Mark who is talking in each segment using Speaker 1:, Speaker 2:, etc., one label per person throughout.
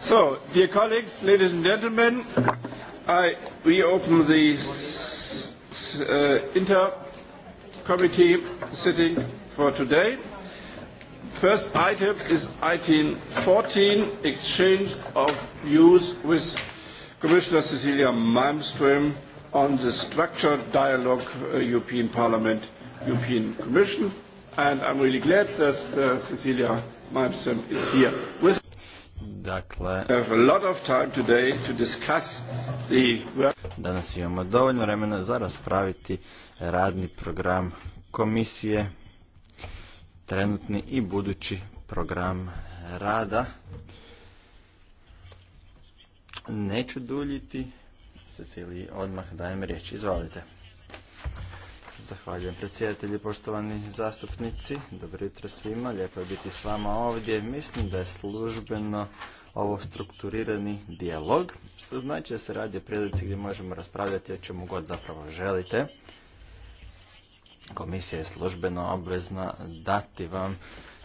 Speaker 1: So, dear colleagues, ladies and gentlemen, I reopen the uh, inter-committee sitting for today. First item is item 14, exchange of views with Commissioner Cecilia Malmström on the structured dialogue uh, European Parliament, European Commission. And I'm really glad that uh, Cecilia Malmström is here
Speaker 2: Dakle, danas imamo dovoljno vremena za raspraviti radni program komisije, trenutni i budući program rada. Neću duljiti, cijeli odmah dajem riječ, izvolite. Zahvaljujem predsjedatelji, poštovani zastupnici. Dobro jutro svima, lijepo je biti s vama ovdje. Mislim da je službeno ovo strukturirani dijalog, što znači da se radi o prilici gdje možemo raspravljati o čemu god zapravo želite. Komisija je službeno obvezna dati vam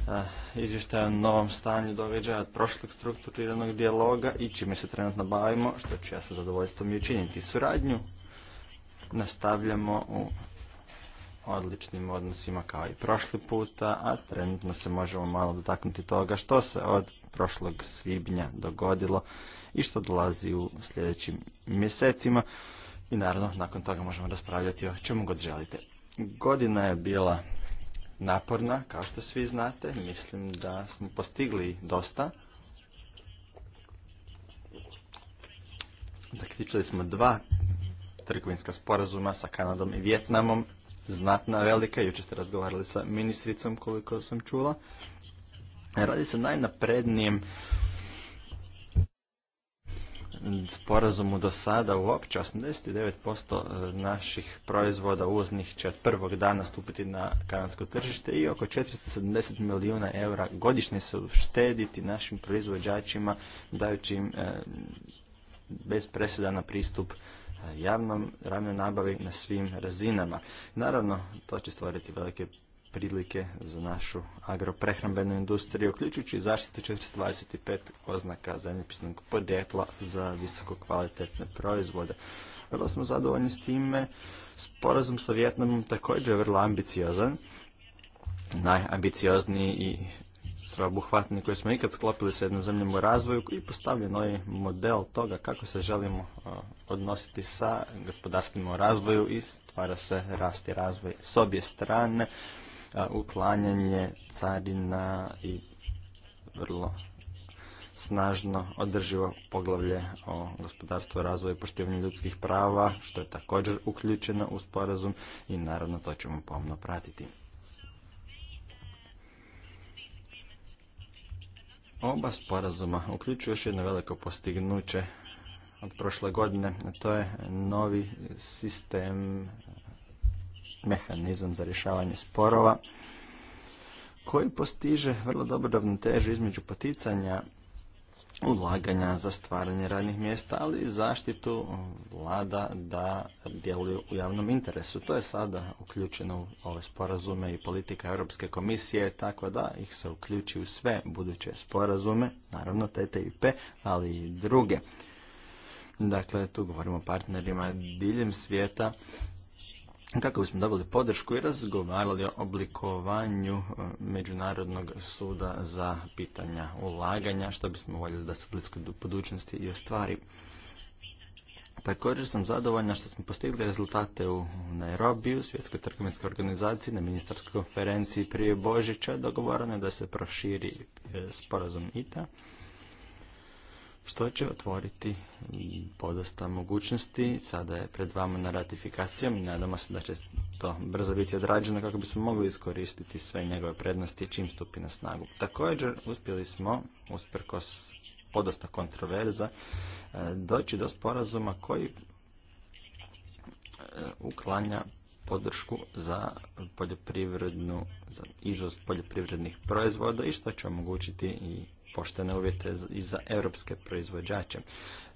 Speaker 2: eh, izvještaj o novom stanju događaja od prošlog strukturiranog dijaloga i čime se trenutno bavimo, što ću ja sa zadovoljstvom i učiniti. Suradnju nastavljamo u odličnim odnosima kao i prošli puta, a trenutno se možemo malo dotaknuti toga što se od prošlog svibnja dogodilo i što dolazi u sljedećim mjesecima. I naravno, nakon toga možemo raspravljati o čemu god želite. Godina je bila naporna, kao što svi znate. Mislim da smo postigli dosta. Zaključili smo dva trgovinska sporazuma sa Kanadom i Vjetnamom. Znatna velika, Juče ste razgovarali sa ministricom koliko sam čula. Radi se o najnaprednijem sporazumu do sada uopće 89% e, naših proizvoda uvoznih će od prvog dana stupiti na kanadsko tržište i oko 470 milijuna eura godišnje se uštediti našim proizvođačima dajući im e, bez bez presedana pristup e, javnom ravnoj nabavi na svim razinama. Naravno, to će stvoriti velike prilike za našu agroprehrambenu industriju, uključujući zaštite 425 oznaka zemljepisnog podjetla za visoko kvalitetne proizvode. Vrlo smo zadovoljni s time. Sporazum sa Vjetnamom također je vrlo ambiciozan. Najambiciozniji i sveobuhvatni koji smo ikad sklopili sa jednom zemljom u razvoju i postavlja novi model toga kako se želimo e, odnositi sa gospodarstvima u razvoju i stvara se rast i razvoj s obje strane uklanjanje carina i vrlo snažno održivo poglavlje o gospodarstvu razvoju i poštivanju ljudskih prava, što je također uključeno u sporazum i naravno to ćemo pomno pratiti. Oba sporazuma uključuju još jedno veliko postignuće od prošle godine, a to je novi sistem mehanizam za rješavanje sporova koji postiže vrlo dobro ravnotežu između poticanja ulaganja za stvaranje radnih mjesta, ali i zaštitu vlada da djeluju u javnom interesu. To je sada uključeno u ove sporazume i politika Europske komisije, tako da ih se uključi u sve buduće sporazume, naravno TTIP, ali i druge. Dakle, tu govorimo o partnerima diljem svijeta kako bismo dobili podršku i razgovarali o oblikovanju e, Međunarodnog suda za pitanja ulaganja, što bismo voljeli da se u bliskoj budućnosti i ostvari. Također sam zadovoljna što smo postigli rezultate u u Svjetskoj trgovinskoj organizaciji, na ministarskoj konferenciji prije Božića. Dogovoreno je da se proširi e, sporazum ITA što će otvoriti podosta mogućnosti. Sada je pred vama na ratifikacijom i nadamo se da će to brzo biti odrađeno kako bismo mogli iskoristiti sve njegove prednosti čim stupi na snagu. Također uspjeli smo, usprkos podosta kontroverza, e, doći do sporazuma koji e, uklanja podršku za poljoprivrednu, za izvoz poljoprivrednih proizvoda i što će omogućiti i poštene uvjete i za europske proizvođače.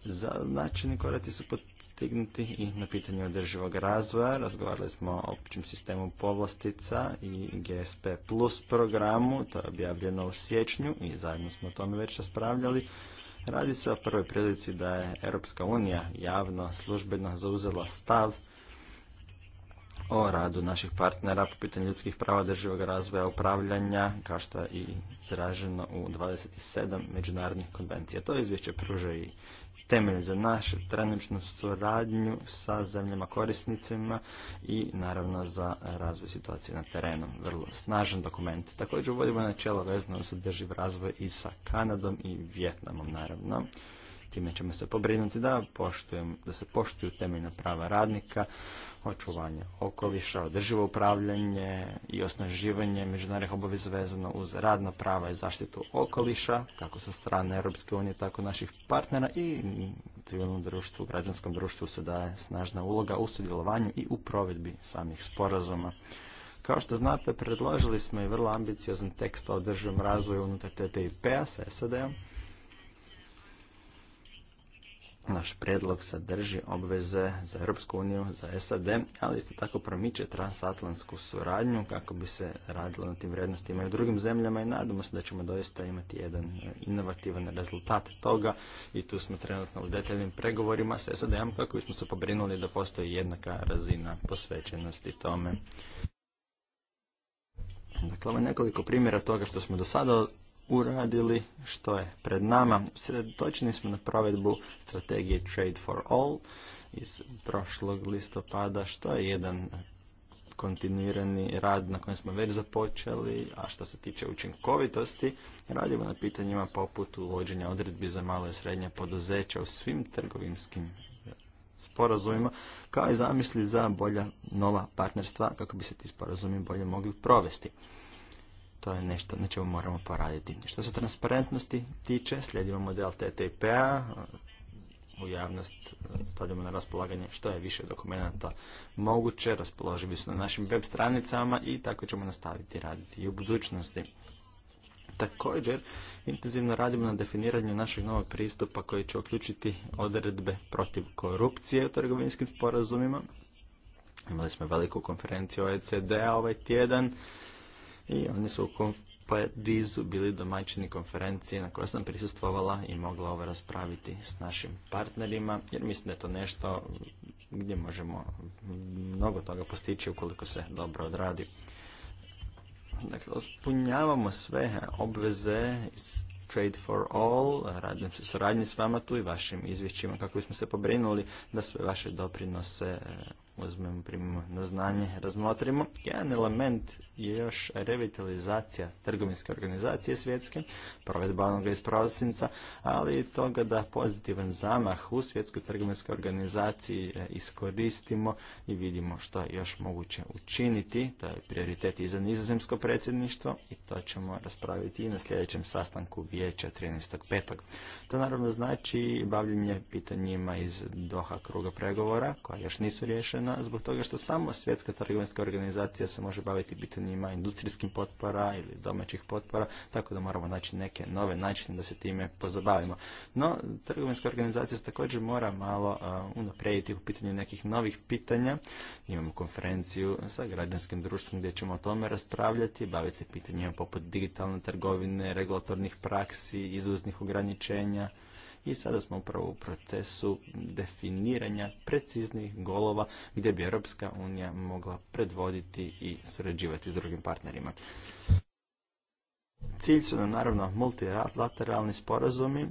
Speaker 2: Značajni korati su potignuti i na pitanju održivog razvoja. Razgovarali smo o općem sistemu povlastica i GSP plus programu. To je objavljeno u siječnju i zajedno smo o tome već raspravljali. Radi se o prvoj prilici da je Europska unija javno službeno zauzela stav o radu naših partnera po pitanju ljudskih prava, drživog razvoja, upravljanja, kao što je i izraženo u 27 međunarodnih konvencija. To izvješće pruža i temelj za našu trenutnu suradnju sa zemljama korisnicima i naravno za razvoj situacije na terenu. Vrlo snažan dokument. Također uvodimo načelo vezano za drživ razvoj i sa Kanadom i Vjetnamom naravno. Time ćemo se pobrinuti da, poštujem, da se poštuju temeljna prava radnika, očuvanje okoliša, održivo upravljanje i osnaživanje međunarodnih obaveza vezano uz radna prava i zaštitu okoliša, kako sa strane Europske unije, tako naših partnera i civilnom društvu, građanskom društvu se daje snažna uloga u sudjelovanju i u provedbi samih sporazuma. Kao što znate, predložili smo i vrlo ambiciozan tekst o održivom razvoju unutar TTIP-a sa SAD-om naš predlog sadrži obveze za Europsku uniju, za SAD, ali isto tako promiče transatlantsku suradnju kako bi se radilo na tim vrijednostima i u drugim zemljama i nadamo se da ćemo doista imati jedan e, inovativan rezultat toga i tu smo trenutno u detaljnim pregovorima s SAD-om kako bismo se pobrinuli da postoji jednaka razina posvećenosti tome. Dakle, ovo je nekoliko primjera toga što smo do sada uradili, što je pred nama. Sredotočeni smo na provedbu strategije Trade for All iz prošlog listopada, što je jedan kontinuirani rad na kojem smo već započeli, a što se tiče učinkovitosti, radimo na pitanjima poput uvođenja odredbi za male i srednje poduzeća u svim trgovinskim sporazumima, kao i zamisli za bolja nova partnerstva kako bi se ti sporazumi bolje mogli provesti to je nešto na čemu moramo poraditi. Što se transparentnosti tiče, slijedimo model TTIP-a, u javnost stavljamo na raspolaganje što je više dokumenata moguće, raspoloživi su na našim web stranicama i tako ćemo nastaviti raditi i u budućnosti. Također, intenzivno radimo na definiranju našeg novog pristupa koji će uključiti odredbe protiv korupcije u trgovinskim sporazumima. Imali smo veliku konferenciju OECD-a ovaj tjedan i oni su u bili domaćini konferencije na kojoj sam prisustvovala i mogla ovo raspraviti s našim partnerima, jer mislim da je to nešto gdje možemo mnogo toga postići ukoliko se dobro odradi. Dakle, ospunjavamo sve obveze iz Trade for All, radim se suradnji s vama tu i vašim izvješćima kako bismo se pobrinuli da sve vaše doprinose e, uzmemo, primimo na znanje, razmotrimo. Jedan element je još revitalizacija trgovinske organizacije svjetske, provedba onoga iz prosinca, ali i toga da pozitivan zamah u svjetskoj trgovinskoj organizaciji e, iskoristimo i vidimo što je još moguće učiniti. To je prioritet i za nizozemsko predsjedništvo i to ćemo raspraviti i na sljedećem sastanku vijeća 13.5. To naravno znači bavljenje pitanjima iz doha kruga pregovora koja još nisu rješena zbog toga što samo svjetska trgovinska organizacija se može baviti pitanjima ima industrijskim potpora ili domaćih potpora, tako da moramo naći neke nove načine da se time pozabavimo. No, trgovinska organizacija se također mora malo unaprijediti u pitanju nekih novih pitanja. Imamo konferenciju sa građanskim društvom gdje ćemo o tome raspravljati, baviti se pitanjima poput digitalne trgovine, regulatornih praksi, izvoznih ograničenja, i sada smo upravo u procesu definiranja preciznih golova gdje bi Europska unija mogla predvoditi i surađivati s drugim partnerima. Cilj su nam naravno multilateralni sporazumi,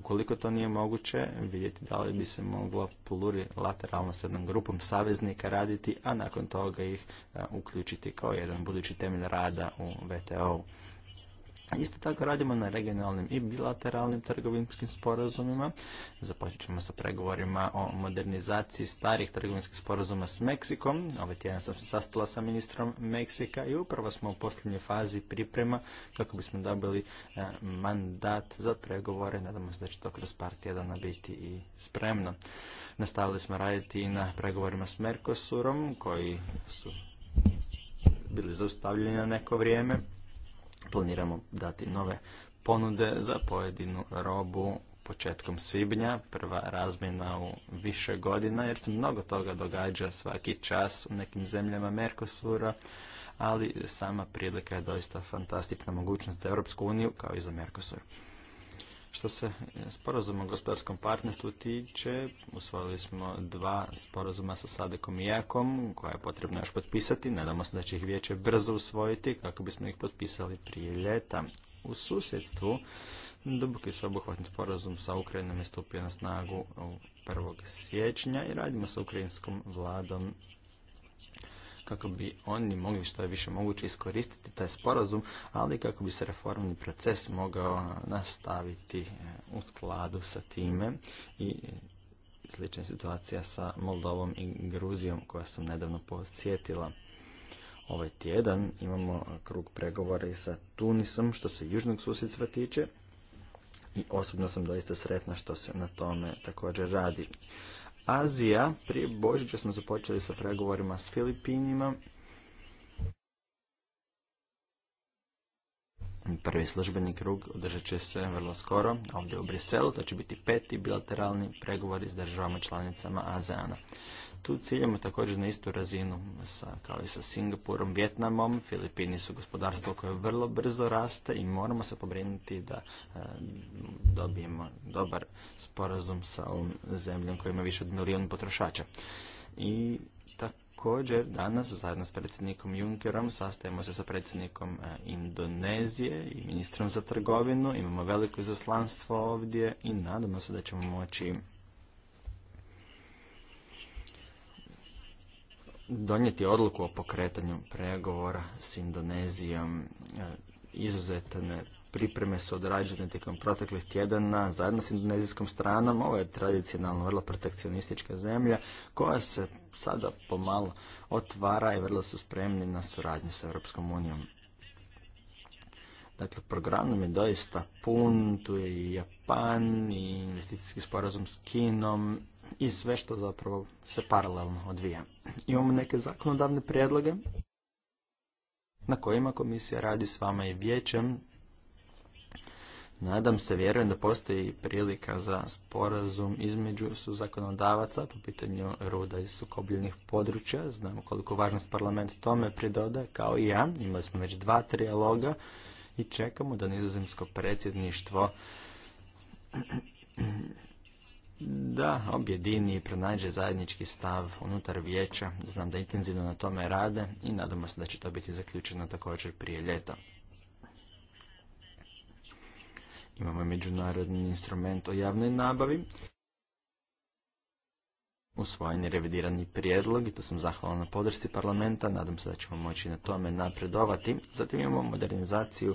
Speaker 2: ukoliko to nije moguće, vidjeti da li bi se moglo plurilateralno s jednom grupom saveznika raditi, a nakon toga ih e, uključiti kao jedan budući temelj rada u VTO. -u. Isto tako radimo na regionalnim i bilateralnim trgovinskim sporazumima. Započet ćemo sa pregovorima o modernizaciji starih trgovinskih sporazuma s Meksikom. Ovaj tjedan sam se sastala sa ministrom Meksika i upravo smo u posljednjoj fazi priprema kako bismo dobili e, mandat za pregovore. Nadamo se da će to kroz par tjedana biti i spremno. Nastavili smo raditi i na pregovorima s Mercosurom koji su bili zaustavljeni na neko vrijeme Planiramo dati nove ponude za pojedinu robu početkom svibnja, prva razmjena u više godina, jer se mnogo toga događa svaki čas u nekim zemljama Merkosura, ali sama prilika je doista fantastična mogućnost za Europsku uniju kao i za Merkosur. Što se e, sporazuma o gospodarskom partnerstvu tiče, usvojili smo dva sporazuma sa Sadekom i Jakom, koja je potrebno još potpisati. Nadamo se da će ih vijeće brzo usvojiti kako bismo ih potpisali prije ljeta. U susjedstvu duboki sveobuhvatni sporazum sa Ukrajinom je stupio na snagu 1. siječnja i radimo sa ukrajinskom vladom kako bi oni mogli što je više moguće iskoristiti taj sporazum, ali kako bi se reformni proces mogao nastaviti e, u skladu sa time i e, slična situacija sa Moldovom i Gruzijom koja sam nedavno posjetila. Ovaj tjedan imamo krug pregovora i sa Tunisom što se južnog susjedstva tiče i osobno sam doista sretna što se na tome također radi. Azija. Prije Božića smo započeli sa pregovorima s Filipinima. Prvi službeni krug održat će se vrlo skoro ovdje u Briselu. To će biti peti bilateralni pregovori s državama članicama azana. Tu ciljamo također na istu razinu sa, kao i sa Singapurom, Vjetnamom. Filipini su gospodarstvo koje vrlo brzo raste i moramo se pobrinuti da e, dobijemo dobar sporazum sa ovom zemljom koja ima više od milijun potrošača. I također danas zajedno s predsjednikom Junckerom sastajemo se sa predsjednikom e, Indonezije i ministrom za trgovinu. Imamo veliko izaslanstvo ovdje i nadamo se da ćemo moći donijeti odluku o pokretanju pregovora s Indonezijom. E, izuzetne pripreme su odrađene tijekom proteklih tjedana zajedno s indonezijskom stranom. Ovo je tradicionalno vrlo protekcionistička zemlja koja se sada pomalo otvara i vrlo su spremni na suradnju s Europskom unijom. Dakle, program je doista pun, tu je i Japan i investicijski sporazum s Kinom i sve što zapravo se paralelno odvija. Imamo neke zakonodavne prijedloge na kojima komisija radi s vama i vijećem. Nadam se, vjerujem da postoji prilika za sporazum između su zakonodavaca po pitanju ruda i sukobljenih područja. Znamo koliko važnost parlament tome pridoda, kao i ja. Imali smo već dva trijaloga i čekamo da nizozemsko predsjedništvo da objedini i pronađe zajednički stav unutar vijeća. Znam da intenzivno na tome rade i nadamo se da će to biti zaključeno također prije ljeta. Imamo međunarodni instrument o javnoj nabavi. Usvojen je revidirani prijedlog i to sam zahvalan na podršci parlamenta. Nadam se da ćemo moći na tome napredovati. Zatim imamo modernizaciju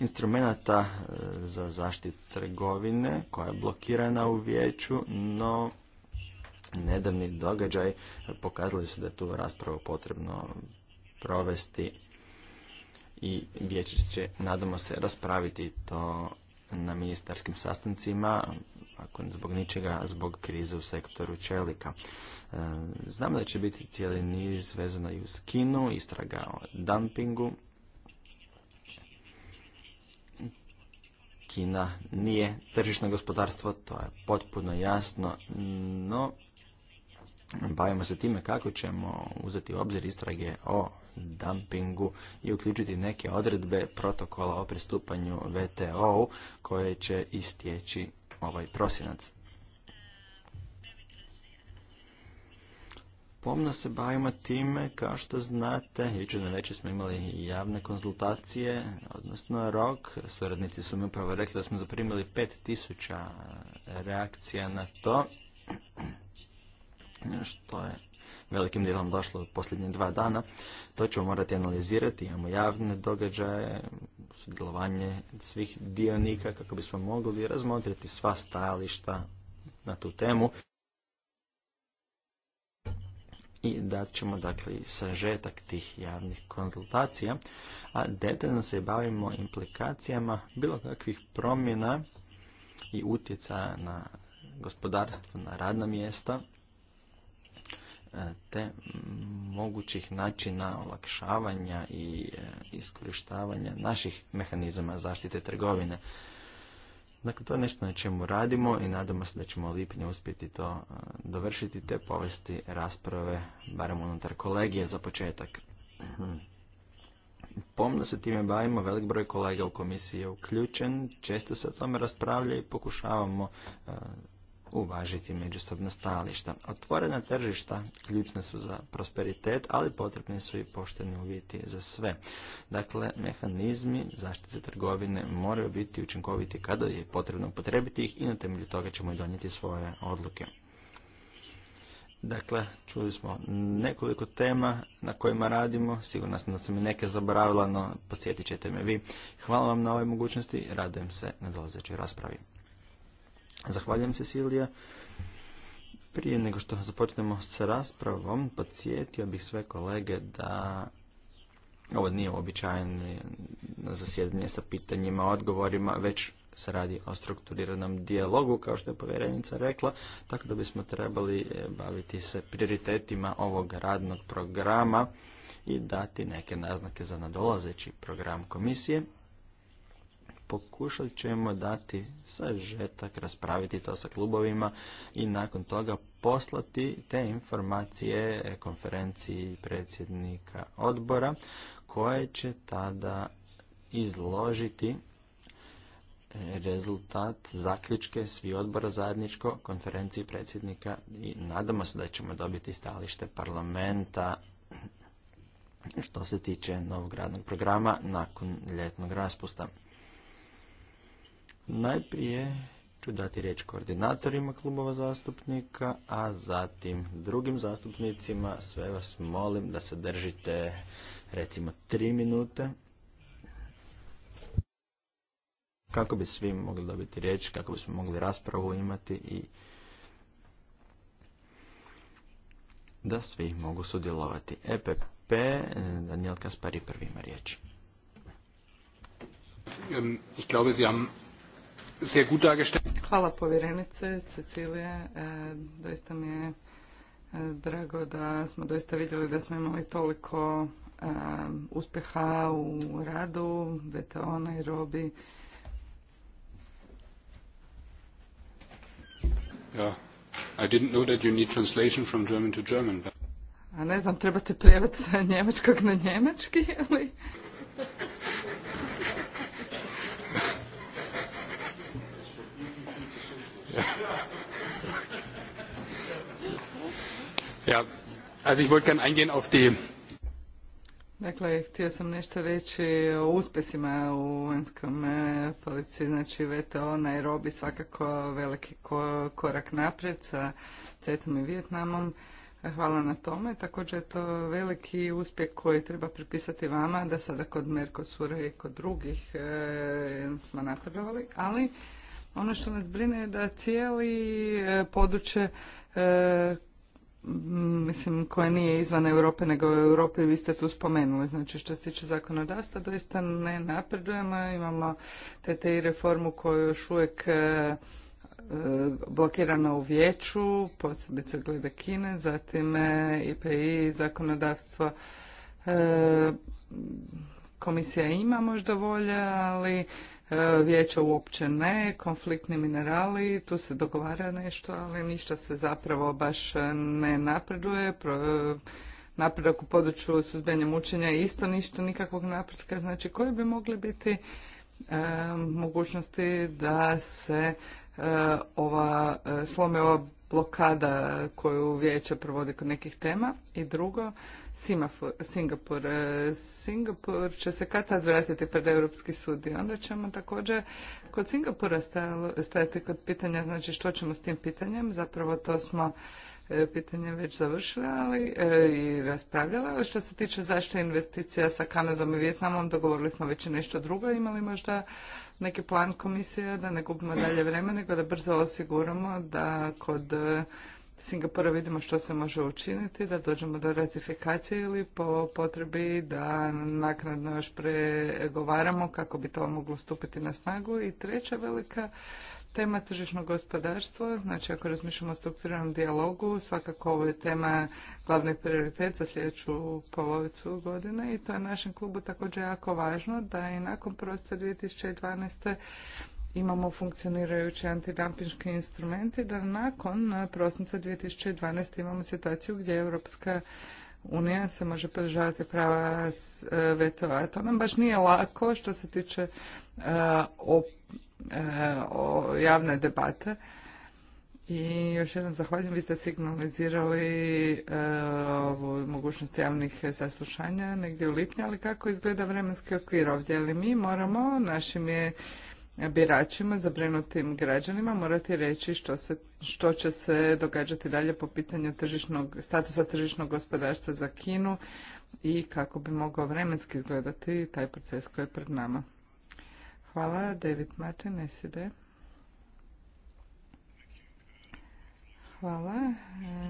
Speaker 2: instrumenta e, za zaštitu trgovine koja je blokirana u vijeću, no nedavni događaj pokazali su da je tu raspravu potrebno provesti i vijeće će, nadamo se, raspraviti to na ministarskim sastancima, ako zbog ničega, zbog krize u sektoru čelika. E, znam da će biti cijeli niz vezano i uz Kinu, istraga o dumpingu, Kina nije tržišno gospodarstvo, to je potpuno jasno, no bavimo se time kako ćemo uzeti u obzir istrage o dumpingu i uključiti neke odredbe protokola o pristupanju VTO-u koje će istjeći ovaj prosinac. Pomno se bavimo time, kao što znate, jučer na večer smo imali javne konzultacije, odnosno rok. Suradnici su mi upravo rekli da smo zaprimili 5000 reakcija na to, što je velikim dijelom došlo u posljednje dva dana. To ćemo morati analizirati, imamo javne događaje, sudjelovanje svih dionika kako bismo mogli razmotriti sva stajališta na tu temu i dat ćemo dakle sažetak tih javnih konzultacija, a detaljno se bavimo implikacijama bilo kakvih promjena i utjecaja na gospodarstvo, na radna mjesta, e, te mogućih načina olakšavanja i e, iskorištavanja naših mehanizama zaštite trgovine. Dakle, to je nešto na čemu radimo i nadamo se da ćemo u lipnju uspjeti to e, dovršiti te povesti rasprave, barem unutar kolegije za početak. Pomno se time bavimo, velik broj kolega u komisiji je uključen, često se o tome raspravlja i pokušavamo e, uvažiti međusobno stajališta. Otvorena tržišta ključna su za prosperitet, ali potrebni su i pošteni uvjeti za sve. Dakle, mehanizmi zaštite trgovine moraju biti učinkoviti kada je potrebno potrebiti ih i na temelju toga ćemo i donijeti svoje odluke. Dakle, čuli smo nekoliko tema na kojima radimo. Sigurno sam da sam i neke zaboravila, no podsjetit ćete me vi. Hvala vam na ovoj mogućnosti. Radujem se na dolazećoj raspravi. Zahvaljujem se Silija. Prije nego što započnemo s raspravom, podsjetio bih sve kolege da ovo nije uobičajeno zasjedanje sa pitanjima, odgovorima, već se radi o strukturiranom dijalogu, kao što je povjerenica rekla, tako da bismo trebali e, baviti se prioritetima ovog radnog programa i dati neke naznake za nadolazeći program komisije pokušat ćemo dati sažetak, raspraviti to sa klubovima i nakon toga poslati te informacije konferenciji predsjednika odbora koje će tada izložiti rezultat zaključke svi odbora zajedničko konferenciji predsjednika i nadamo se da ćemo dobiti stalište parlamenta što se tiče novog radnog programa nakon ljetnog raspusta. Najprije ću dati riječ koordinatorima klubova zastupnika, a zatim drugim zastupnicima. Sve vas molim da se držite recimo tri minute kako bi svi mogli dobiti riječ, kako bismo mogli raspravu imati i da svi mogu sudjelovati. EPP, Daniel Kaspari prvi ima riječ.
Speaker 1: Ich glaube, Sie haben sehr gut dargestellt.
Speaker 3: Hvala povjerenice Cecilije, e, doista mi je e, drago da smo doista vidjeli da smo imali toliko e, uspjeha u radu, VTO, Nairobi.
Speaker 1: I didn't know that you need translation
Speaker 3: A ne znam, trebate prijevod njemačkog na njemački, ali... Ja, Dakle, htio sam nešto reći o uspjesima u vanjskom e, policiji, znači VTO Nairobi svakako veliki korak naprijed sa CETom i Vjetnamom. Hvala na tome. Također je to veliki uspjeh koji treba pripisati vama da sada kod Mercosura i kod drugih e, smo napredovali, ali ono što nas brine je da cijeli e, područje mislim, koja nije izvan Europe, nego u Europi, vi ste tu spomenuli. Znači, što se tiče zakonodavstva, doista ne napredujemo, imamo TTI reformu koju još uvijek e, e, blokirana u vijeću, posebice glede Kine, zatim IPI e, zakonodavstvo komisija ima možda volja, ali E, vijeća uopće ne, konfliktni minerali, tu se dogovara nešto, ali ništa se zapravo baš ne napreduje. E, napredak u području suzbijanja mučenja isto ništa, nikakvog napretka. Znači, koje bi mogli biti e, mogućnosti da se ova, slome ova blokada koju vijeće provodi kod nekih tema i drugo Singapur. Singapur e, će se kad tad vratiti pred Europski sud i onda ćemo također kod Singapura stajati kod pitanja znači što ćemo s tim pitanjem. Zapravo to smo e, pitanje već završili ali, e, i raspravljali. Ali što se tiče zaštite investicija sa Kanadom i Vjetnamom, dogovorili smo već i nešto drugo. Imali možda neki plan komisije, da ne gubimo dalje vremena, nego da brzo osiguramo da kod e, Singapura vidimo što se može učiniti, da dođemo do ratifikacije ili po potrebi da naknadno još pregovaramo kako bi to moglo stupiti na snagu. I treća velika Tema tržišnog gospodarstvo, znači ako razmišljamo o strukturiranom dijalogu, svakako ovo je tema glavnih prioritet za sljedeću polovicu godine i to je našem klubu također jako važno da i nakon prosta 2012 imamo funkcionirajući antidampinški instrumenti, da nakon prosinca 2012. imamo situaciju gdje Europska unija se može podržavati prava e, VTO-a. To nam baš nije lako što se tiče e, Eh, o javne debate. I još jednom zahvaljujem, vi ste signalizirali eh, ovu mogućnost javnih saslušanja negdje u lipnju, ali kako izgleda vremenski okvir ovdje? Ali mi moramo našim je biračima, zabrinutim građanima morati reći što, se, što će se događati dalje po pitanju tržišnog, statusa tržišnog gospodarstva za Kinu i kako bi mogao vremenski izgledati taj proces koji je pred nama. Hvala, David Martin, SED. Hvala.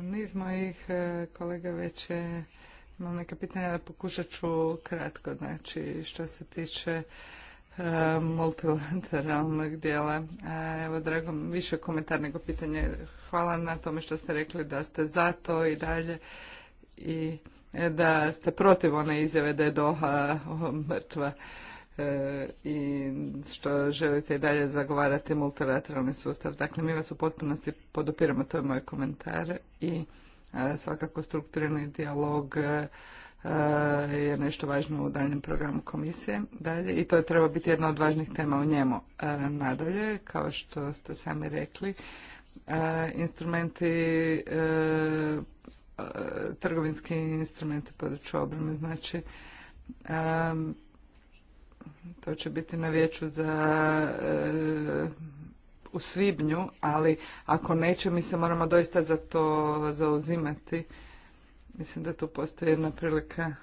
Speaker 3: Niz mojih e, kolega već je imao neka pitanja da pokušat ću kratko. Znači, što se tiče e, multilateralnog dijela. E, evo, drago, više komentar nego pitanje. Hvala na tome što ste rekli da ste za to i dalje i da ste protiv one izjave da je Doha mrtva. E, i što želite i dalje zagovarati multilateralni sustav. Dakle, mi vas u potpunosti podupiramo to je moj komentar i e, svakako strukturirani dijalog e, je nešto važno u daljem programu komisije dalje i to treba biti jedna od važnih tema u njemu. Nadalje, kao što ste sami rekli, instrumenti trgovinski instrumenti području obrane, znači to će biti na vijeću za e, u svibnju, ali ako neće mi se moramo doista za to zauzimati. Mislim da tu postoji jedna prilika.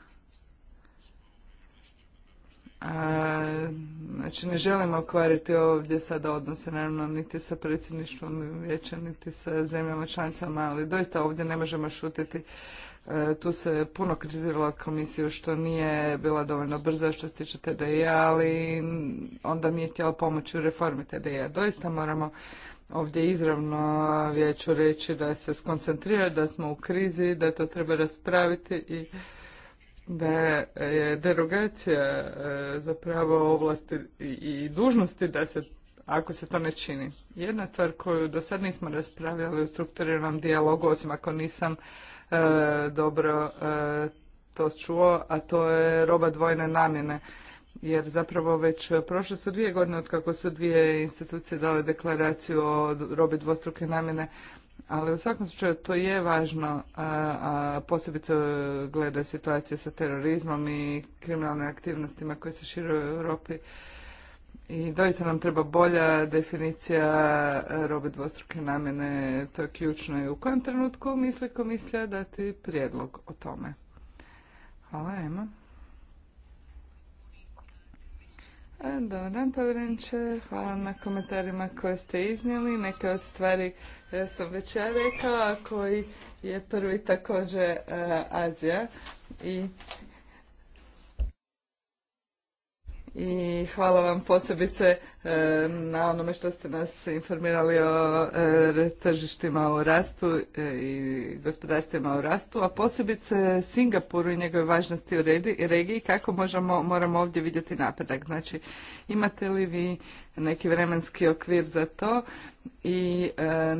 Speaker 3: A, znači ne želimo kvariti ovdje sada odnose naravno niti sa predsjedništvom vijeća niti sa zemljama članicama, ali doista ovdje ne možemo šutiti E, tu se puno kritizirala komisiju što nije bila dovoljno brza što se tiče tdi e, ali onda nije htjela pomoći u reformi tdi Doista moramo ovdje izravno vijeću reći da se skoncentrira, da smo u krizi, da to treba raspraviti i da je derogacija e, zapravo ovlasti i dužnosti da se ako se to ne čini. Jedna stvar koju do sad nismo raspravljali u strukturiranom dijalogu, osim ako nisam E, dobro e, to čuo, a to je roba dvojne namjene. Jer zapravo već prošle su dvije godine od kako su dvije institucije dale deklaraciju o robi dvostruke namjene, ali u svakom slučaju to je važno, posebice glede situacije sa terorizmom i kriminalnim aktivnostima koje se šire u Europi. I doista nam treba bolja definicija e, robe dvostruke namjene, to je ključno i u kojem trenutku misli komisija dati prijedlog o tome. Hvala, Ema. E, dobar dan, povjerenče. Hvala na komentarima koje ste iznijeli. Neke od stvari ja sam već ja rekla, a koji je prvi također e, Azija. I i hvala vam posebice e, na onome što ste nas informirali o e, tržištima u rastu e, i gospodarstvima u rastu, a posebice Singapuru i njegove važnosti u regiji, kako možemo, moramo ovdje vidjeti napredak. Znači, imate li vi neki vremenski okvir za to i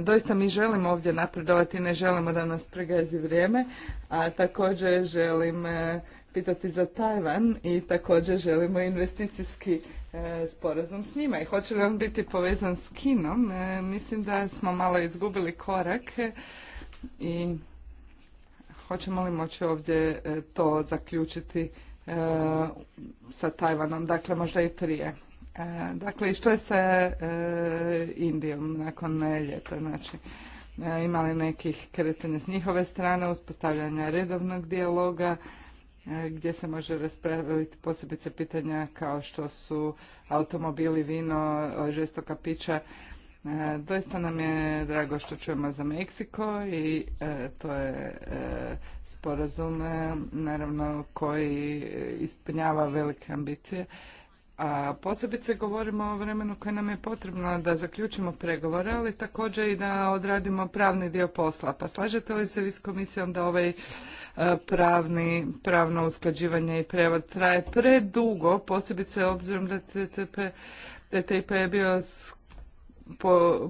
Speaker 3: doista mi želimo ovdje napredovati, ne želimo da nas pregazi vrijeme, a također želim pitati za Tajvan i također želimo investicijski e, sporazum s njima i hoće li on biti povezan s Kinom. E, mislim da smo malo izgubili korak e, i hoćemo li moći ovdje to zaključiti sa Tajvanom, dakle možda i prije. Dakle, i što je sa Indijom nakon ljeta, znači imali nekih kretanja s njihove strane, uspostavljanja redovnog dijaloga, gdje se može raspraviti posebice pitanja kao što su automobili, vino, žestoka pića. E, doista nam je drago što čujemo za Meksiko i e, to je e, sporazum naravno koji ispunjava velike ambicije a posebice govorimo o vremenu koje nam je potrebno da zaključimo pregovore, ali također i da odradimo pravni dio posla. Pa slažete li se vi s komisijom da ovaj e, pravni, pravno usklađivanje i prevod traje predugo, posebice obzirom da TTP, je bio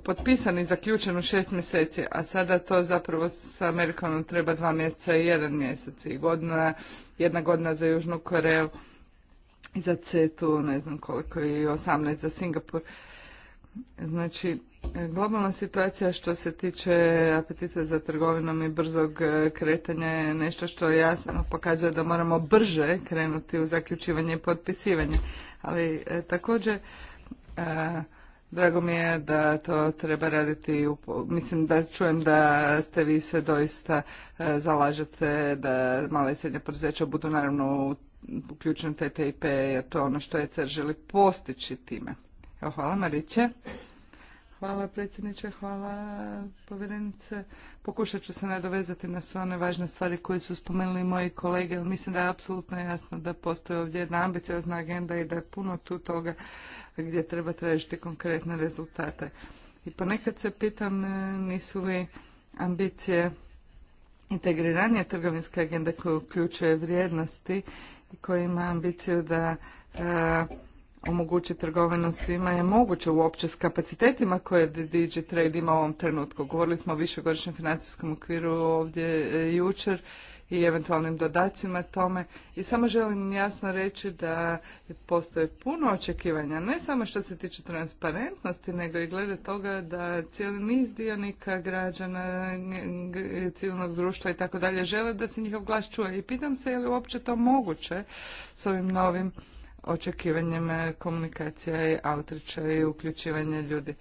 Speaker 3: potpisan i zaključen u šest mjeseci, a sada to zapravo sa Amerikom treba dva mjeseca i jedan mjesec i godina, jedna godina za Južnu Koreju za CETU, ne znam koliko je, 18 za Singapur. Znači, globalna situacija što se tiče apetita za trgovinom i brzog e, kretanja je nešto što jasno pokazuje da moramo brže krenuti u zaključivanje i potpisivanje. Ali e, također, e, drago mi je da to treba raditi, u, mislim da čujem da ste vi se doista zalažete da male i srednje poduzeća budu naravno u uključujem TTIP, je to ono što ECR želi postići time. Evo, hvala Mariće. Hvala predsjedniče, hvala povjerenice. Pokušat ću se nadovezati na sve one važne stvari koje su spomenuli moji kolege, ali mislim da je apsolutno jasno da postoji ovdje jedna ambiciozna agenda i da je puno tu toga gdje treba tražiti konkretne rezultate. I ponekad se pitam e, nisu li ambicije integriranja trgovinske agende koje uključuje vrijednosti koji ima ambiciju da e, omogući trgovinu svima je moguće uopće s kapacitetima koje Digitrade ima u ovom trenutku. Govorili smo o višegodišnjem financijskom okviru ovdje e, jučer i eventualnim dodacima tome. I samo želim jasno reći da postoje puno očekivanja, ne samo što se tiče transparentnosti, nego i glede toga da cijeli niz dionika, građana, civilnog društva i tako dalje žele da se njihov glas čuje. I pitam se je li uopće to moguće s ovim novim očekivanjem komunikacija i autriča i uključivanja ljudi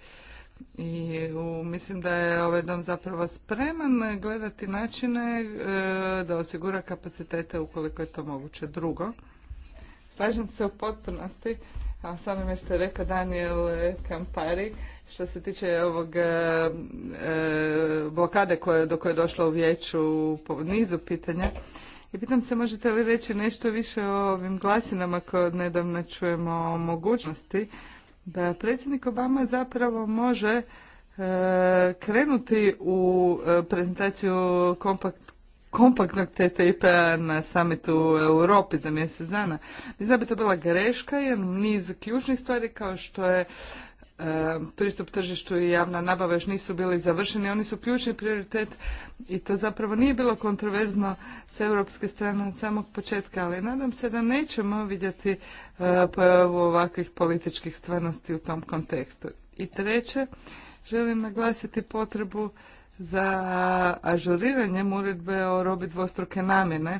Speaker 3: i mislim da je ovaj dom zapravo spreman gledati načine e, da osigura kapacitete ukoliko je to moguće. Drugo, slažem se u potpunosti, a sami onime što je rekao Daniel Kampari, što se tiče ovog e, e, blokade koje, do koje je došlo u vijeću po nizu pitanja. I pitam se možete li reći nešto više o ovim glasinama koje odnedavno čujemo o mogućnosti da predsjednik Obama zapravo može e, krenuti u e, prezentaciju kompakt, kompaktnog TTIP-a na samitu u Europi za mjesec dana. Mislim da bi to bila greška jer niz ključnih stvari kao što je pristup tržištu i javna nabava još nisu bili završeni. Oni su ključni prioritet i to zapravo nije bilo kontroverzno s europske strane od samog početka, ali nadam se da nećemo vidjeti e, pojavu ovakvih političkih stvarnosti u tom kontekstu. I treće, želim naglasiti potrebu za ažuriranjem uredbe o robi dvostruke namjene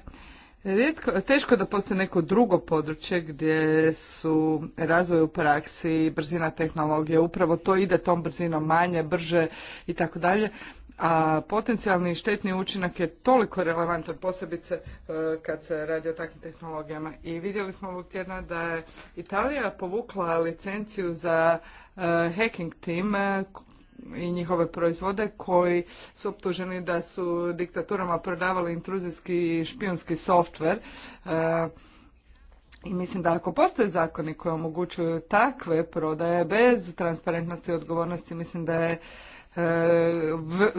Speaker 3: Rijetko, teško da postoji neko drugo područje gdje su razvoj u praksi brzina tehnologije, upravo to ide tom brzinom manje, brže i tako dalje, a potencijalni štetni učinak je toliko relevantan, posebice e, kad se radi o takvim tehnologijama. I vidjeli smo ovog tjedna da je Italija povukla licenciju za e, hacking team. E, i njihove proizvode koji su optuženi da su diktaturama prodavali intruzijski i špijunski softver. E, i mislim da ako postoje zakoni koji omogućuju takve prodaje bez transparentnosti i odgovornosti, mislim da je E, v,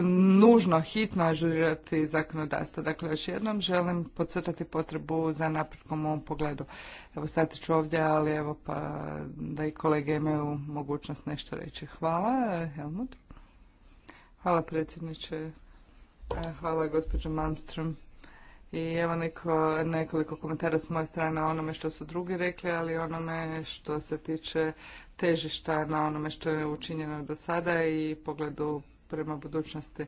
Speaker 3: nužno hitno ažurirati zakonodavstvo. Dakle, još jednom želim podcrtati potrebu za napretkom u ovom pogledu. Evo, stati ću ovdje, ali evo pa da i kolege imaju mogućnost nešto reći. Hvala, Helmut. Hvala predsjedniče. E, hvala gospođo Malmström. I evo nekoliko komentara s moje strane o onome što su drugi rekli, ali onome što se tiče težišta na onome što je učinjeno do sada i pogledu prema budućnosti.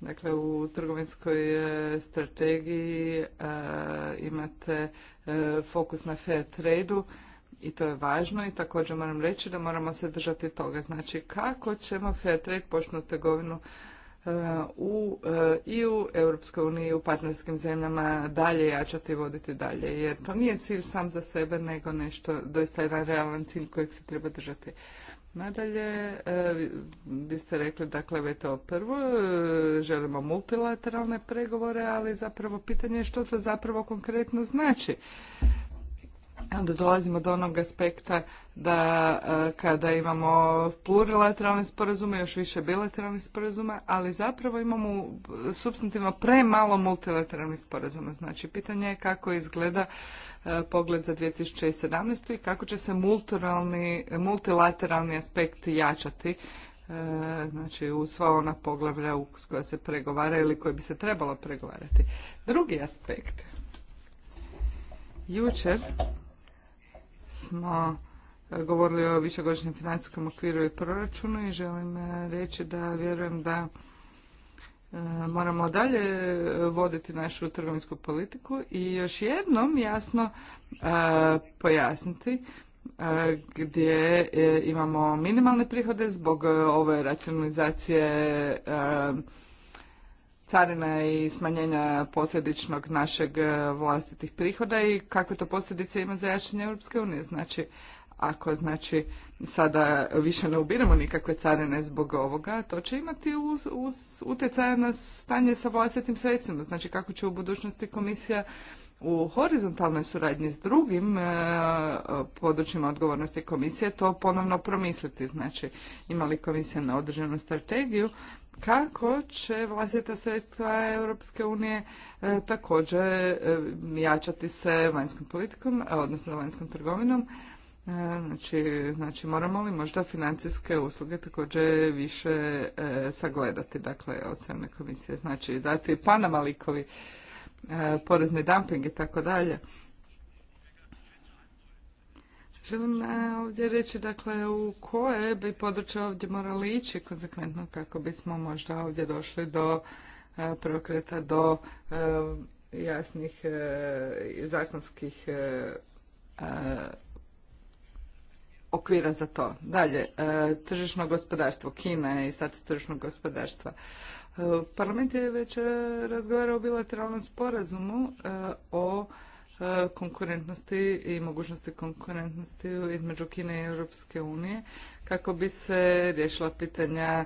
Speaker 3: Dakle, u trgovinskoj e, strategiji e, imate e, fokus na fair trade i to je važno i također moram reći da moramo se držati toga. Znači, kako ćemo fair trade počnu trgovinu u, e, i u Europskoj uniji i u partnerskim zemljama dalje jačati i voditi dalje. Jer to nije cilj sam za sebe, nego nešto, doista jedan realan cilj kojeg se treba držati. Nadalje, e, vi ste rekli, dakle, to prvo, e, želimo multilateralne pregovore, ali zapravo pitanje je što to zapravo konkretno znači onda dolazimo do onog aspekta da e, kada imamo plurilateralne sporazume, još više bilateralne sporazume, ali zapravo imamo substantivno premalo multilateralnih sporazuma. Znači, pitanje je kako izgleda e, pogled za 2017. i kako će se multilateralni aspekt jačati e, znači u sva ona poglavlja s koja se pregovara ili koje bi se trebalo pregovarati. Drugi aspekt. Jučer smo e, govorili o višegodišnjem financijskom okviru i proračunu i želim e, reći da vjerujem da e, moramo dalje voditi našu trgovinsku politiku i još jednom jasno pojasniti gdje imamo minimalne prihode zbog ove racionalizacije carina i smanjenja posljedičnog našeg e, vlastitih prihoda i kakve to posljedice ima za jačanje Europske unije. Znači, ako znači sada više ne ubiramo nikakve carine zbog ovoga, to će imati utjecaja na stanje sa vlastitim sredstvima. Znači, kako će u budućnosti komisija u horizontalnoj suradnji s drugim e, područjima odgovornosti komisije to ponovno promisliti. Znači, ima li komisija na određenu strategiju kako će vlastita sredstva Europske unije e, također e, jačati se vanjskom politikom, odnosno vanjskom trgovinom. Znači, znači, moramo li možda financijske usluge također više sagledati, dakle, od strane komisije. Znači, dati Panama likovi E, porezni dumping i tako dalje. Želim e, ovdje reći dakle u koje bi područje ovdje morali ići konsekventno kako bismo možda ovdje došli do e, prokreta, do jasnih zakonskih okvira za to. Dalje, tržišno gospodarstvo, Kina i status tržišnog gospodarstva. Parlament je već e, razgovarao o bilateralnom sporazumu e, o e, konkurentnosti i mogućnosti konkurentnosti između Kine i Europske unije kako bi se riješila pitanja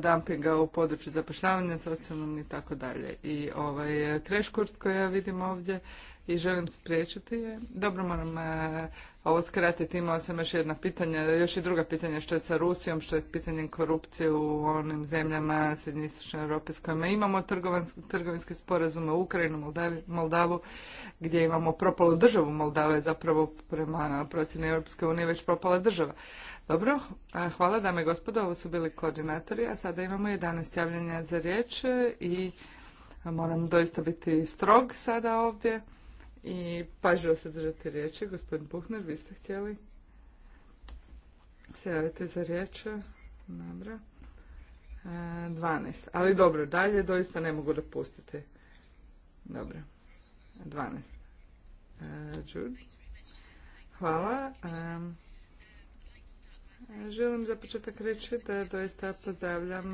Speaker 3: dumpinga u području zapošljavanja, socijalnom i tako dalje. I ovaj kreškurs koji ja vidim ovdje i želim spriječiti je. Dobro, moram e, ovo skratiti. Imao sam još jedna pitanja, još i druga pitanja što je sa Rusijom, što je s pitanjem korupcije u onim zemljama srednjoistočne Europe s kojima imamo trgovinski sporazume u Ukrajinu, Moldavi, Moldavu, gdje imamo propalu državu. Moldava je zapravo prema procjeni Europske unije već propala država. Dobro, hvala dame i gospodo, ovo su bili koordinatori, a sada imamo 11 javljanja za riječ i moram doista biti strog sada ovdje i pažljivo se držati riječi. Gospodin Buhner, vi ste htjeli se javiti za riječ. Dobro. 12. E, Ali dobro, dalje doista ne mogu dopustiti. Dobro. 12. E, Hvala. E, želim za početak reći da doista pozdravljam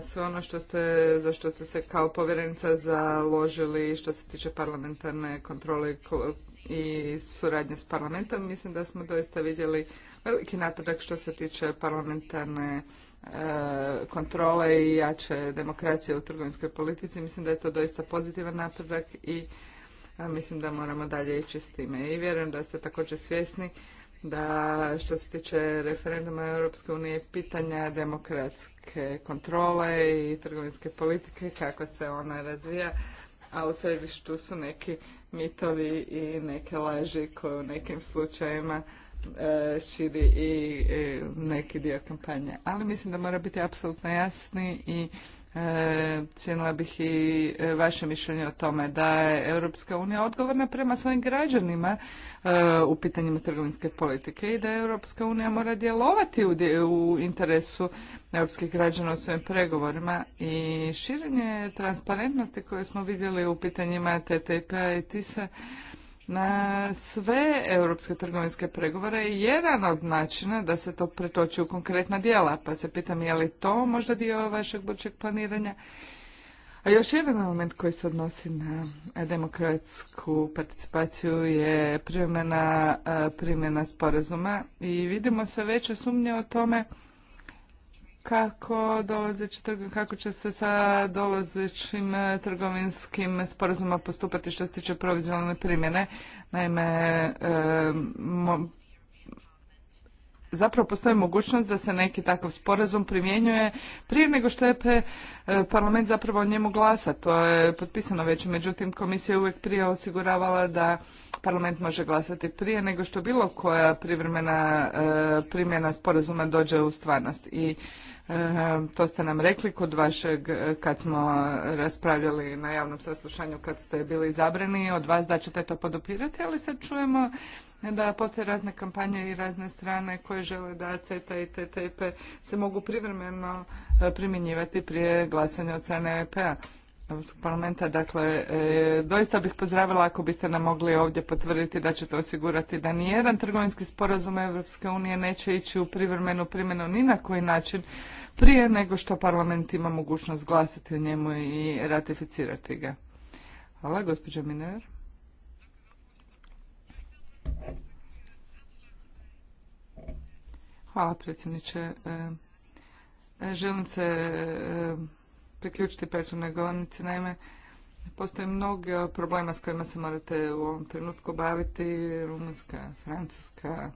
Speaker 3: sve ono što ste, za što ste se kao povjerenica založili što se tiče parlamentarne kontrole i suradnje s parlamentom, mislim da smo doista vidjeli veliki napredak što se tiče parlamentarne e, kontrole i jače demokracije u trgovinskoj politici. Mislim da je to doista pozitivan napredak i e, mislim da moramo dalje ići s time. I vjerujem da ste također svjesni da što se tiče referenduma Europske unije pitanja demokratske kontrole i trgovinske politike, kako se ona razvija, a u središtu su neki mitovi i neke laži koje u nekim slučajevima e, širi i e, neki dio kampanje. Ali mislim da mora biti apsolutno jasni i E, cijenila bih i e, vaše mišljenje o tome da je Europska unija odgovorna prema svojim građanima e, u pitanjima trgovinske politike i da Europska unija mora djelovati u, interesu europskih građana u svojim pregovorima i širenje transparentnosti koje smo vidjeli u pitanjima TTIP-a i TISA na sve europske trgovinske pregovore je jedan od načina da se to pretoči u konkretna djela. Pa se pitam je li to možda dio vašeg budućeg planiranja? A još jedan element koji se odnosi na demokratsku participaciju je primjena, e, primjena sporazuma i vidimo sve veće sumnje o tome kako dolazeći, kako će se sa dolazećim e, trgovinskim sporazuma postupati što se tiče provizionalne primjene. Naime, e, zapravo postoji mogućnost da se neki takav sporazum primjenjuje prije nego što je e, parlament zapravo o njemu glasa. To je potpisano već, međutim komisija je uvijek prije osiguravala da parlament može glasati prije nego što bilo koja privremena e, primjena sporazuma dođe u stvarnost. I e, to ste nam rekli kod vašeg, kad smo raspravljali na javnom saslušanju kad ste bili izabrani od vas da ćete to podopirati, ali sad čujemo da postoje razne kampanje i razne strane koje žele da CETA i TTIP se mogu privremeno e, primjenjivati prije glasanja od strane EP-a. parlamenta. Dakle, e, doista bih pozdravila ako biste nam mogli ovdje potvrditi da ćete osigurati da nijedan trgovinski sporazum Europske unije neće ići u privremenu primjenu ni na koji način prije nego što parlament ima mogućnost glasati o njemu i ratificirati ga. Hvala, gospođa Miner. Hvala predsjedniče. E, e, želim se e, priključiti prethodnoj govornici. Naime, postoje mnogo problema s kojima se morate u ovom trenutku baviti. Rumunjska, Francuska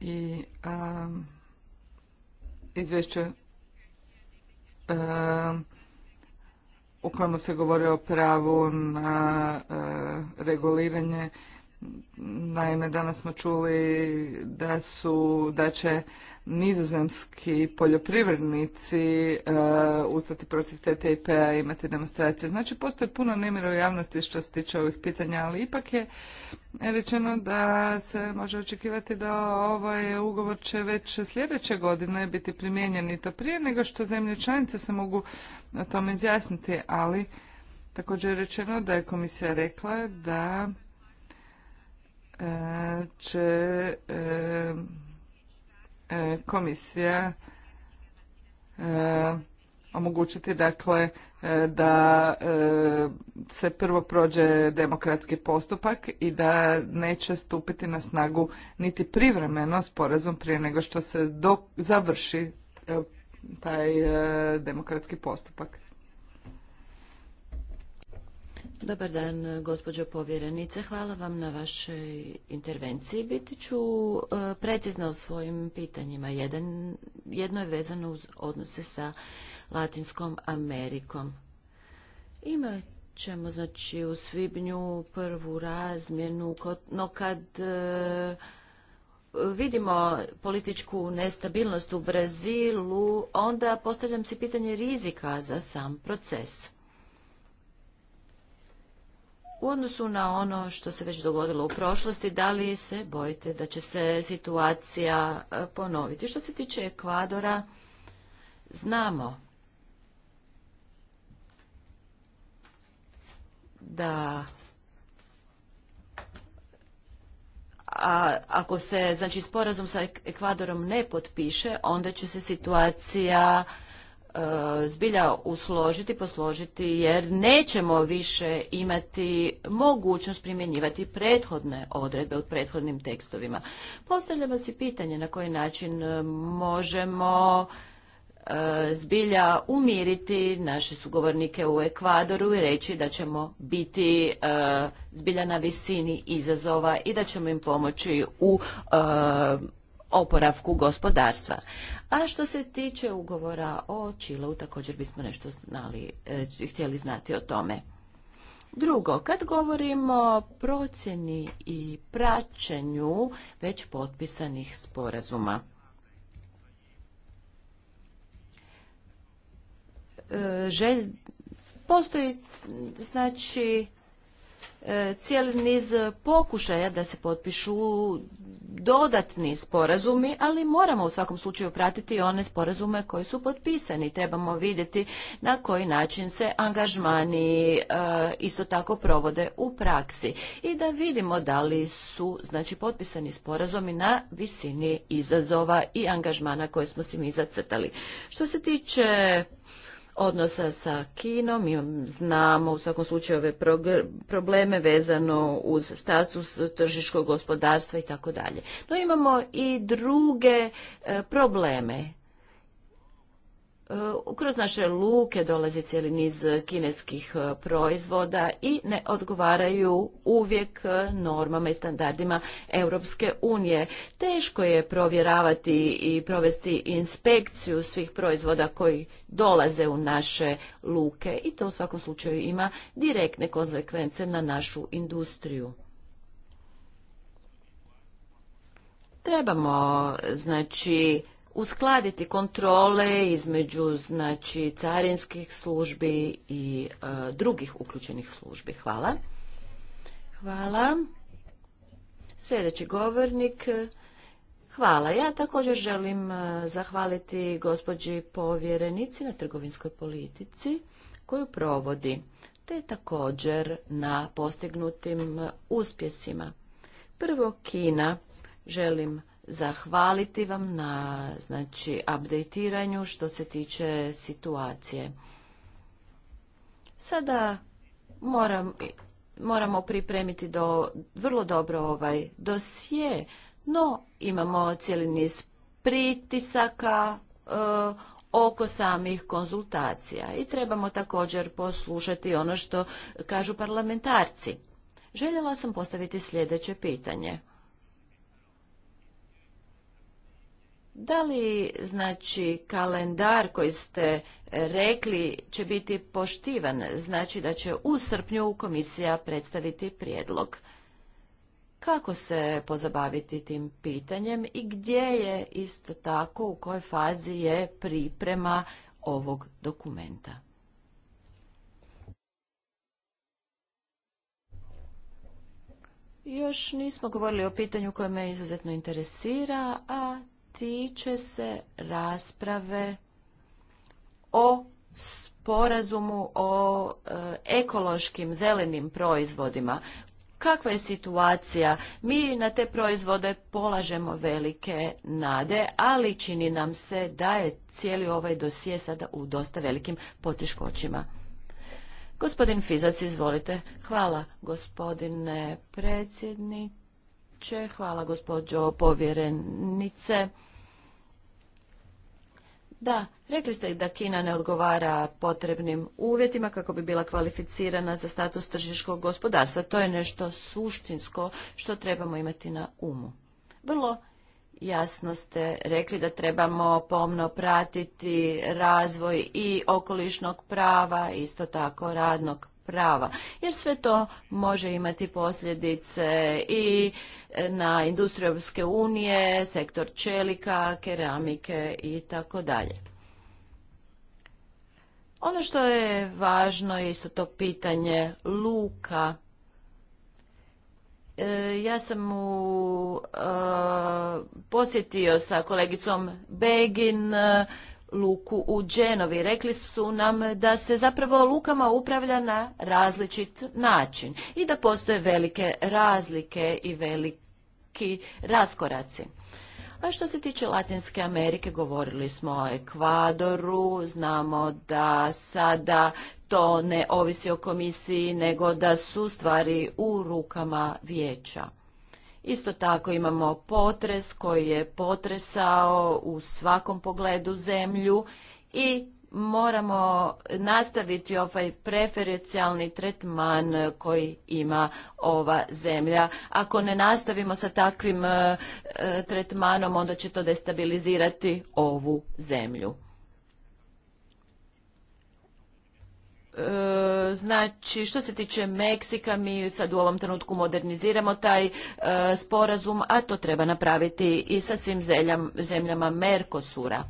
Speaker 3: i izvješće u kojemu se govori o pravu na reguliranje Naime, danas smo čuli da su, da će nizozemski poljoprivrednici e, ustati protiv TTIP-a i imati demonstracije. Znači, postoje puno nemira u javnosti što se tiče ovih pitanja, ali ipak je rečeno da se može očekivati da ovaj ugovor će već sljedeće godine biti primijenjen i to prije nego što zemlje članice se mogu na tome izjasniti, ali također je rečeno da je komisija rekla da će e, e, komisija e, omogućiti dakle da se prvo prođe demokratski postupak i da neće stupiti na snagu niti privremeno sporazum prije nego što se završi taj demokratski postupak.
Speaker 1: Dobar dan, gospođo povjerenice. Hvala vam na vašoj intervenciji. Biti ću e, precizna u svojim pitanjima. jedno je vezano uz odnose sa Latinskom Amerikom. Imat ćemo, znači, u svibnju prvu razmjenu, no kad e, vidimo političku nestabilnost u Brazilu, onda postavljam si pitanje rizika za sam proces u odnosu na ono što se već dogodilo u prošlosti, da li se bojite da će se situacija e, ponoviti? Što se tiče Ekvadora, znamo da ako se znači sporazum sa Ekvadorom ne potpiše, onda će se situacija E, zbilja usložiti, posložiti jer nećemo više imati mogućnost primjenjivati prethodne odredbe u prethodnim tekstovima. Postavljamo si pitanje na koji način e, možemo e, zbilja umiriti naše sugovornike u Ekvadoru i reći da ćemo biti zbilja na visini izazova i da ćemo im pomoći u oporavku gospodarstva. A što se tiče ugovora o Čileu, također bismo nešto znali, e, htjeli znati o tome. Drugo, kad govorimo o procjeni i praćenju već potpisanih sporazuma. E, postoji znači e, cijeli niz pokušaja da se potpišu dodatni sporazumi, ali moramo u svakom slučaju pratiti one sporazume koji su potpisani. Trebamo vidjeti na koji način se angažmani e, isto tako provode u praksi i da vidimo da li su znači potpisani sporazumi na visini izazova i angažmana koje smo si mi zacrtali. Što se tiče odnosa sa Kinom. Mi znamo u svakom slučaju ove probleme vezano uz status tržiškog gospodarstva i tako dalje. No imamo i druge e, probleme E, kroz naše luke dolazi cijeli niz kineskih e, proizvoda i ne odgovaraju uvijek e, normama i standardima Europske unije. Teško je provjeravati i provesti inspekciju svih proizvoda koji dolaze u naše luke i to u svakom slučaju ima direktne konsekvence na našu industriju. Trebamo znači uskladiti kontrole između znači carinskih službi i e, drugih uključenih službi. Hvala. Hvala. Sljedeći govornik. Hvala. Ja također želim e, zahvaliti gospođi povjerenici na trgovinskoj politici koju provodi, te također na postignutim uspjesima. Prvo Kina želim zahvaliti vam na znači updateiranju što se tiče situacije. Sada moram, moramo pripremiti do vrlo dobro ovaj dosje, no imamo cijeli niz pritisaka e, oko samih konzultacija i trebamo također poslušati ono što kažu parlamentarci. Željela sam postaviti sljedeće pitanje. Da li znači kalendar koji ste rekli će biti poštivan, znači da će u srpnju komisija predstaviti prijedlog? Kako se pozabaviti tim pitanjem i gdje je isto tako, u kojoj fazi je priprema ovog dokumenta? Još nismo govorili o pitanju koje me izuzetno interesira, a tiče se rasprave o sporazumu o e, ekološkim zelenim proizvodima. Kakva je situacija? Mi na te proizvode polažemo velike nade, ali čini nam se da je cijeli ovaj dosije sada u dosta velikim poteškoćima. Gospodin Fizac, izvolite. Hvala, gospodine predsjednik predsjedniče, hvala gospođo povjerenice. Da, rekli ste da Kina ne odgovara potrebnim uvjetima kako bi bila kvalificirana za status tržiškog gospodarstva. To je nešto suštinsko što trebamo imati na umu. Vrlo jasno ste rekli da trebamo pomno pratiti razvoj i okolišnog prava, isto tako radnog prava. Jer sve to može imati posljedice i na industriju unije, sektor čelika, keramike i tako dalje. Ono što je važno je isto to pitanje luka. E, ja sam u e, posjetio sa kolegicom Begin luku u Dženovi. Rekli su nam da se zapravo lukama upravlja na različit način i da postoje velike razlike i veliki raskoraci. A što se tiče Latinske Amerike, govorili smo o Ekvadoru, znamo da sada to ne ovisi o komisiji, nego da su stvari u rukama vijeća. Isto tako imamo potres koji je potresao u svakom pogledu zemlju i moramo nastaviti ovaj preferencijalni tretman koji ima ova zemlja. Ako ne nastavimo sa takvim e, e, tretmanom, onda će to destabilizirati ovu zemlju. E, znači, što se tiče Meksika, mi sad u ovom trenutku moderniziramo taj e, sporazum, a to treba napraviti i sa svim zemljama Merkosura.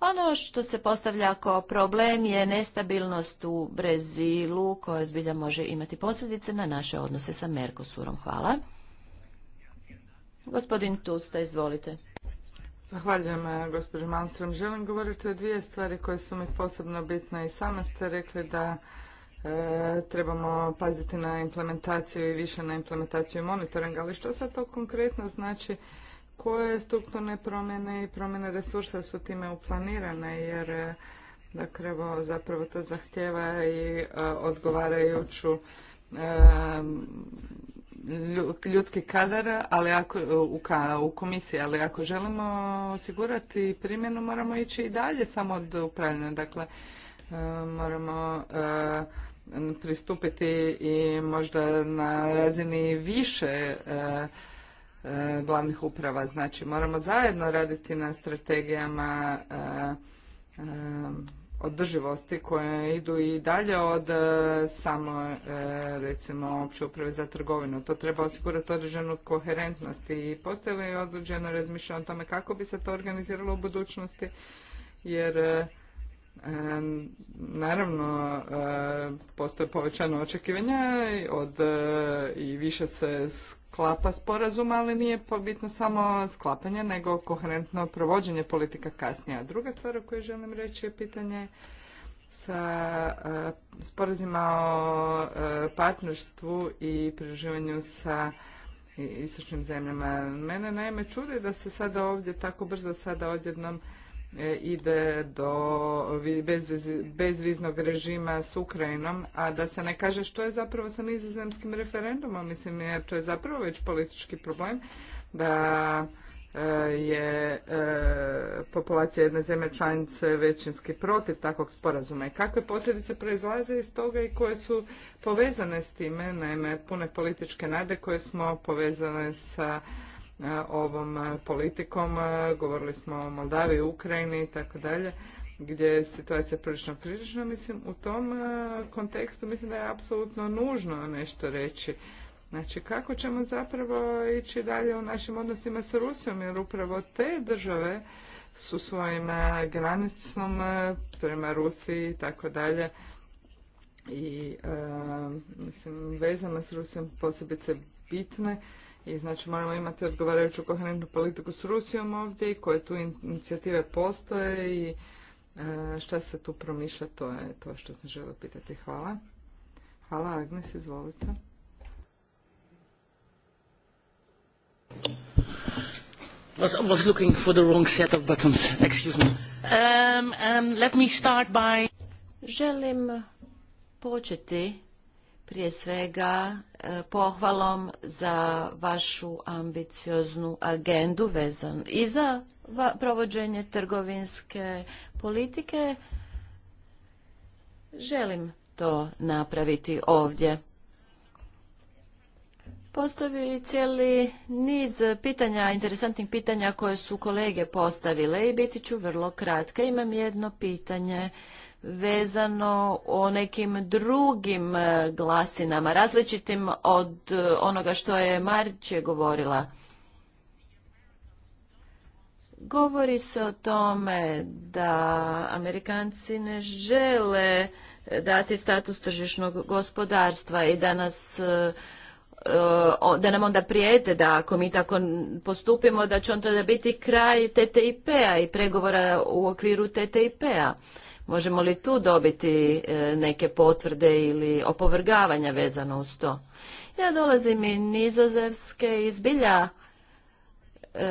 Speaker 1: Ono što se postavlja kao problem je nestabilnost u Brezilu koja zbilja može imati posljedice na naše odnose sa Merkosurom. Hvala.
Speaker 3: Gospodin Tusta, izvolite. Zahvaljujem, eh, gospođo Malmström. Želim govoriti o dvije stvari koje su mi posebno bitne i sama ste rekli da eh, trebamo paziti na implementaciju i više na implementaciju i monitoring, ali što sad to konkretno znači? Koje strukturne promjene i promjene resursa su time uplanirane? Jer eh, dakle, zapravo to zahtjeva i odgovarajuću ljudski kadar, ali ako, u, u komisiji, ali ako želimo osigurati primjenu, moramo ići i dalje samo od upravljanja. Dakle, e, moramo e, pristupiti i možda na razini više e, glavnih uprava. Znači, moramo zajedno raditi na strategijama održivosti koje idu i dalje od e, samo e, recimo opće uprave za trgovinu. To treba osigurati određenu koherentnost i postoje li određeno razmišljanje o tome kako bi se to organiziralo u budućnosti jer e, Naravno, postoje povećana očekivanja od i više se sklapa sporazuma, ali nije bitno samo sklapanje, nego koherentno provođenje politika kasnije. A druga stvar o kojoj želim reći je pitanje sa e, sporazima o e, partnerstvu i pridruživanju sa istočnim zemljama. Mene naime čudi da se sada ovdje tako brzo sada odjednom E, ide do bezviznog režima s Ukrajinom, a da se ne kaže što je zapravo sa nizozemskim referendumom, mislim jer to je zapravo već politički problem da e, je e, populacija jedne zemlje članice većinski protiv takvog sporazuma i kakve posljedice proizlaze iz toga i koje su povezane s time, naime pune političke nade koje smo povezane sa ovom politikom. Govorili smo o Moldaviji, Ukrajini i tako dalje gdje je situacija prilično kritična. Mislim, u tom kontekstu mislim da je apsolutno nužno nešto reći. Znači, kako ćemo zapravo ići dalje u našim odnosima sa Rusijom, jer upravo te države su svojim granicom prema Rusiji i tako dalje i mislim, vezama s Rusijom posebice bitne i znači moramo imati odgovarajuću koherentnu politiku s Rusijom ovdje i koje tu inicijative postoje i e, šta se tu promišlja, to je to što sam želio pitati. Hvala. Hvala Agnes, izvolite.
Speaker 1: Was, was looking for the wrong set of buttons. Excuse me. Um, um, let me start by... Želim početi prije svega e, pohvalom za vašu ambicioznu agendu vezan i za provođenje trgovinske politike. Želim to napraviti ovdje. Postoji cijeli niz pitanja, interesantnih pitanja koje su kolege postavile i biti ću vrlo kratka. Imam jedno pitanje vezano o nekim drugim e, glasinama, različitim od e, onoga što je Marić govorila. Govori se o tome da Amerikanci ne žele e, dati status tržišnog gospodarstva i da nas da nam onda prijete da ako mi tako postupimo da će onda biti kraj TTIP-a i pregovora u okviru TTIP-a. Možemo li tu dobiti e, neke potvrde ili opovrgavanja vezano uz to? Ja dolazim iz Nizozemske i zbilja e,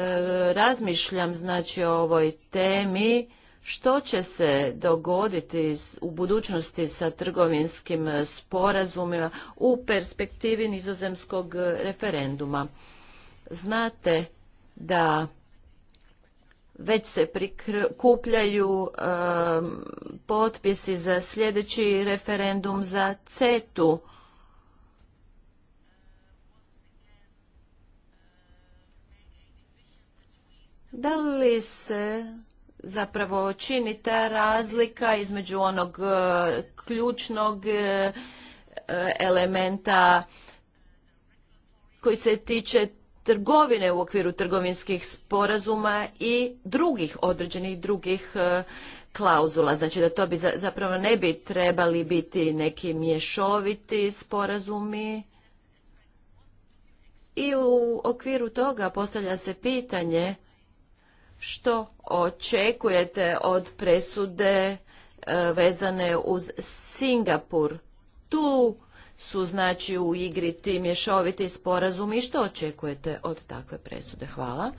Speaker 1: razmišljam znači o ovoj temi što će se dogoditi u budućnosti sa trgovinskim sporazumima u perspektivi nizozemskog referenduma. Znate da već se prikupljaju potpisi za sljedeći referendum za CETU. Da li se zapravo čini ta razlika između onog e, ključnog e, e, elementa koji se tiče trgovine u okviru trgovinskih sporazuma i drugih određenih drugih e, klauzula. Znači da to bi zapravo ne bi trebali biti neki mješoviti sporazumi. I u okviru toga postavlja se pitanje što očekujete od presude e, vezane uz Singapur. Tu su znači u igri ti mješoviti sporazumi i što očekujete od takve presude? Hvala.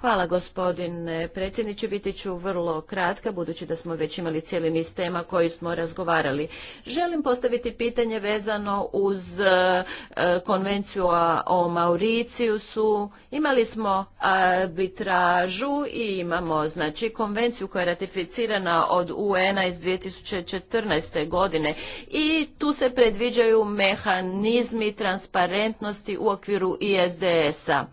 Speaker 1: Hvala gospodine predsjedniče. Biti ću vrlo kratka, budući da smo već imali cijeli niz tema koji smo razgovarali. Želim postaviti pitanje vezano uz e, konvenciju o Mauricijusu. Imali smo arbitražu i imamo znači konvenciju koja je ratificirana od UN-a iz 2014. godine i tu se predviđaju mehanizmi transparentnosti u okviru ISDS-a.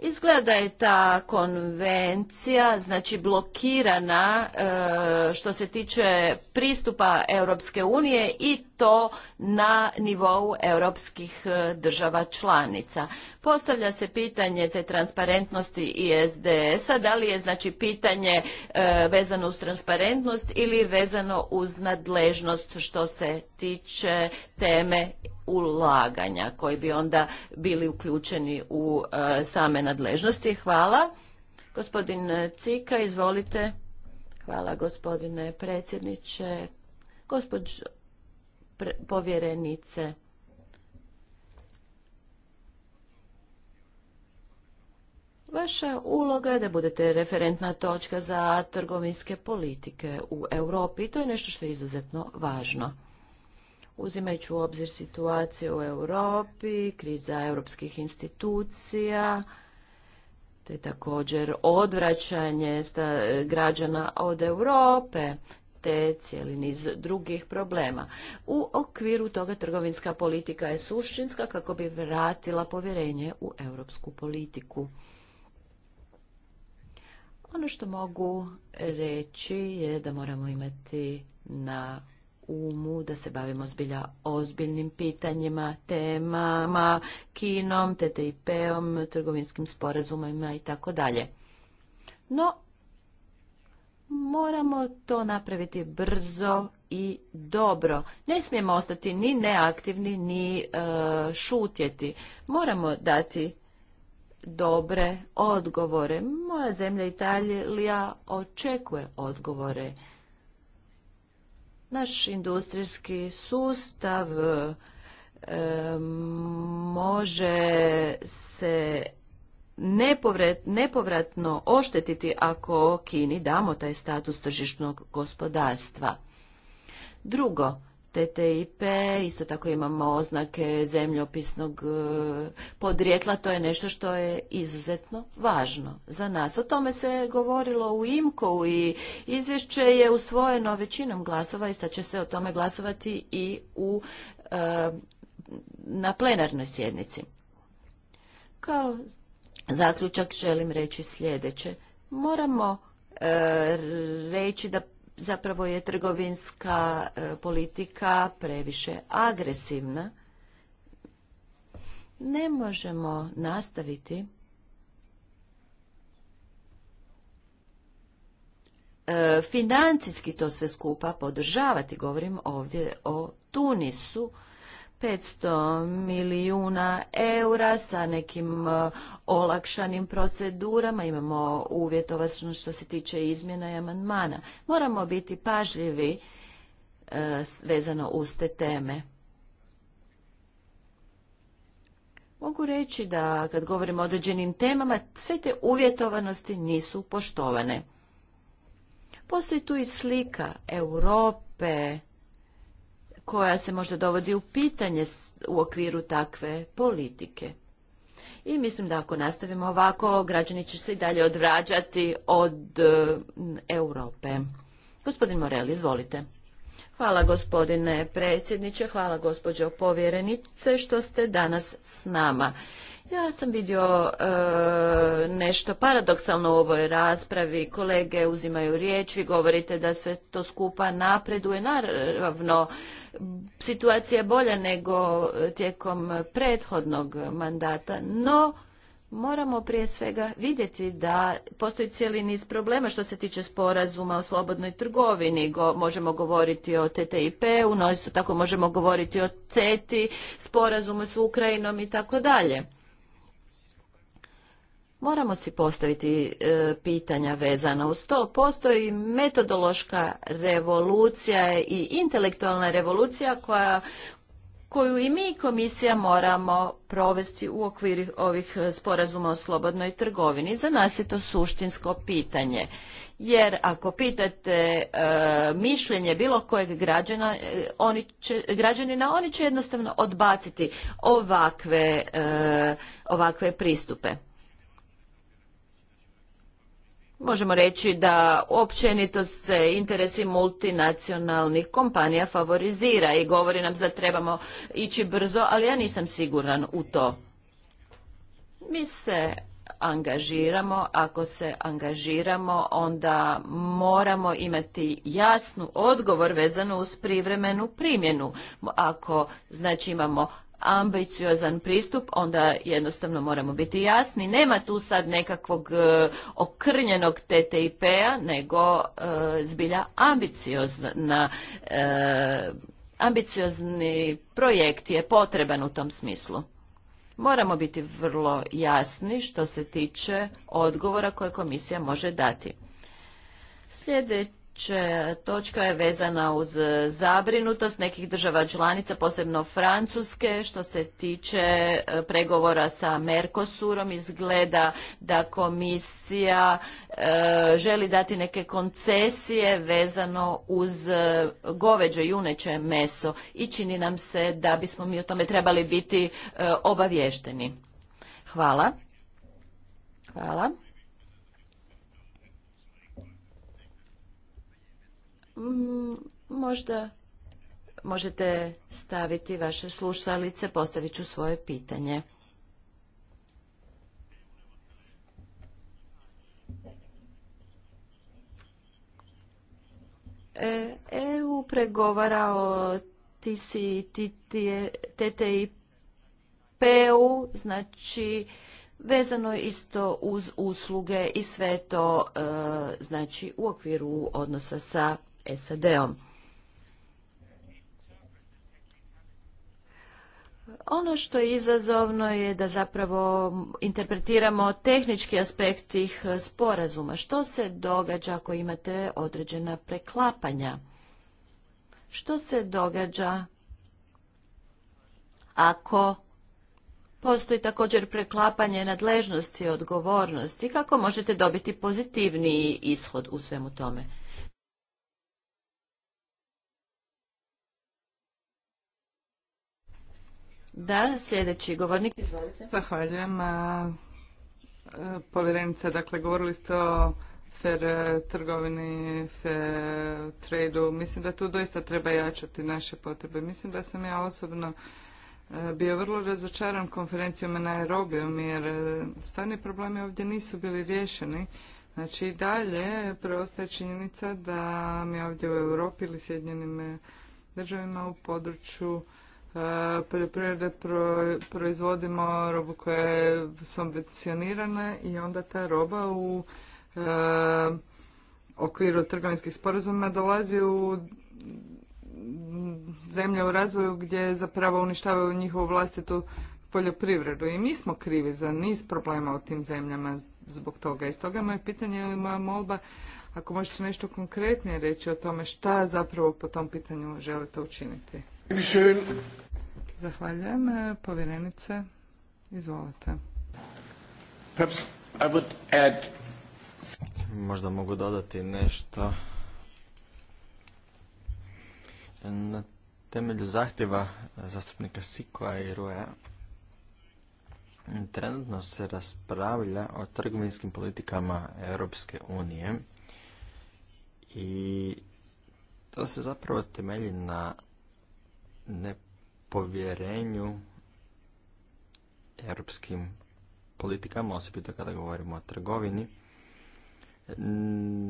Speaker 1: Izgleda da je ta konvencija znači blokirana e, što se tiče pristupa Europske unije i to na nivou europskih e, država članica. Postavlja se pitanje te transparentnosti i SDS-a, da li je znači pitanje e, vezano uz transparentnost ili vezano uz nadležnost što se tiče teme ulaganja koji bi onda bili uključeni u e, same nadležnosti. Hvala. Gospodin Cika, izvolite. Hvala gospodine predsjedniče. Gospođo povjerenice. Vaša uloga je da budete referentna točka za trgovinske politike u Europi i to je nešto što je izuzetno važno uzimajući u obzir situaciju u Europi, kriza europskih institucija, te također odvraćanje građana od Europe, te cijeli niz drugih problema. U okviru toga trgovinska politika je suštinska kako bi vratila povjerenje u europsku politiku. Ono što mogu reći je da moramo imati na umu da se bavimo zbilja ozbiljnim pitanjima, temama, kinom, TTIP-om, trgovinskim sporazumima i tako dalje. No, moramo to napraviti brzo i dobro. Ne smijemo ostati ni neaktivni, ni e, šutjeti. Moramo dati dobre odgovore. Moja zemlja Italija očekuje odgovore naš industrijski sustav e, e, može se nepovratno oštetiti ako Kini damo taj status tržišnog gospodarstva. Drugo, TTIP, isto tako imamo oznake zemljopisnog e, podrijetla, to je nešto što je izuzetno važno za nas. O tome se govorilo u IMKO i izvješće je usvojeno većinom glasova i sad će se o tome glasovati i u, e, na plenarnoj sjednici. Kao zaključak želim reći sljedeće. Moramo e, reći da zapravo je trgovinska e, politika previše agresivna. Ne možemo nastaviti e, financijski to sve skupa podržavati. Govorim ovdje o Tunisu 500 milijuna eura sa nekim e, olakšanim procedurama, imamo uvjetovačno što se tiče izmjena i amandmana. Moramo biti pažljivi e, vezano uz te teme. Mogu reći da kad govorimo o određenim temama, sve te uvjetovanosti nisu poštovane. Postoji tu i slika Europe, koja se možda dovodi u pitanje u okviru takve politike. I mislim da ako nastavimo ovako, građani će se i dalje odvrađati od e, Europe. Gospodin Morel, izvolite. Hvala gospodine predsjedniče, hvala gospođo povjerenice što ste danas s nama. Ja sam vidio e, nešto paradoksalno u ovoj raspravi. Kolege uzimaju riječ, vi govorite da sve to skupa napreduje. Naravno, situacija je bolja nego tijekom prethodnog mandata, no moramo prije svega vidjeti da postoji cijeli niz problema što se tiče sporazuma o slobodnoj trgovini. Go, možemo govoriti o TTIP-u, no isto tako možemo govoriti o CETI, sporazumu s Ukrajinom i tako dalje. Moramo si postaviti e, pitanja vezana uz to. Postoji metodološka revolucija i intelektualna revolucija koja, koju i mi komisija moramo provesti u okviru ovih sporazuma o slobodnoj trgovini. Za nas je to suštinsko pitanje. Jer ako pitate e, mišljenje bilo kojeg građana, e, oni će, građanina, oni će jednostavno odbaciti ovakve, ovakve pristupe. Možemo reći da općenito se interesi multinacionalnih kompanija favorizira i govori nam da trebamo ići brzo, ali ja nisam siguran u to. Mi se angažiramo, ako se angažiramo onda moramo imati jasnu odgovor vezano uz privremenu primjenu. Ako znači imamo ambiciozan pristup, onda jednostavno moramo biti jasni. Nema tu sad nekakvog e, okrnjenog TTIP-a, nego e, zbilja ambiciozna e, ambiciozni projekt je potreban u tom smislu. Moramo biti vrlo jasni što se tiče odgovora koje komisija može dati. Sljedeći točka je vezana uz e, zabrinutost nekih država članica, posebno Francuske, što se tiče e, pregovora sa Mercosurom. Izgleda da komisija e, želi dati neke koncesije vezano uz goveđe juneće meso i čini nam se da bismo mi o tome trebali biti obavješteni. Hvala. Hvala. Možda možete staviti vaše slušalice, postavit ću svoje pitanje. EU e pregovara o TTIP-u, znači vezano isto uz usluge i sve to e, znači u okviru odnosa sa sad Ono što je izazovno je da zapravo interpretiramo tehnički aspekt tih e, sporazuma. Što se događa ako imate određena preklapanja? Što se događa ako Postoji također preklapanje nadležnosti i odgovornosti. Kako možete dobiti pozitivniji ishod u svemu tome?
Speaker 3: Da, sljedeći govornik, izvolite. Zahvaljujem. E, povjerenica, dakle, govorili ste o fer e, trgovini, fair trade-u. Mislim da tu doista treba jačati naše potrebe. Mislim da sam ja osobno e, bio vrlo razočaran konferencijom na aerobiju jer stvarni problemi ovdje nisu bili rješeni. Znači i dalje preostaje činjenica da mi ovdje u Europi ili Sjedinjenim državima u području E, poljoprivrede proizvodimo robu koja je subvencionirana i onda ta roba u e, okviru trgovinskih sporazuma dolazi u zemlje u razvoju gdje zapravo uništavaju njihovu vlastitu poljoprivredu. I mi smo krivi za niz problema u tim zemljama zbog toga. I stoga moje pitanje ili moja molba, ako možete nešto konkretnije reći o tome šta zapravo po tom pitanju želite učiniti. Zahvaljujem. E, povjerenice, izvolite.
Speaker 2: Možda mogu dodati nešto. Na temelju zahtjeva zastupnika Sikoa i trenutno se raspravlja o trgovinskim politikama Europske unije i to se zapravo temelji na nepovjerenju europskim politikama, osobito kada govorimo o trgovini.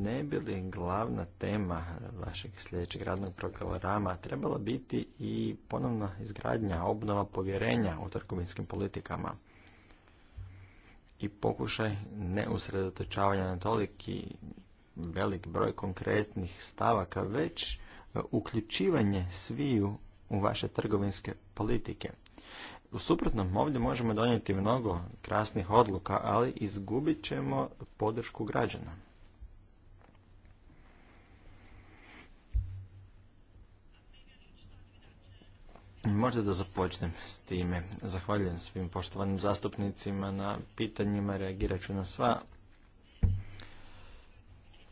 Speaker 2: Ne bi li glavna tema vašeg sljedećeg radnog programa trebala biti i ponovna izgradnja, obnova povjerenja u trgovinskim politikama i pokušaj neusredotočavanja na toliki velik broj konkretnih stavaka, već e, uključivanje sviju u vaše trgovinske politike. U suprotnom, ovdje možemo donijeti mnogo krasnih odluka, ali izgubit ćemo podršku građana. Možda da započnem s time. Zahvaljujem svim poštovanim zastupnicima na pitanjima, reagirat ću na sva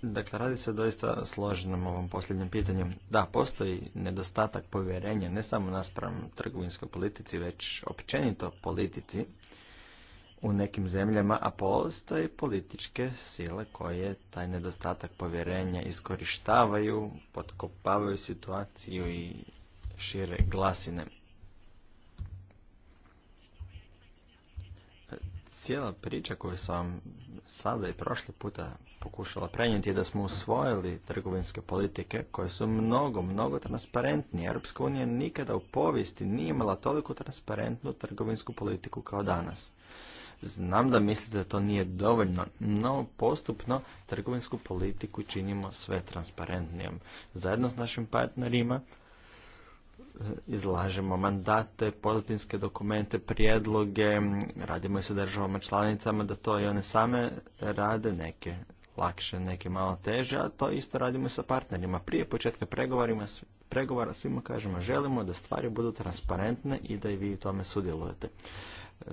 Speaker 2: Dakle, radi se doista složenom ovom posljednjem pitanju. Da, postoji nedostatak povjerenja ne samo naspram trgovinskoj politici, već općenito politici u nekim zemljama, a postoje političke sile koje taj nedostatak povjerenja iskorištavaju, potkopavaju situaciju i šire glasine. Cijela priča koju sam sada i prošli puta pokušala prenijeti je da smo usvojili trgovinske politike koje su mnogo, mnogo transparentnije. Europska unija nikada u povijesti nije imala toliko transparentnu trgovinsku politiku kao danas. Znam da mislite da to nije dovoljno, no postupno trgovinsku politiku činimo sve transparentnijom. Zajedno s našim partnerima e, izlažemo mandate, pozitivske dokumente, prijedloge, radimo i sa državama članicama da to i one same rade, neke lakše, neke malo teže, a to isto radimo sa partnerima. Prije početka pregovora svima kažemo želimo da stvari budu transparentne i da i vi u tome sudjelujete.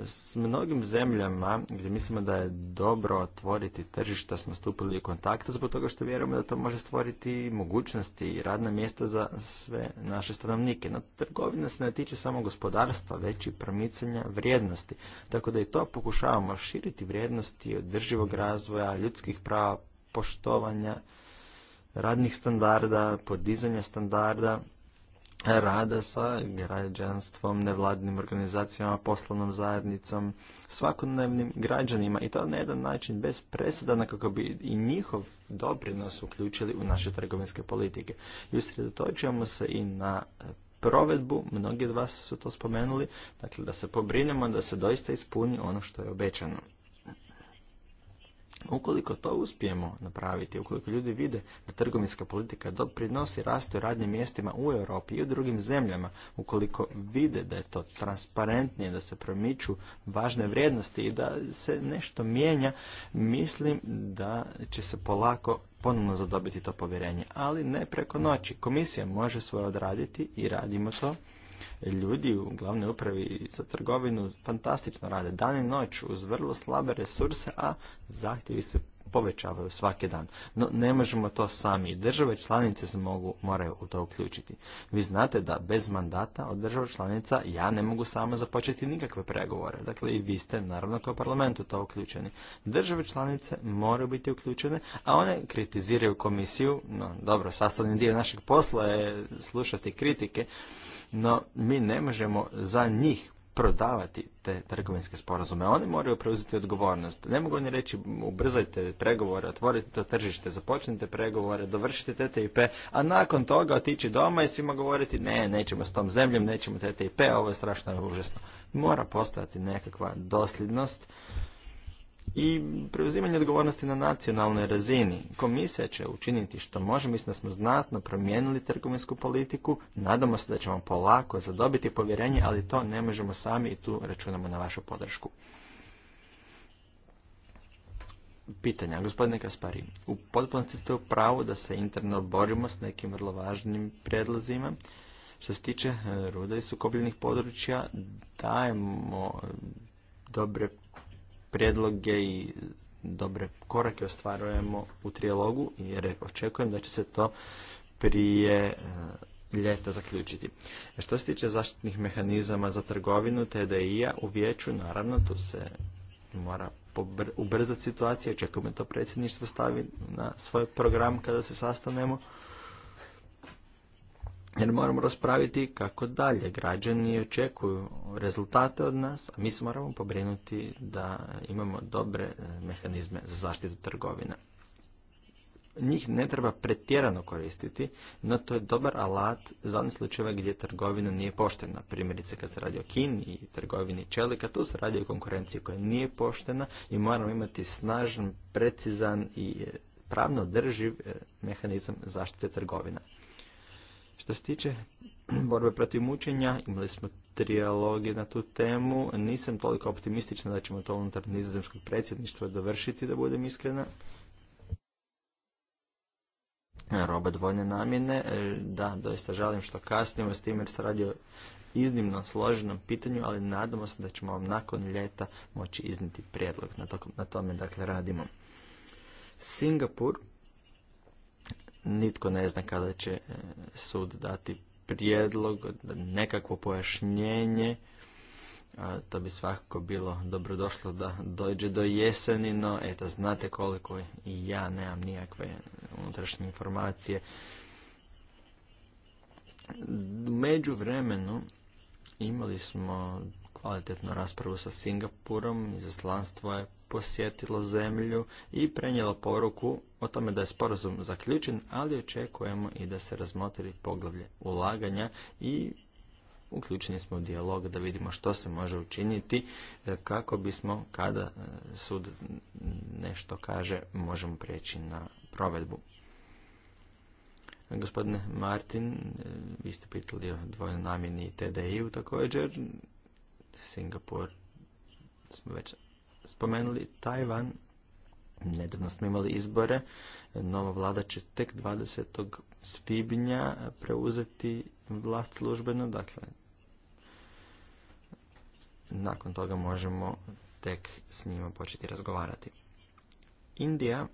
Speaker 2: S mnogim zemljama gdje mislimo da je dobro otvoriti tržišta smo stupili u kontakt zbog toga što vjerujemo da to može stvoriti mogućnosti i radna mjesta za sve naše stanovnike. No, trgovina se ne tiče samo gospodarstva, već i promicanja vrijednosti. Tako da i to pokušavamo širiti vrijednosti održivog razvoja, ljudskih prava, poštovanja, radnih standarda, podizanja standarda rada sa građanstvom, nevladnim organizacijama, poslovnom zajednicom, svakodnevnim građanima i to na jedan način bez presedana kako bi i njihov doprinos uključili u naše trgovinske politike. I usredotočujemo se i na provedbu, mnogi od vas su to spomenuli, dakle da se pobrinemo da se doista ispuni ono što je obećano. Ukoliko to uspijemo napraviti, ukoliko ljudi vide da trgovinska politika doprinosi rastu radnim mjestima u Europi i u drugim zemljama, ukoliko vide da je to transparentnije, da se promiču važne vrijednosti i da se nešto mijenja, mislim da će se polako ponovno zadobiti to povjerenje, ali ne preko noći. Komisija može svoje odraditi i radimo to ljudi u glavnoj upravi za trgovinu fantastično rade dan i noć uz vrlo slabe resurse, a zahtjevi se povećavaju svaki dan. No ne možemo to sami. Države članice se mogu, moraju u to uključiti. Vi znate da bez mandata od država članica ja ne mogu sama započeti nikakve pregovore. Dakle i vi ste naravno kao parlamentu to uključeni. Države članice moraju biti uključene, a one kritiziraju komisiju. No dobro, sastavni dio našeg posla je slušati kritike no mi ne možemo za njih prodavati te trgovinske sporazume. Oni moraju preuzeti odgovornost. Ne mogu oni reći ubrzajte pregovore, otvorite to tržište, započnite pregovore, dovršite TTIP, a nakon toga otići doma i svima govoriti ne, nećemo s tom zemljom, nećemo TTIP, ovo je strašno užasno. Mora postojati nekakva dosljednost i preuzimanje odgovornosti na nacionalnoj razini. Komisija će učiniti što može, mislim da smo znatno promijenili trgovinsku politiku, nadamo se da ćemo polako zadobiti povjerenje, ali to ne možemo sami i tu računamo na vašu podršku. Pitanja, gospodine Kaspari, u potpunosti ste u pravu da se interno borimo s nekim vrlo važnim prijedlozima. Što se tiče eh, ruda i sukobljenih područja, dajemo eh, dobre prijedloge i dobre korake ostvarujemo u trijalogu jer očekujem da će se to prije e, ljeta zaključiti. E, što se tiče zaštitnih mehanizama za trgovinu TDI-a u vijeću, naravno tu se mora ubrzati situacija, očekujemo to predsjedništvo stavi na svoj program kada se sastanemo jer moramo raspraviti kako dalje. Građani očekuju rezultate od nas, a mi se moramo pobrinuti da imamo dobre e, mehanizme za zaštitu trgovina. Njih ne treba pretjerano koristiti, no to je dobar alat za one slučajeva gdje trgovina nije poštena. Primjerice kad se radi o Kini i trgovini čelika, tu se radi o konkurenciji koja nije poštena i moramo imati snažan, precizan i e, pravno drživ e, mehanizam zaštite trgovina. Što se tiče borbe protiv mučenja, imali smo trijaloge na tu temu. Nisam toliko optimistična da ćemo to unutar nizozemskog predsjedništva dovršiti, da budem iskrena. Roba dvojne namjene, e, da, doista žalim što kasnimo s tim jer se radi o iznimno složenom pitanju, ali nadamo se da ćemo vam nakon ljeta moći izniti prijedlog. Na, na tome dakle radimo. Singapur, nitko ne zna kada će e, sud dati prijedlog, nekakvo pojašnjenje. To bi svakako bilo dobrodošlo da dođe do jeseni, no eto, znate koliko i ja nemam nijakve unutrašnje informacije. Među vremenu imali smo kvalitetnu raspravu sa Singapurom, izaslanstvo je posjetilo zemlju i prenijelo poruku o tome da je sporazum zaključen, ali očekujemo i da se razmotri poglavlje ulaganja i uključeni smo u dijalog da vidimo što se može učiniti e, kako bismo kada e, sud nešto kaže možemo prijeći na provedbu. Gospodine Martin, e, vi ste pitali o dvojnamjeni namjeni TDI-u također. Singapur smo već spomenuli Tajvan. Nedavno smo imali izbore. Nova vlada će tek 20. svibnja preuzeti vlast službeno. Dakle, nakon toga možemo tek s njima početi razgovarati. Indija,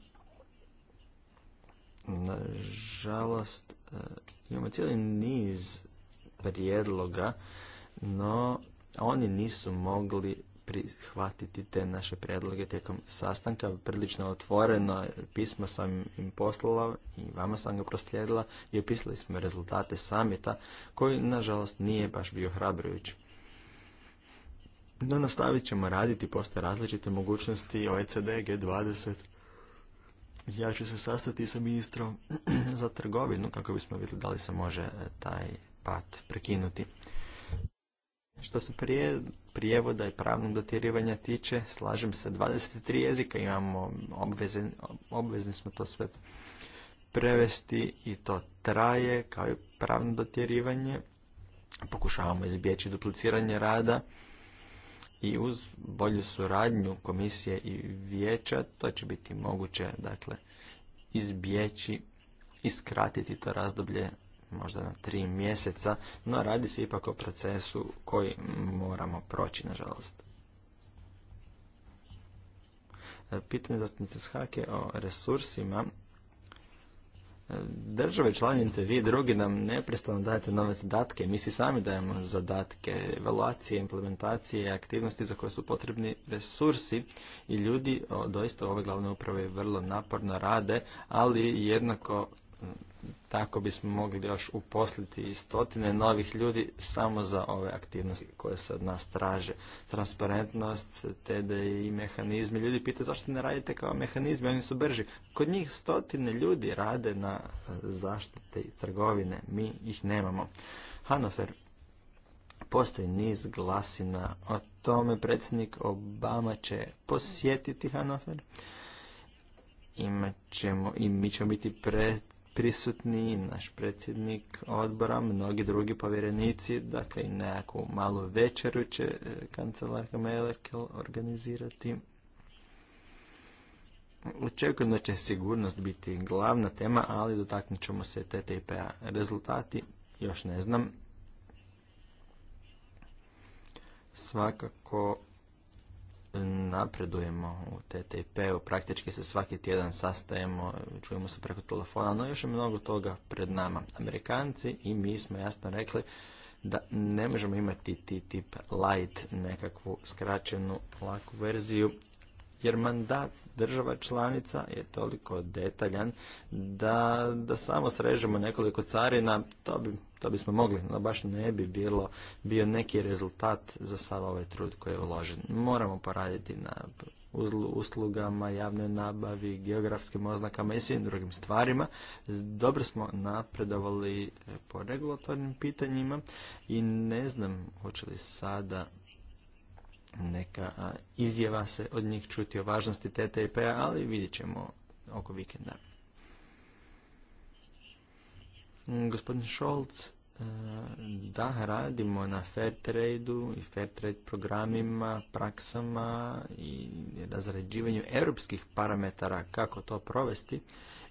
Speaker 2: nažalost, eh, imamo cijeli niz prijedloga, no oni nisu mogli prihvatiti te naše predloge tijekom sastanka. Prilično otvoreno pismo sam im poslala i vama sam ga proslijedila i opisali smo rezultate samita koji nažalost nije baš bio hrabrujući. No nastavit ćemo raditi, postoje različite mogućnosti OECD G20. Ja ću se sastati sa ministrom za trgovinu kako bismo vidjeli da li se može e, taj pad prekinuti. Što se prije prijevoda i pravnog dotjerivanja tiče, slažem se, 23 jezika imamo, obvezni, smo to sve prevesti i to traje kao i pravno dotjerivanje. Pokušavamo izbjeći dupliciranje rada i uz bolju suradnju komisije i vijeća to će biti moguće dakle, izbjeći i skratiti to razdoblje možda na tri mjeseca, no radi se ipak o procesu koji moramo proći, nažalost. E, pitanje zastupnice Hake o resursima. E, države članice, vi drugi nam neprestano dajete nove zadatke, mi si sami dajemo zadatke, evaluacije, implementacije, aktivnosti za koje su potrebni resursi i ljudi doista doista ove glavne uprave vrlo naporno rade, ali jednako tako bismo mogli još uposliti stotine novih ljudi samo za ove aktivnosti koje se od nas traže. Transparentnost, i mehanizmi. Ljudi pitaju zašto ne radite kao mehanizmi, oni su brži. Kod njih stotine ljudi rade na zaštite trgovine. Mi ih nemamo. Hanofer, postoji niz glasina o tome. Predsjednik Obama će posjetiti Hanover. Imat ćemo, i mi ćemo biti pred prisutni, naš predsjednik odbora, mnogi drugi povjerenici, dakle i nekakvu malu večeru će e, kancelarka Merkel organizirati. Očekujem da će sigurnost biti glavna tema, ali dotaknut ćemo se TTIP-a. Rezultati još ne znam. Svakako napredujemo u TTIP-u, praktički se svaki tjedan sastajemo, čujemo se preko telefona, no još je mnogo toga pred nama. Amerikanci i mi smo jasno rekli da ne možemo imati TTIP light, nekakvu skraćenu laku verziju, jer mandat država članica je toliko detaljan da, da samo srežemo nekoliko carina, to bi to bismo mogli, no baš ne bi bilo bio neki rezultat za sav ovaj trud koji je uložen. Moramo poraditi na uslugama, javnoj nabavi, geografskim oznakama i svim drugim stvarima. Dobro smo napredovali e, po regulatornim pitanjima i ne znam hoće li sada neka izjava se od njih čuti o važnosti TTIP-a, ali vidjet ćemo oko vikenda. Mm, gospodin Šolc, e, da, radimo na fair trade i fair trade programima, praksama i razrađivanju europskih parametara kako to provesti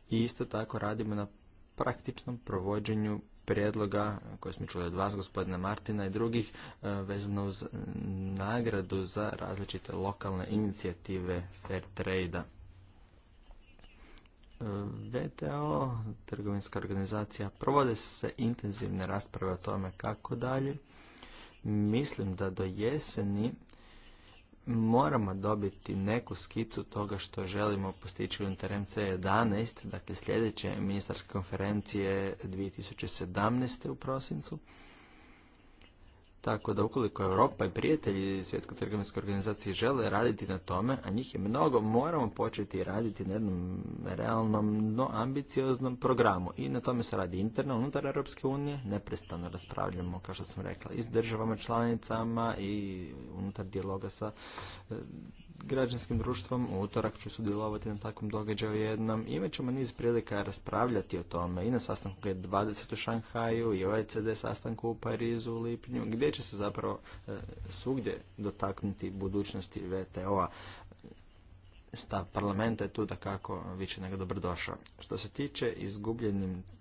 Speaker 2: i isto tako radimo na praktičnom provođenju prijedloga koje smo čuli od vas, gospodina Martina i drugih, e, vezano uz nagradu za različite lokalne inicijative fair trade-a. VTO, trgovinska organizacija, provode se intenzivne rasprave o tome kako dalje. Mislim da do jeseni moramo dobiti neku skicu toga što želimo postići u c 11 e dakle sljedeće ministarske konferencije 2017. u prosincu. Tako da ukoliko Europa i prijatelji Svjetske trgovinske organizacije žele raditi na tome, a njih je mnogo, moramo početi raditi na jednom realnom, no ambicioznom programu. I na tome se radi interno, unutar Europske unije, neprestano raspravljamo, kao što sam rekla, i s državama članicama i unutar dijaloga sa građanskim društvom. U utorak ću sudjelovati na takvom događaju jednom. Imat ćemo niz prilika raspravljati o tome i na sastanku G20 u Šanghaju i OECD sastanku u Parizu u Lipnju, gdje će se zapravo e, svugdje dotaknuti budućnosti VTO-a. Stav parlamenta je tu da kako više nego dobrodošao. Što se tiče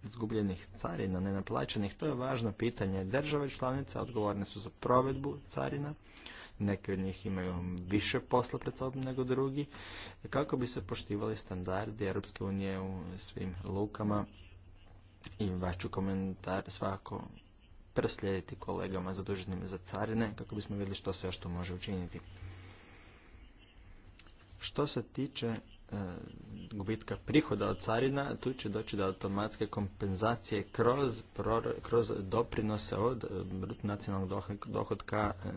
Speaker 2: izgubljenih carina, nenaplaćenih, to je važno pitanje. Države članice odgovorne su za provedbu carina neki od njih imaju više posla pred sobom nego drugi. Kako bi se poštivali standardi Europske unije u svim lukama i vaću komentar svako preslijediti kolegama zaduženim za carine kako bismo vidjeli što se još to može učiniti. Što se tiče Eh, gubitka prihoda od carina, tu će doći do automatske kompenzacije kroz, kroz doprinose od eh, nacionalnog dohodka eh,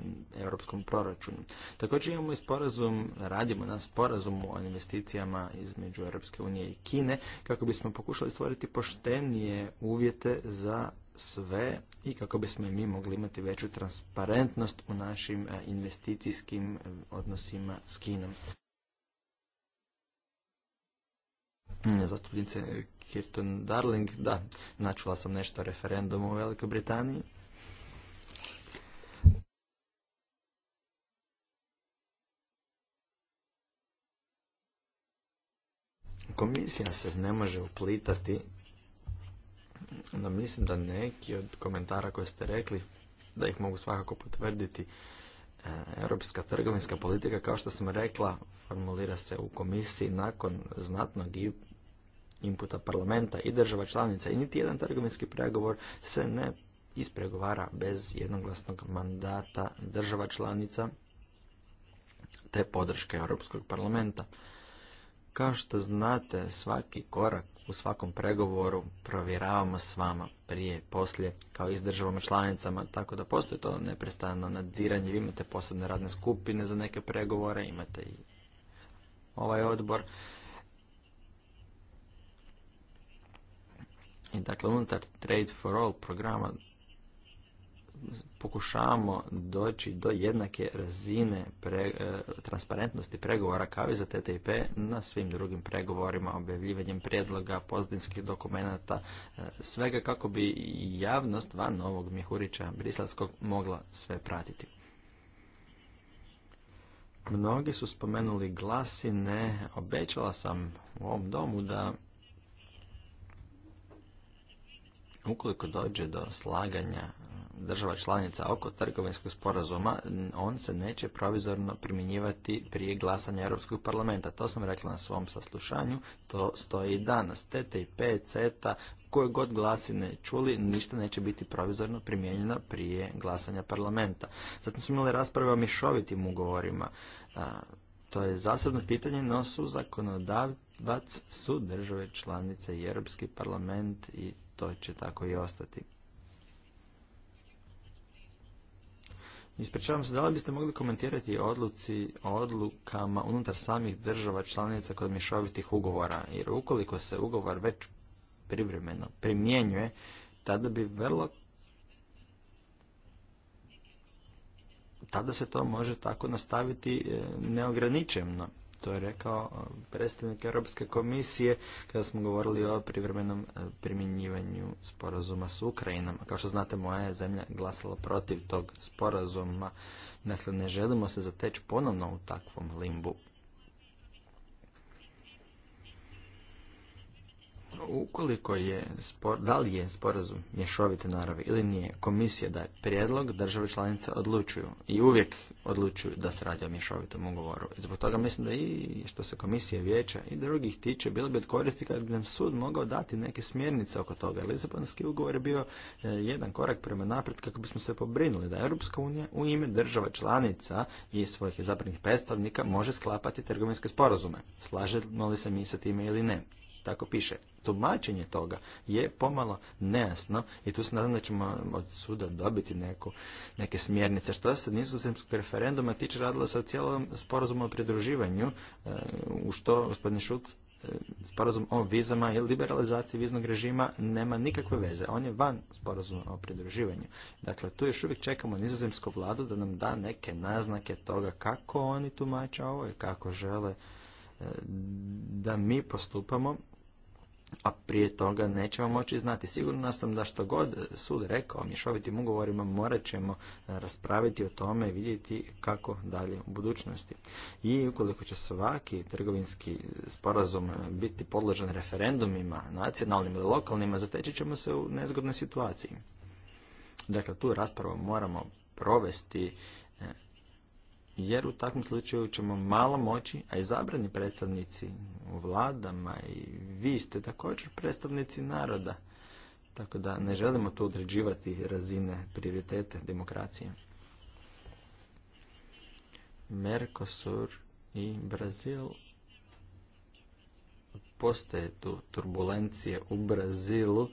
Speaker 2: europskom proračunu. Također imamo i sporazum, radimo na sporazumu o investicijama između Europske unije i Kine kako bismo pokušali stvoriti poštenije uvjete za sve i kako bismo i mi mogli imati veću transparentnost u našim investicijskim odnosima s Kinom. Zastupnice Kirton Darling, da, načula sam nešto o referendumu u Velikoj Britaniji. Komisija se ne može uplitati, no mislim da neki od komentara koje ste rekli, da ih mogu svakako potvrditi, e, europska trgovinska politika, kao što sam rekla, formulira se u komisiji nakon znatnog i inputa parlamenta i država članica i niti jedan trgovinski pregovor se ne ispregovara bez jednoglasnog mandata država članica te podrške Europskog parlamenta. Kao što znate, svaki korak u svakom pregovoru provjeravamo s vama prije i poslije, kao i s državama članicama, tako da postoji to neprestano nadziranje. Vi imate posebne radne skupine za neke pregovore, imate i ovaj odbor. I dakle, unutar Trade for All programa pokušavamo doći do jednake razine e, transparentnosti pregovora kavi za TTIP na svim drugim pregovorima, objavljivanjem prijedloga, pozdinskih dokumenata, e, svega kako bi javnost van ovog mihurića briselskog mogla sve pratiti. Mnogi su spomenuli glasine, obećala sam u ovom domu da Ukoliko dođe do slaganja država članica oko trgovinskog sporazuma, on se neće provizorno primjenjivati prije glasanja Europskog parlamenta. To sam rekla na svom saslušanju, to stoji i danas. TTIP, CETA, koje god glasine čuli, ništa neće biti provizorno primijenjeno prije glasanja parlamenta. Zatim smo imali rasprave o mišovitim ugovorima. To je zasebno pitanje, no su zakonodavac, su države članice i Europski parlament i to će tako i ostati. Ispričavam se, da li biste mogli komentirati odluci o odlukama unutar samih država članica kod mješovitih ugovora, jer ukoliko se ugovor već privremeno primjenjuje, tada bi vrlo tada se to može tako nastaviti e, neograničeno. To je rekao e, predstavnik Europske komisije kada smo govorili o privremenom e, primjenjivanju sporazuma s Ukrajinom. Kao što znate, moja je zemlja glasala protiv tog sporazuma. Dakle, ne želimo se zateći ponovno u takvom limbu. ukoliko je, da li je sporazum mješovite naravi ili nije, komisija daje prijedlog, države članice odlučuju i uvijek odlučuju da se radi o mješovitom ugovoru. zbog toga mislim da i što se komisije vijeća i drugih tiče, bilo bi koristi kad bi nam sud mogao dati neke smjernice oko toga. Lisabonski ugovor je bio e, jedan korak prema naprijed kako bismo se pobrinuli da Europska unija u ime država članica i svojih izabranih predstavnika može sklapati trgovinske sporazume. Slažemo li se mi sa time ili ne? Tako piše tumačenje toga je pomalo nejasno i tu se nadam da ćemo od suda dobiti neku, neke smjernice. Što se nizozemskog referenduma tiče radila se o cijelom sporazumu o pridruživanju, e, u što gospodin Šut e, sporazum o vizama i liberalizaciji viznog režima nema nikakve veze. On je van sporazuma o pridruživanju. Dakle, tu još uvijek čekamo nizozemsku vladu da nam da neke naznake toga kako oni tumače ovo i kako žele e, da mi postupamo a prije toga nećemo moći znati. Sigurno sam da što god sud rekao o mješovitim ugovorima morat ćemo eh, raspraviti o tome i vidjeti kako dalje u budućnosti. I ukoliko će svaki trgovinski sporazum eh, biti podložen referendumima, nacionalnim ili lokalnima, zateći ćemo se u nezgodnoj situaciji. Dakle, tu raspravu moramo provesti eh, jer u takvom slučaju ćemo malo moći, a i zabrani predstavnici u vladama i vi ste također predstavnici naroda. Tako da ne želimo tu određivati razine prioritete demokracije. Mercosur i Brazil postoje tu turbulencije u Brazilu.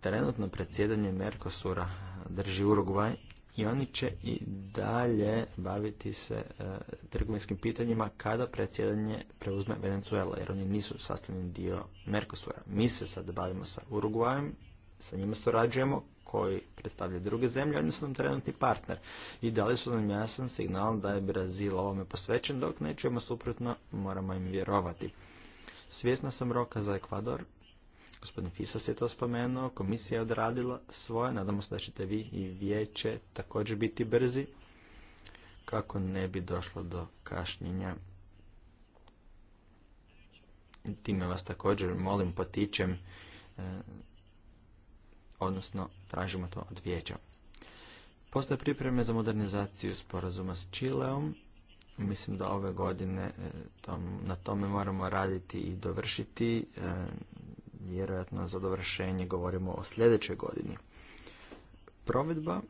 Speaker 2: Trenutno predsjedanje Mercosura drži Urugvaj i oni će i dalje baviti se e, trgovinskim pitanjima kada predsjedanje preuzme Venezuela, jer oni nisu sastavni dio Mercosura. Mi se sad bavimo sa Uruguayem, sa njima surađujemo, koji predstavlja druge zemlje, oni su nam trenutni partner. I dali su nam jasan signal da je Brazil ovome posvećen, dok ne suprotno, moramo im vjerovati. Svjesna sam roka za Ekvador, Gospodin Fisas je to spomenuo, komisija je odradila svoje, nadamo se da ćete vi i vijeće također biti brzi kako ne bi došlo do kašnjenja. Time vas također molim, potičem, e, odnosno tražimo to od vijeća. Postoje pripreme za modernizaciju sporazuma s Čileom. Mislim da ove godine e, na tome moramo raditi i dovršiti. E, vjerojatno za dovršenje govorimo o sljedećoj godini. Provedba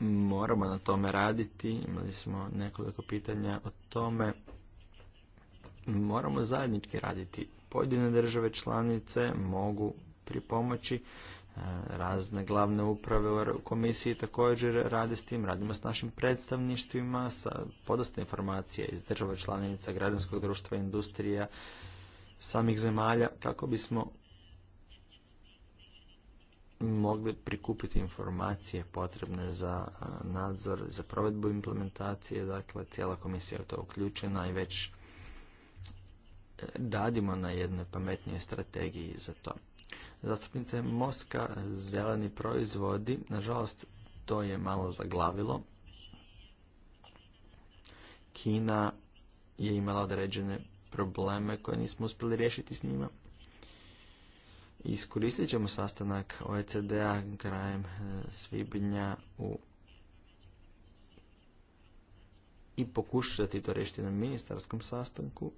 Speaker 2: moramo na tome raditi. Imali smo nekoliko pitanja o tome. Moramo zajednički raditi. Pojedine države članice mogu pripomoći E, razne glavne uprave u komisiji također rade s tim, radimo s našim predstavništvima, sa podosta informacija iz država članica, građanskog društva, industrija, samih zemalja, kako bismo mogli prikupiti informacije potrebne za e, nadzor, za provedbu implementacije, dakle cijela komisija je to uključena i već e, radimo na jednoj pametnijoj strategiji za to. Zastupnice Moska, zeleni proizvodi, nažalost, to je malo zaglavilo. Kina je imala određene probleme koje nismo uspjeli riješiti s njima. Iskoristit ćemo sastanak OECD-a krajem e, svibnja u i pokušati to riješiti na ministarskom sastanku.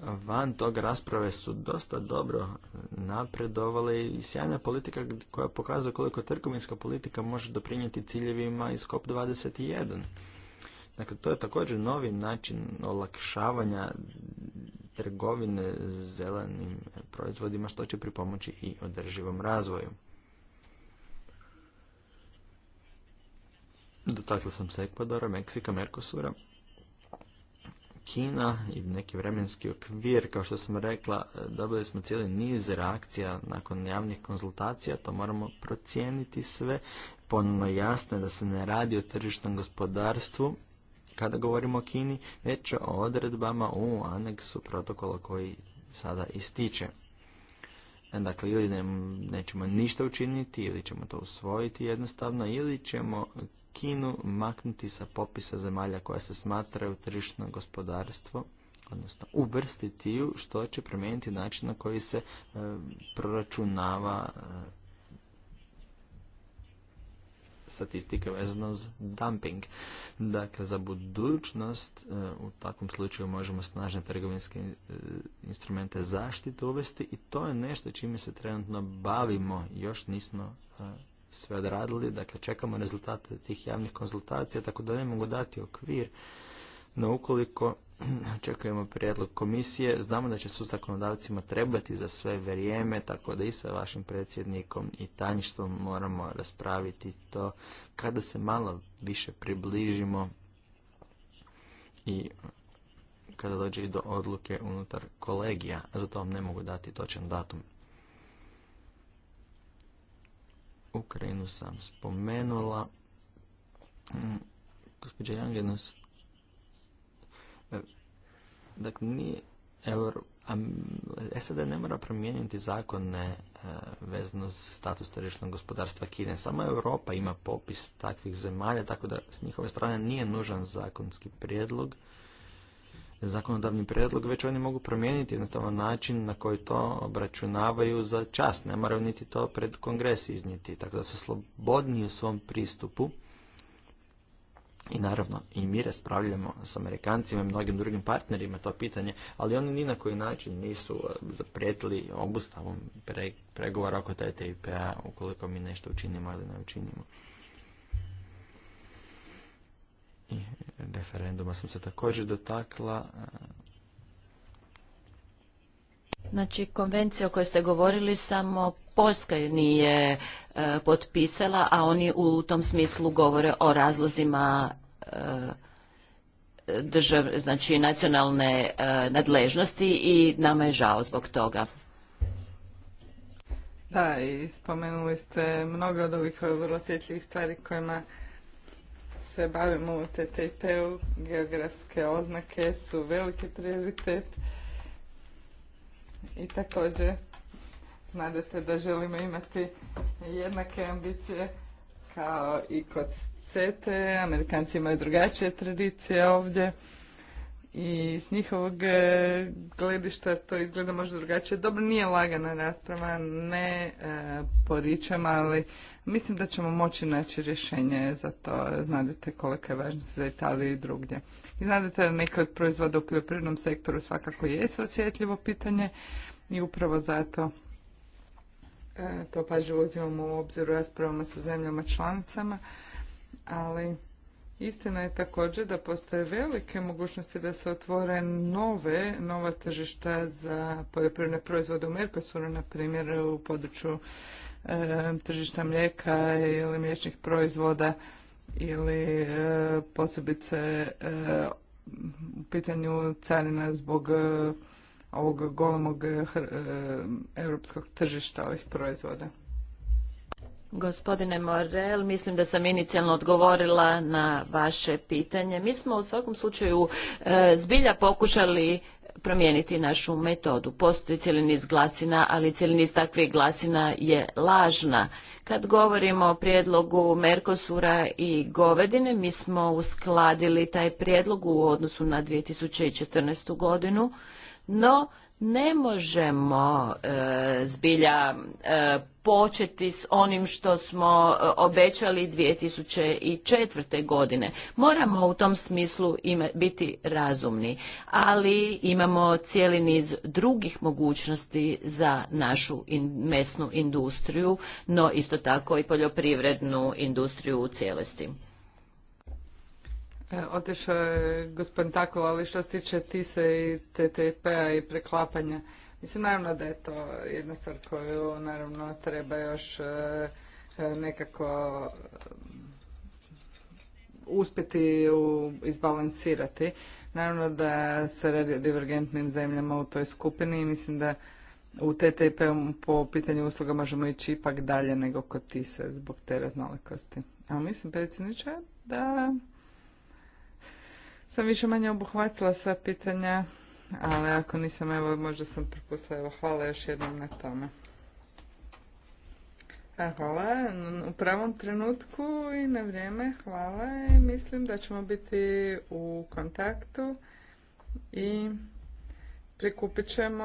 Speaker 2: van tog rasprave su dosta dobro napredovali i sjajna politika koja pokazuje koliko trgovinska politika može doprinijeti ciljevima iz COP21. Dakle, to je također novi način olakšavanja trgovine zelenim proizvodima što će pripomoći i održivom razvoju. Dotakli sam se Ekvadora, Meksika, Merkosura. Kina i neki vremenski okvir, kao što sam rekla, e, dobili smo cijeli niz reakcija nakon javnih konzultacija, to moramo procijeniti sve. Ponovno jasno je da se ne radi o tržišnom gospodarstvu kada govorimo o Kini, već o odredbama u aneksu protokola koji sada ističe. Dakle, ili ne, nećemo ništa učiniti, ili ćemo to usvojiti jednostavno, ili ćemo Kinu maknuti sa popisa zemalja koja se smatraju tržišno gospodarstvo, odnosno uvrstiti ju, što će promijeniti način na koji se e, proračunava e, statistike vezano uz dumping. Dakle, za budućnost e, u takvom slučaju možemo snažne trgovinske e, instrumente zaštite uvesti i to je nešto čime se trenutno bavimo. Još nismo e, sve odradili, dakle čekamo rezultate tih javnih konzultacija, tako da ne mogu dati okvir. No ukoliko Očekujemo prijedlog komisije. Znamo da će su zakonodavcima trebati za sve vrijeme, tako da i sa vašim predsjednikom i tanjištvom moramo raspraviti to kada se malo više približimo i kada dođe do odluke unutar kolegija. Zato vam ne mogu dati točan datum. Ukrajinu sam spomenula. Mm, gospođa Jangenus. Dakle, nije Euro, SAD ne mora promijeniti zakone e, vezno s status tržišnog gospodarstva Kine. Samo Europa ima popis takvih zemalja, tako da s njihove strane nije nužan zakonski prijedlog, zakonodavni prijedlog, već oni mogu promijeniti jednostavno način na koji to obračunavaju za čas. Ne moraju niti to pred kongres iznijeti, tako da su slobodniji u svom pristupu i naravno, i mi raspravljamo s Amerikancima i mnogim drugim partnerima to pitanje, ali oni ni na koji način nisu e, zaprijetili obustavom pregovora oko TTIP-a ukoliko mi nešto učinimo ili ne učinimo. I referenduma sam se također dotakla. E,
Speaker 1: Znači, konvencija o kojoj ste govorili samo Poljska nije e, potpisala, a oni u tom smislu govore o razlozima e, držav, znači nacionalne e, nadležnosti i nama je žao zbog toga.
Speaker 3: Da, i spomenuli ste mnogo od ovih e, vrlo osjetljivih stvari kojima se bavimo u TTIP-u. Geografske oznake su veliki prioritet i također nadate da želimo imati jednake ambicije kao i kod CETE. Amerikanci imaju drugačije tradicije ovdje i s njihovog e, gledišta to izgleda možda drugačije. Dobro, nije lagana rasprava, ne e, ali mislim da ćemo moći naći rješenje za to. Znadete koliko je važnost za Italiju i drugdje. I znadete da neke od proizvoda u poljoprivrednom sektoru svakako jesu osjetljivo pitanje i upravo zato e, to pažljivo uzimamo u obzir u raspravama sa zemljama članicama, ali Istina je također da postoje velike mogućnosti da se otvore nove, nova tržišta za poljoprivredne proizvode u Mercosuru, na primjer u području e, tržišta mlijeka ili mliječnih proizvoda ili e, posebice e, u pitanju carina zbog e, ovog golemog europskog tržišta ovih proizvoda.
Speaker 1: Gospodine Morel, mislim da sam inicijalno odgovorila na vaše pitanje. Mi smo u svakom slučaju e, zbilja pokušali promijeniti našu metodu. Postoji cijeli niz glasina, ali cijeli niz takvih glasina je lažna. Kad govorimo o prijedlogu Merkosura i Govedine, mi smo uskladili taj prijedlog u odnosu na 2014. godinu, no ne možemo e, zbilja e, početi s onim što smo e, obećali 2004. godine. Moramo u tom smislu biti razumni, ali imamo cijeli niz drugih mogućnosti za našu mesnu industriju, no isto tako i poljoprivrednu industriju u cijelosti.
Speaker 3: E, otišao je gospodin tako ali što se tiče TISA i ttp a i preklapanja, Mislim, naravno da je to jedna stvar koju naravno treba još e, e, nekako e, uspjeti izbalansirati. Naravno da se radi o divergentnim zemljama u toj skupini i mislim da u TTIP po pitanju usluga možemo ići ipak dalje nego kod TISA zbog te raznolikosti. A mislim, predsjedniče, da sam više manje obuhvatila sva pitanja ali ako nisam, evo, možda sam propustila, evo, hvala još jednom na tome. E, hvala, u pravom trenutku i na vrijeme, hvala i mislim da ćemo biti u kontaktu i prikupit ćemo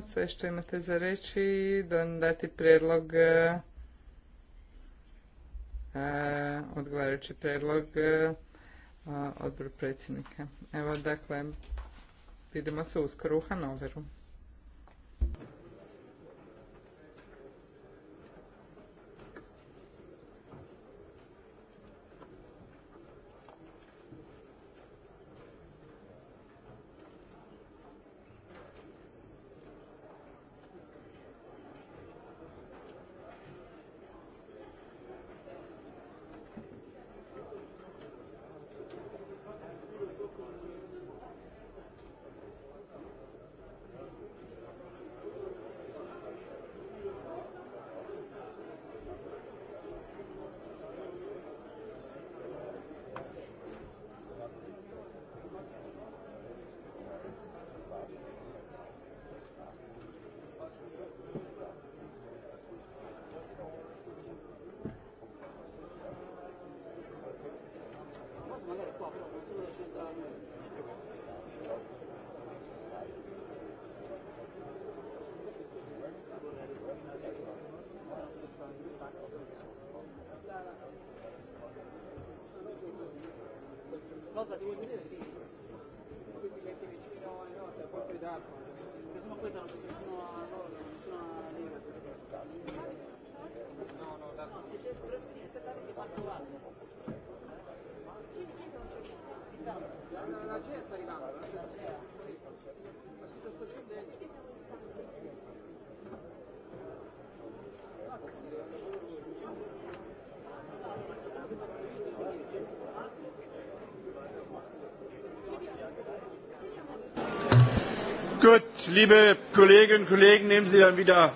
Speaker 3: sve što imate za reći, da dati predlog e, odgovarajući prijedlog e, odboru predsjednika. Evo, dakle, Vidimo se uskoro u Hanoveru.
Speaker 2: Liebe Kolleginnen Kollegen, nehmen Sie dann wieder.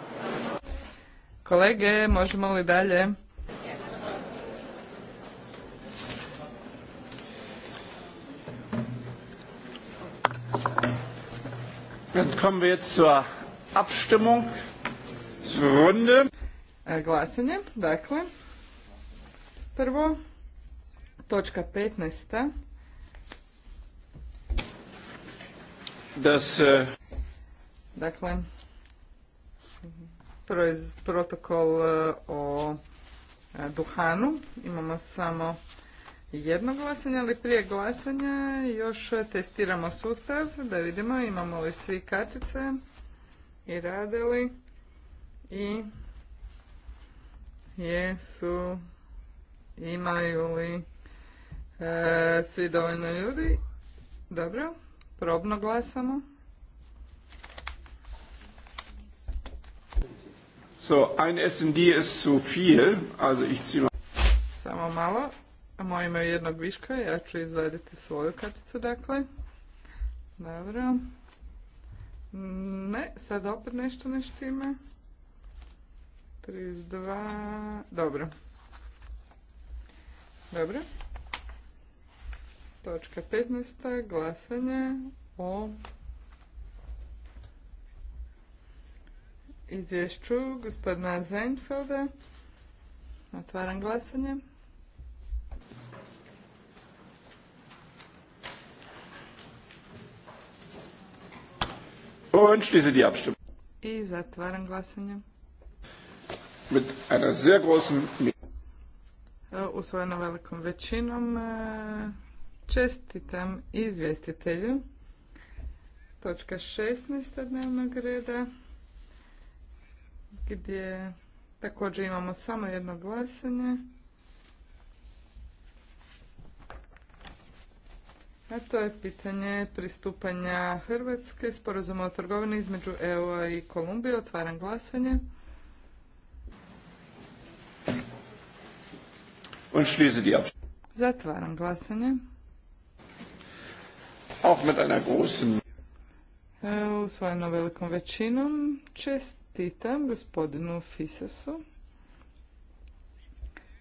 Speaker 3: Kollege, možemo li dalje? Dann kommen wir jetzt zur zur Runde. E, glasanje, dakle. Prvo, točka 15.
Speaker 1: Das, äh,
Speaker 3: Dakle, protokol e, o e, duhanu. Imamo samo jedno glasanje, ali prije glasanja još testiramo sustav da vidimo imamo li svi kartice i rade li i jesu imaju li e, svi dovoljno ljudi. Dobro, probno glasamo.
Speaker 1: So, ein SND ist zu viel, also ich ziehe mal.
Speaker 3: Samo malo. Moje ima jednog viška, ja ću izvaditi svoju karticu, dakle. Dobro. Ne, sad opet nešto ne štima. 32, dobro. Dobro. Točka 15. Glasanje o izvješću gospodina Zeinfelda. Otvaram glasanje. I zatvaram glasanje. Mit e, usvojeno velikom većinom. E, čestitam izvjestitelju. Točka 16. dnevnog reda gdje također imamo samo jedno glasanje. A to je pitanje pristupanja Hrvatske, sporazuma o trgovini između EU-a i Kolumbije. Otvaram glasanje. Zatvaram glasanje. Auch mit e, Usvojeno velikom većinom. Čest Čestitam gospodinu Fisesu.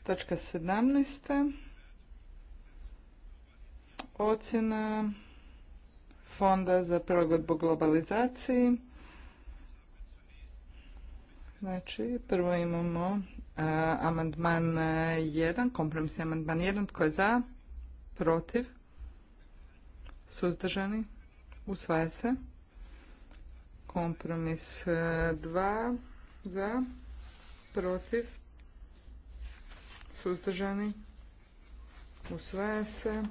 Speaker 3: Točka 17. Ocjena Fonda za prilagodbu globalizaciji. Znači, prvo imamo amandman 1, kompromisni amandman 1, tko je za, protiv, suzdržani, usvaja se. Kompromis 2 e, za, protiv, suzdržani, usvaja se.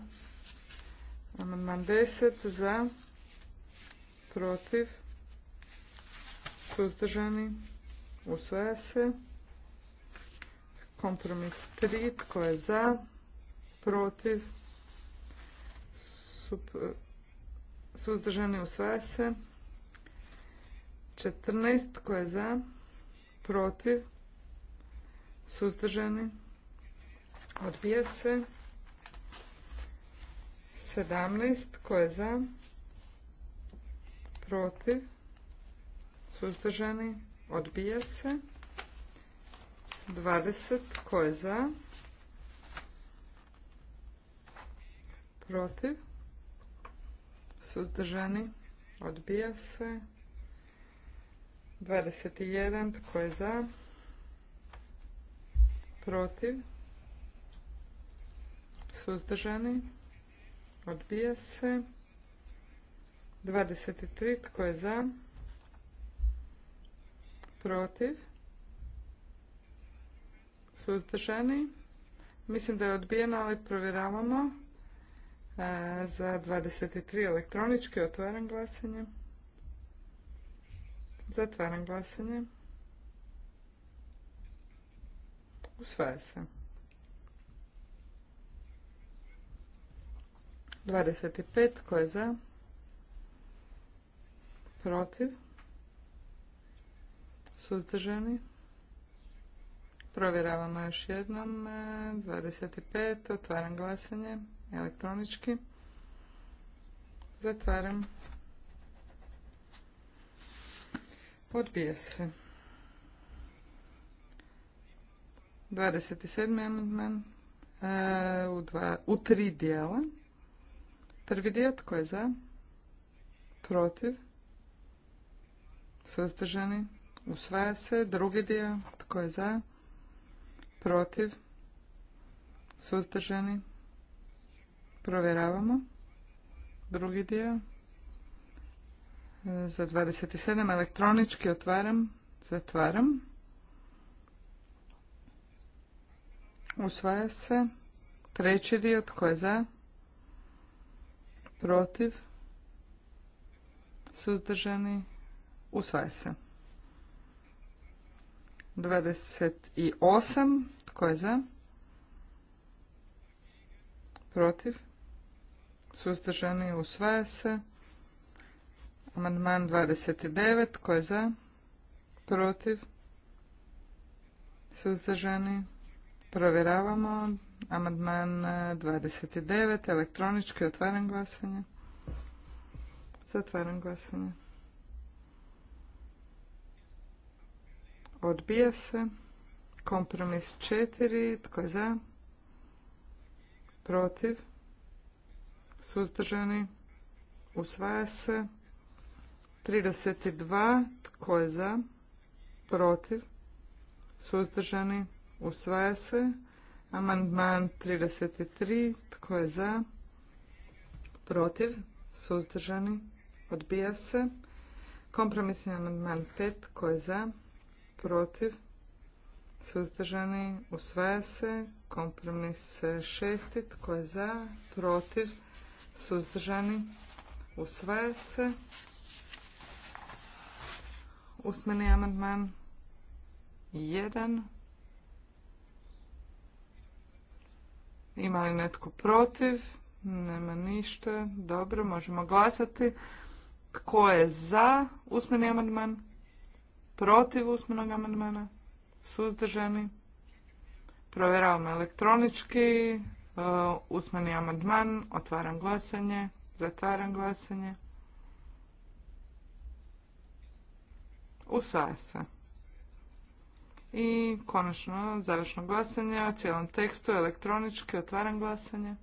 Speaker 3: Amandman 10 za, protiv, suzdržani, usvaja se. Kompromis 3, tko je za, protiv, e, suzdržani, usvaja se. 14 tko je za, protiv, suzdržani, odbija se. 17 tko je za, protiv, suzdržani, odbija se. 20 tko je za, protiv, suzdržani, odbija se. 21. Tko je za? Protiv? Suzdržani? Odbija se. 23. Tko je za? Protiv? Suzdržani? Mislim da je odbijena, ali provjeravamo. E, za 23 elektronički otvaram glasanje. Zatvaram glasanje. Usvaja se. 25. Ko je za? Protiv? Suzdržani? Provjeravamo još jednom. 25. Otvaram glasanje elektronički. Zatvaram. Odbija se. 27. amandman e, u, u tri dijela. Prvi dio tko je za? Protiv? Suzdržani? Usvaja se. Drugi dio tko je za? Protiv? Suzdržani? Provjeravamo. Drugi dio za 27 elektronički otvaram, zatvaram. Usvaja se. Treći dio, tko je za? Protiv? Suzdržani? Usvaja se. 28, tko je za? Protiv? Suzdržani? Usvaja se. Amandman 29. Tko je za? Protiv? Suzdržani? Provjeravamo. Amandman 29. Elektronički otvaram glasanje. Zatvaram glasanje. Odbija se. Kompromis 4. Tko je za? Protiv? Suzdržani? Usvaja se. 32. Tko je za? Protiv? Suzdržani? Usvaja se. Amandman 33. Tko je za? Protiv? Suzdržani? Odbija se. Kompromisni amandman 5. Tko je za? Protiv? Suzdržani? Usvaja se. Kompromis 6. Tko je za? Protiv? Suzdržani? Usvaja se usmeni amandman 1. Ima li netko protiv? Nema ništa. Dobro, možemo glasati. Tko je za usmeni amandman? Protiv usmenog amandmana? Suzdržani? Provjeravamo elektronički. E, usmeni amandman. Otvaram glasanje. Zatvaram glasanje. Usvaja se. I konačno završno glasanje o cijelom tekstu elektronički. Otvaram glasanje.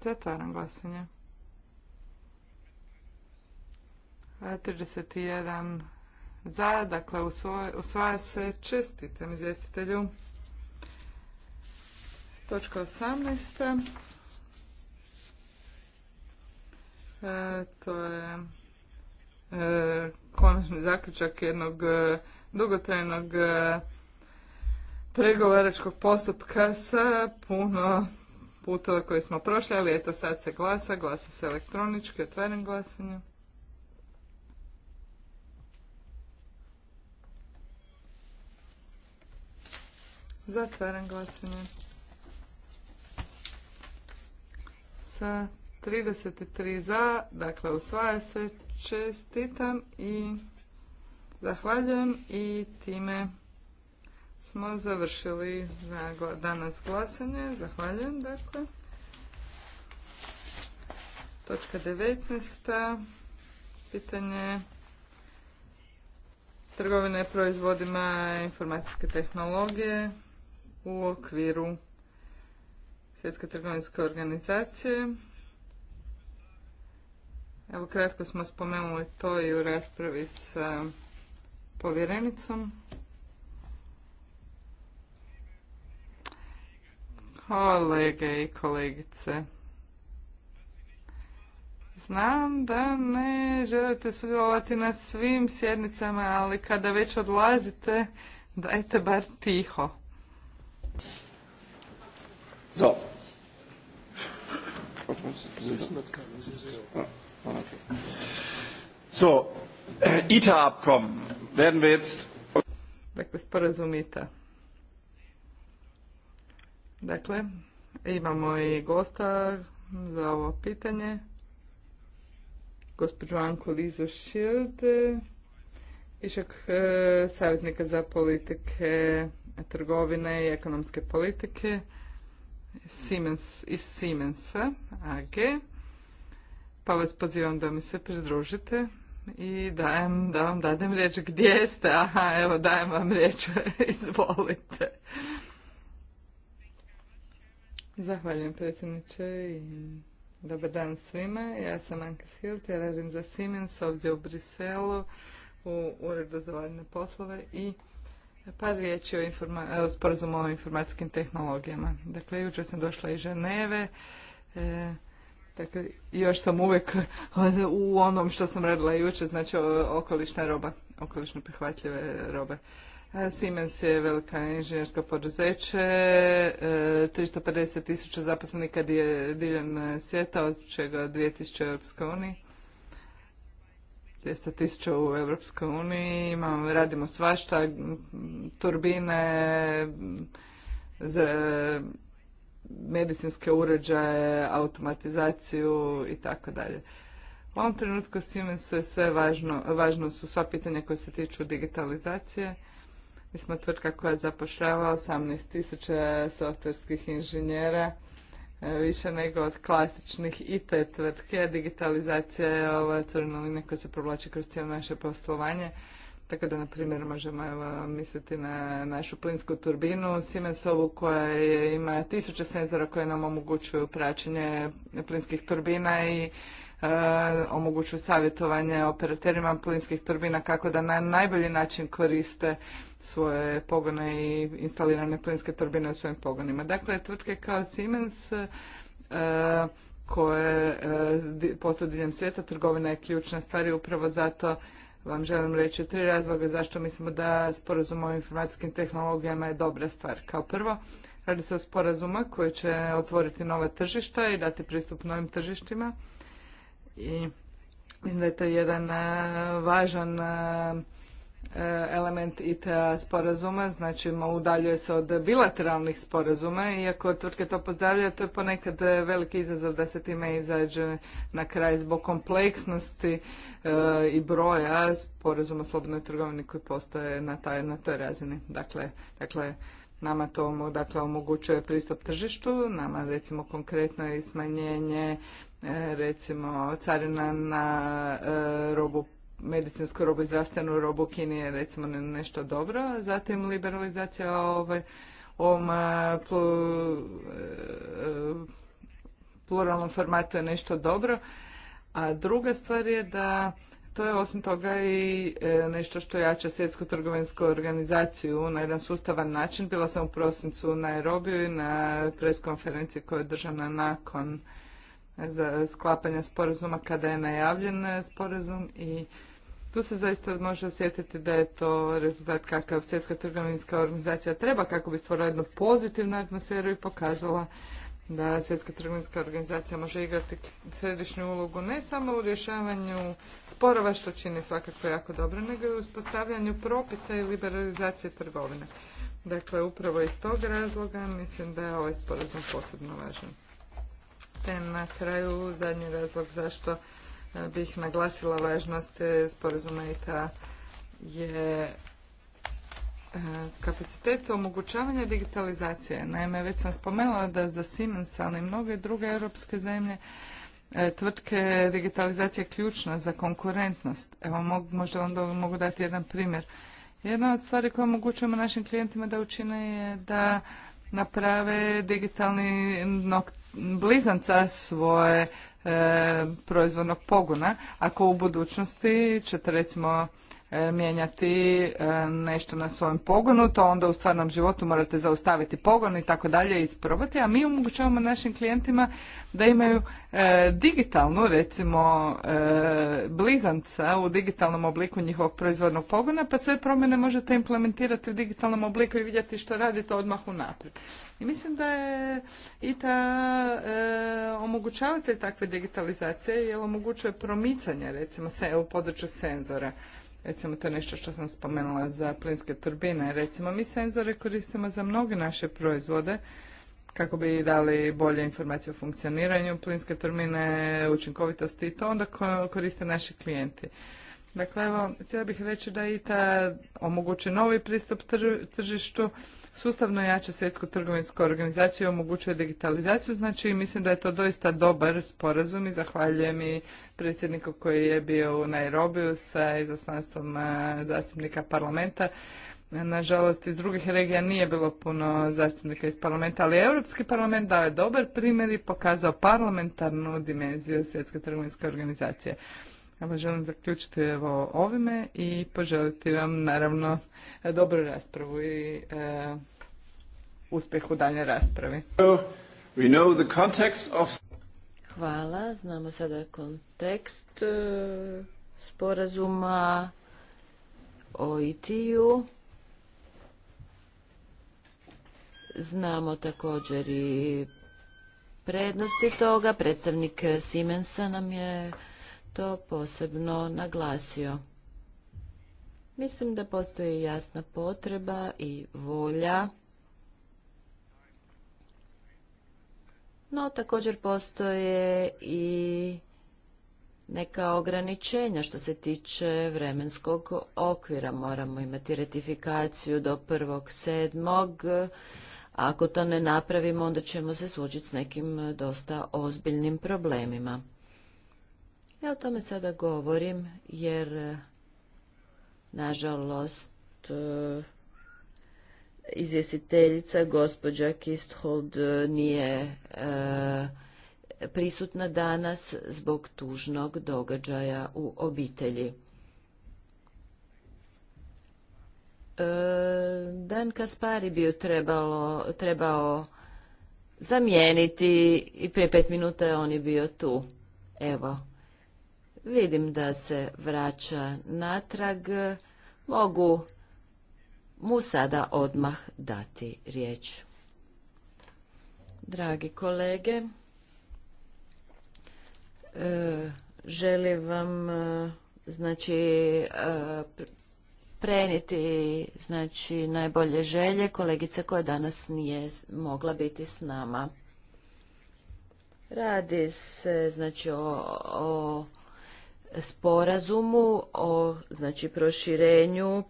Speaker 3: Zatvaram glasanje. 31 za, dakle usvaja se čestitam izvjestitelju. Točka 18. E, to je E, konačni zaključak jednog e, dugotrajnog e, pregovaračkog postupka sa puno putova koje smo prošli, ali eto sad se glasa, glasa se elektronički, otvaram glasanje. Zatvaram glasanje. Sa 33 za, dakle usvaja se Čestitam i zahvaljujem i time smo završili za danas glasanje. Zahvaljujem dakle. Točka 19. Pitanje trgovine proizvodima informacijske tehnologije u okviru Svjetske trgovinske organizacije. Evo kratko smo spomenuli to i u raspravi s e, povjerenicom. Kolege i kolegice, znam da ne želite sudjelovati na svim sjednicama, ali kada već odlazite, dajte bar tiho.
Speaker 2: So. So, ITA-Abkommen
Speaker 3: werden wir jetzt... Dakle, sporazum Dakle, imamo i gosta za ovo pitanje. Gospođu Anku Lizu Šild, višak e, savjetnika za politike trgovine i ekonomske politike Siemens, iz Siemensa AG pa vas pozivam da mi se pridružite i dajem, da vam dadem riječ gdje ste, aha, evo dajem vam riječ, izvolite. Zahvaljujem predsjedniče i dobar dan svima. Ja sam Anka Schilt, ja radim za Siemens ovdje u Briselu u Uredu za vladne poslove i par riječi o, informa o sporazumu o informacijskim tehnologijama. Dakle, jučer sam došla iz Ženeve, e, Dakle, još sam uvijek u onom što sam radila jučer, znači okolišna roba, okolišno prihvatljive robe. E, Siemens je velika inženjerska poduzeće, 350 e, tisuća zaposlenika diljem svijeta, od čega 2000 u Europskoj uniji. 200 tisuća u Europskoj uniji, radimo svašta, turbine, za medicinske uređaje, automatizaciju i tako dalje. U ovom trenutku Siemens je sve važno, važno su sva pitanja koja se tiču digitalizacije. Mi smo tvrtka koja zapošljava 18.000 softverskih inženjera, e, više nego od klasičnih IT tvrtke. Digitalizacija je ova crna linija koja se provlači kroz cijelo naše poslovanje. Tako da, na primjer, možemo evo, misliti na našu plinsku turbinu Siemensovu koja je, ima tisuće senzora koje nam omogućuju praćenje plinskih turbina i e, omogućuju savjetovanje operaterima plinskih turbina kako da na najbolji način koriste svoje pogone i instalirane plinske turbine u svojim pogonima. Dakle, tvrtke kao Siemens e, koje e, postoje diljem svijeta, trgovina je ključna stvar i upravo zato vam želim reći tri razloga zašto mislimo da sporazum o informacijskim tehnologijama je dobra stvar. Kao prvo, radi se o sporazuma koji će otvoriti nova tržišta i dati pristup novim tržištima. I mislim da je to jedan eh, važan eh, Eh, element ITA sporazuma, znači udaljuje se od bilateralnih sporazuma, iako tvrtke to pozdravljaju, to je ponekad eh, veliki izazov da se time izađe na kraj zbog kompleksnosti eh, i broja sporazuma o slobodnoj trgovini koji postoje na, toj razini. Dakle, dakle nama to dakle, omogućuje pristup tržištu, nama recimo konkretno i smanjenje recimo carina na robu medicinsku robu i zdravstvenu robu Kini je recimo nešto dobro, zatim liberalizacija ovaj, ovom e, pluralnom formatu je nešto dobro, a druga stvar je da to je osim toga i e, nešto što jača svjetsku trgovinsku organizaciju na jedan sustavan način. Bila sam u prosincu na aerobiju i na preskonferenciji koja je držana nakon za sklapanje sporazuma kada je najavljen sporazum i tu se zaista može osjetiti da je to rezultat kakav svjetska trgovinska organizacija treba kako bi stvorila jednu pozitivnu atmosferu i pokazala da svjetska trgovinska organizacija može igrati središnju ulogu ne samo u rješavanju sporova što čini svakako jako dobro, nego i u uspostavljanju propisa i liberalizacije trgovine. Dakle, upravo iz tog razloga mislim da je ovaj sporazum posebno važan te na kraju zadnji razlog zašto e, bih naglasila važnost e, sporazuma je e, kapacitet omogućavanja digitalizacije. Naime, već sam spomenula da za Siemens, ali i mnoge druge europske zemlje, tvrtke digitalizacija je ključna za konkurentnost. Evo, možda vam mogu dati jedan primjer. Jedna od stvari koje omogućujemo našim klijentima da učine je da naprave digitalni blizanca svoje e, proizvodnog pogona. Ako u budućnosti ćete recimo E, mijenjati e, nešto na svojem pogonu, to onda u stvarnom životu morate zaustaviti pogon i tako dalje isprobati, a mi omogućavamo našim klijentima da imaju e, digitalnu, recimo blizanca u digitalnom obliku njihovog proizvodnog pogona, pa sve promjene možete implementirati u digitalnom obliku i vidjeti što radite odmah unaprijed. I mislim da je i ta omogućavatelj takve digitalizacije jer omogućuje promicanje recimo se u području senzora. Recimo to je nešto što sam spomenula za plinske turbine. Recimo mi senzore koristimo za mnoge naše proizvode kako bi dali bolje informacije o funkcioniranju plinske turbine, učinkovitosti i to onda koriste naši klijenti. Dakle, evo, htjela bih reći da ITA omogući novi pristup tržištu, sustavno jače svjetsku trgovinsku organizaciju i omogućuje digitalizaciju. Znači, mislim da je to doista dobar sporazum i zahvaljujem i predsjedniku koji je bio u Nairobiju sa izaslanstvom eh, zastupnika parlamenta. Nažalost, iz drugih regija nije bilo puno zastupnika iz parlamenta, ali Europski parlament dao je dobar primjer i pokazao parlamentarnu dimenziju svjetske trgovinske organizacije. Evo želim zaključiti evo ovime i poželiti vam naravno dobru raspravu i e, uspjeh u daljnjoj raspravi. Hvala, znamo sada
Speaker 1: kontekst e, sporazuma o ITU. Znamo također i prednosti toga. Predstavnik Siemensa nam je to posebno naglasio. Mislim da postoji jasna potreba i volja, no također postoje i neka ograničenja što se tiče vremenskog okvira. Moramo imati ratifikaciju do 1.7. Ako to ne napravimo, onda ćemo se suočiti s nekim dosta ozbiljnim problemima. Ja o tome sada govorim jer, e, nažalost, e, izvjestiteljica gospođa Kisthold e, nije prisutna danas zbog tužnog događaja u obitelji. Dan Kaspari bi trebalo, trebao zamijeniti i prije pet minuta on je bio tu. Evo, Vidim da se vraća natrag. Mogu mu sada odmah dati riječ. Dragi kolege, e, želim vam e, znači e, preniti znači najbolje želje kolegice koja danas nije mogla biti s nama. Radi se znači o, o sporazumu o znači proširenju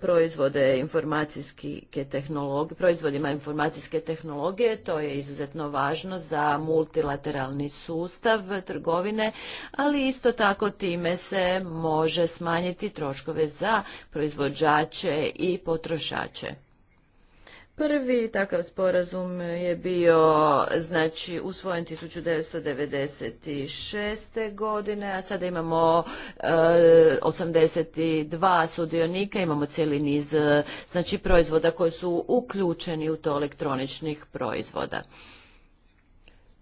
Speaker 1: proizvod, e, informacijski tehnologije, proizvodima informacijske tehnologije, to je izuzetno važno za multilateralni sustav trgovine, ali isto tako time se može smanjiti troškove za proizvođače i potrošače. Prvi takav sporazum je bio znači usvojen 1996. godine, a sada imamo e, eh, 82 sudionika, imamo cijeli niz eh, znači proizvoda koji su uključeni u to elektroničnih proizvoda.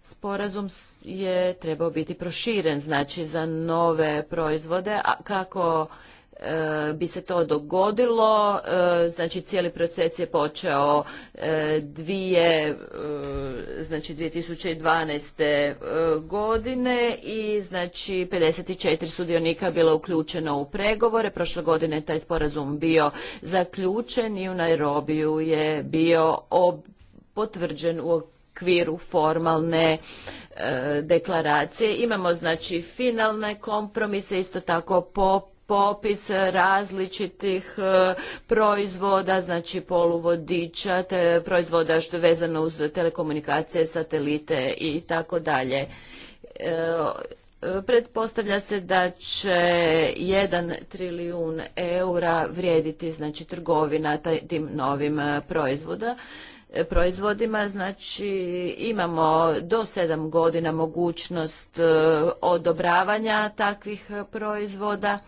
Speaker 1: Sporazum je trebao biti proširen znači za nove proizvode, a kako E, bi se to dogodilo, e, znači cijeli proces je počeo e, dvije, znači 2012. godine i znači 54 sudionika bilo uključeno u pregovore. Prošle godine taj sporazum bio zaključen i u Nairobiju je bio potvrđen u okviru formalne deklaracije. Imamo znači finalne kompromise, isto tako po popis različitih e, proizvoda, znači poluvodiča, proizvoda što je vezano uz telekomunikacije, satelite i tako dalje. E, pretpostavlja se da će 1 trilijun eura vrijediti znači trgovina tim novim e, proizvoda proizvodima, znači imamo do sedam godina mogućnost odobravanja takvih proizvoda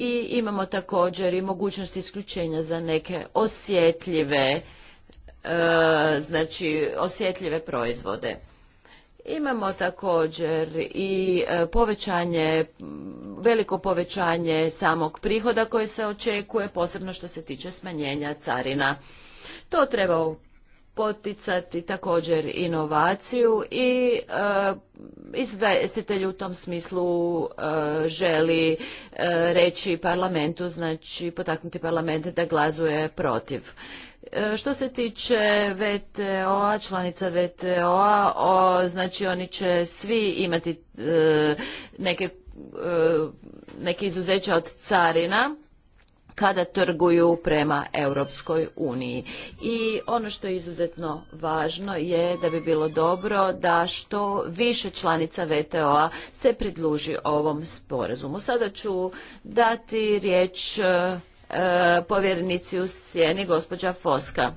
Speaker 1: i imamo također i mogućnost isključenja za neke osjetljive e, znači osjetljive proizvode. Imamo također i e, povećanje, veliko povećanje samog prihoda koje se očekuje, posebno što se tiče smanjenja carina. To treba poticati također inovaciju i e, izvestitelj u tom smislu e, želi e, reći parlamentu, znači potaknuti parlament da glazuje protiv. E, što se tiče VTO-a, članica VTO-a, znači oni će svi imati neke, neke izuzeća od carina, kada trguju prema Europskoj uniji. I ono što je izuzetno važno je da bi bilo dobro da što više članica VTO-a se pridluži ovom sporazumu. Sada ću dati riječ e, e, povjerenici u sjeni, gospođa Foska.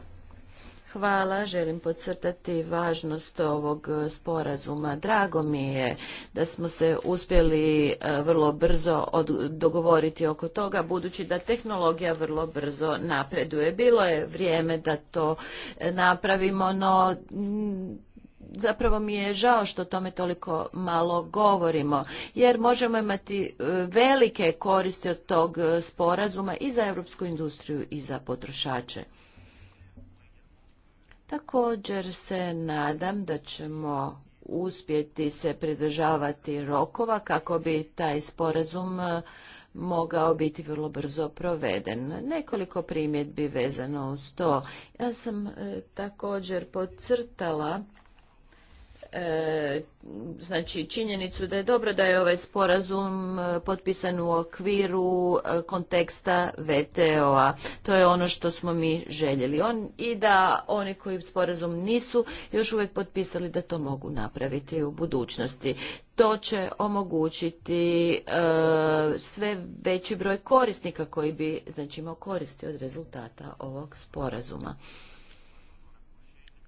Speaker 1: Hvala, želim podcrtati važnost ovog e, sporazuma. Drago mi je da smo se uspjeli e, vrlo brzo dogovoriti oko toga, budući da tehnologija vrlo brzo napreduje. Bilo je vrijeme da to e, napravimo, no zapravo mi je žao što tome toliko malo govorimo, jer možemo imati velike koristi od tog sporazuma i za europsku industriju i za potrošače. Također se nadam da ćemo uspjeti se pridržavati rokova kako bi taj sporazum e, mogao biti vrlo brzo proveden. Nekoliko primjedbi vezano uz to. Ja sam e, također podcrtala E, znači činjenicu da je dobro da je ovaj sporazum e, potpisan u okviru e, konteksta VTO-a. To je ono što smo mi željeli. On, I da oni koji sporazum nisu još uvijek potpisali da to mogu napraviti u budućnosti. To će omogućiti sve veći broj korisnika koji bi znači imao koristi od rezultata ovog sporazuma.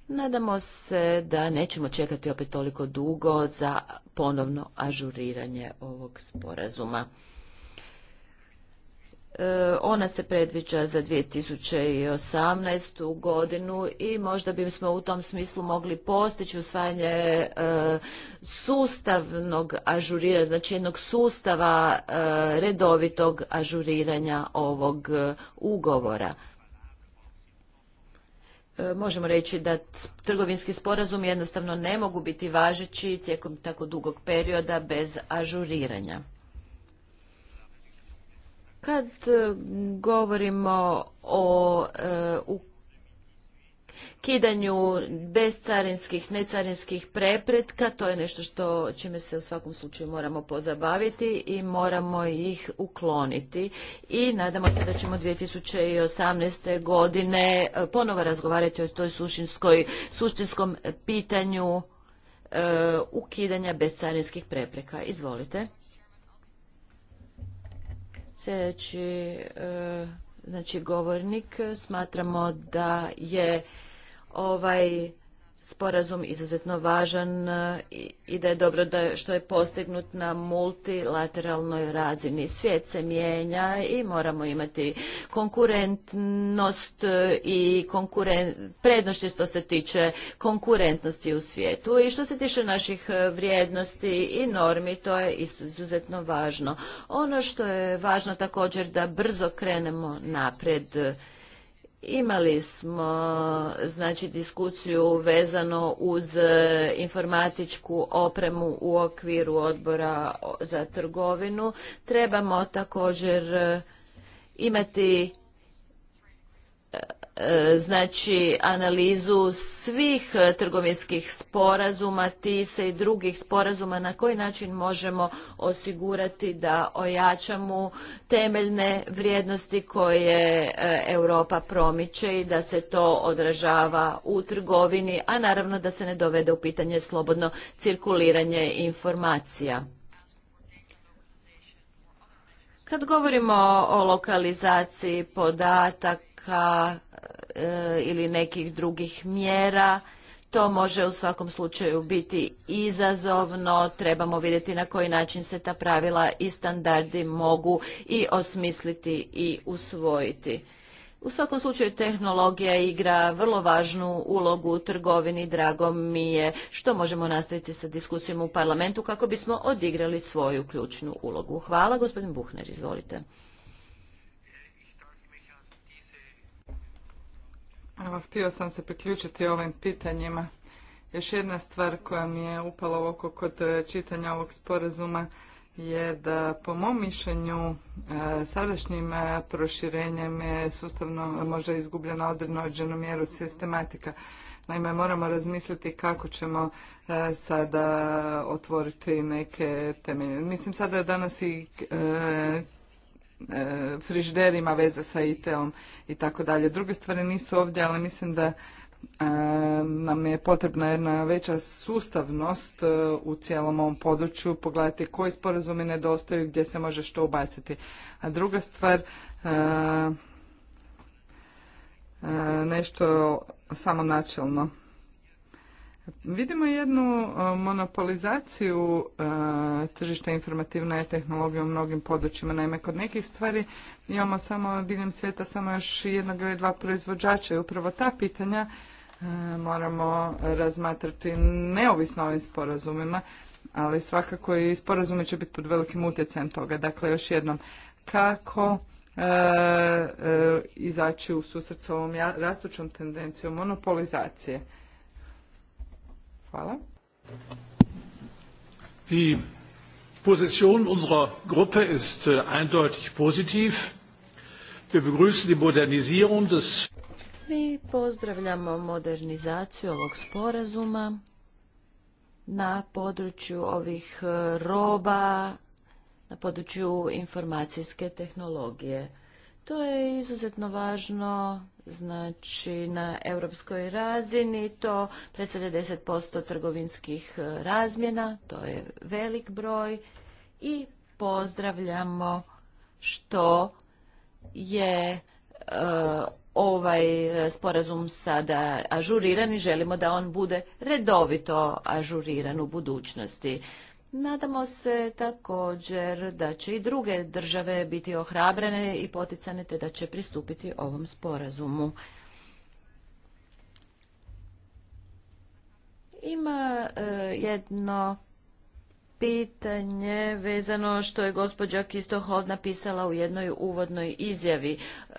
Speaker 1: Nadamo se da nećemo čekati opet toliko dugo za ponovno ažuriranje ovog sporazuma. E, ona se predviđa za 2018. godinu i možda bi smo u tom smislu mogli postići usvajanje e, sustavnog ažuriranja, znači jednog sustava e, redovitog ažuriranja ovog ugovora. E, možemo reći da trgovinski sporazum jednostavno ne mogu biti važeći tijekom tako dugog perioda bez ažuriranja. Kad e, govorimo o e, kidanju bezcarinskih, necarinskih prepretka. To je nešto što čime se u svakom slučaju moramo pozabaviti i moramo ih ukloniti. I nadamo se da ćemo 2018. godine e, ponovo razgovarati o toj suštinskoj, suštinskom pitanju e, ukidanja bezcarinskih prepreka. Izvolite. Sljedeći e, znači govornik smatramo da je ovaj sporazum izuzetno važan e, i da je dobro da što je postignut na multilateralnoj razini. Svijet se mijenja i moramo imati konkurentnost e, i prednosti što se tiče konkurentnosti u svijetu. I što se tiče naših e, vrijednosti i normi, to je izuzetno važno. Ono što je važno također da brzo krenemo naprijed Imali smo znači diskusiju vezano uz e, informatičku opremu u okviru odbora za trgovinu. Trebamo također e, imati E, znači analizu svih e, trgovinskih sporazuma, se i drugih sporazuma na koji način možemo osigurati da ojačamo temeljne vrijednosti koje e, Europa promiče i da se to odražava u trgovini, a naravno da se ne dovede u pitanje slobodno cirkuliranje informacija. Kad govorimo o lokalizaciji podataka, Eh, ili nekih drugih mjera. To može u svakom slučaju biti izazovno, trebamo vidjeti na koji način se ta pravila i standardi mogu i osmisliti i usvojiti. U svakom slučaju tehnologija igra vrlo važnu ulogu u trgovini, drago mi je što možemo nastaviti sa diskusijom u parlamentu kako bismo odigrali svoju ključnu ulogu. Hvala, gospodin Buhner, izvolite.
Speaker 3: Evo, htio sam se priključiti ovim pitanjima. Još jedna stvar koja mi je upala oko kod e, čitanja ovog sporazuma je da po mom mišljenju e, sadašnjim e, proširenjem je sustavno možda izgubljena određenu mjeru sistematika. Naime, moramo razmisliti kako ćemo sada otvoriti neke temelje. Mislim, sada je danas i E, frižderima veze sa IT-om i tako dalje. Druge stvari nisu ovdje, ali mislim da e, nam je potrebna jedna veća sustavnost e, u cijelom ovom području, pogledati koji sporazumi nedostaju, i gdje se može što ubaciti. A druga stvar, nešto samo načelno. Vidimo jednu e, monopolizaciju e, tržišta informativne tehnologije u mnogim područjima. Naime, kod nekih stvari imamo samo diljem svijeta samo još jednog ili dva proizvođača i upravo ta pitanja e, moramo razmatrati neovisno o ovim sporazumima, ali svakako i sporazumi će biti pod velikim utjecajem toga. Dakle, još jednom, kako izaći u susret s ovom rastućom tendencijom monopolizacije? Hvala.
Speaker 2: Die
Speaker 1: Position unserer Gruppe ist äh, eindeutig positiv. Wir begrüßen die Modernisierung des mi pozdravljamo modernizaciju ovog sporazuma na području ovih e, roba, na području informacijske tehnologije. To je izuzetno važno, znači na europskoj razini to predstavlja 10% trgovinskih e, razmjena, to je velik broj i pozdravljamo što je e, ovaj sporazum sada ažuriran i želimo da on bude redovito ažuriran u budućnosti. Nadamo se također da će i druge države biti ohrabrene i poticane te da će pristupiti ovom sporazumu. Ima e, jedno pitanje vezano što je gospođa Kistohod napisala u jednoj uvodnoj izjavi. E,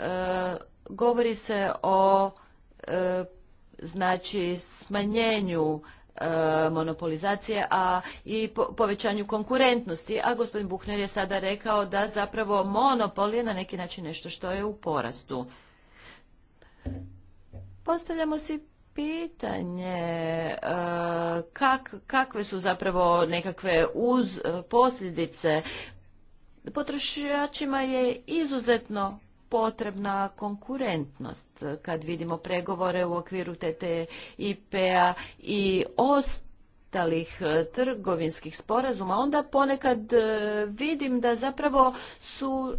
Speaker 1: govori se o e, znači smanjenju E, monopolizacije a i povećanju konkurentnosti, a gospodin Buhner je sada rekao da zapravo monopol je na neki način nešto što je u porastu. Postavljamo si pitanje e, kakve su zapravo nekakve uz e, posljedice potrošačima je izuzetno potrebna konkurentnost eh, kad vidimo pregovore u okviru TTIP-a i ostalih eh, trgovinskih sporazuma, onda ponekad eh, vidim da zapravo su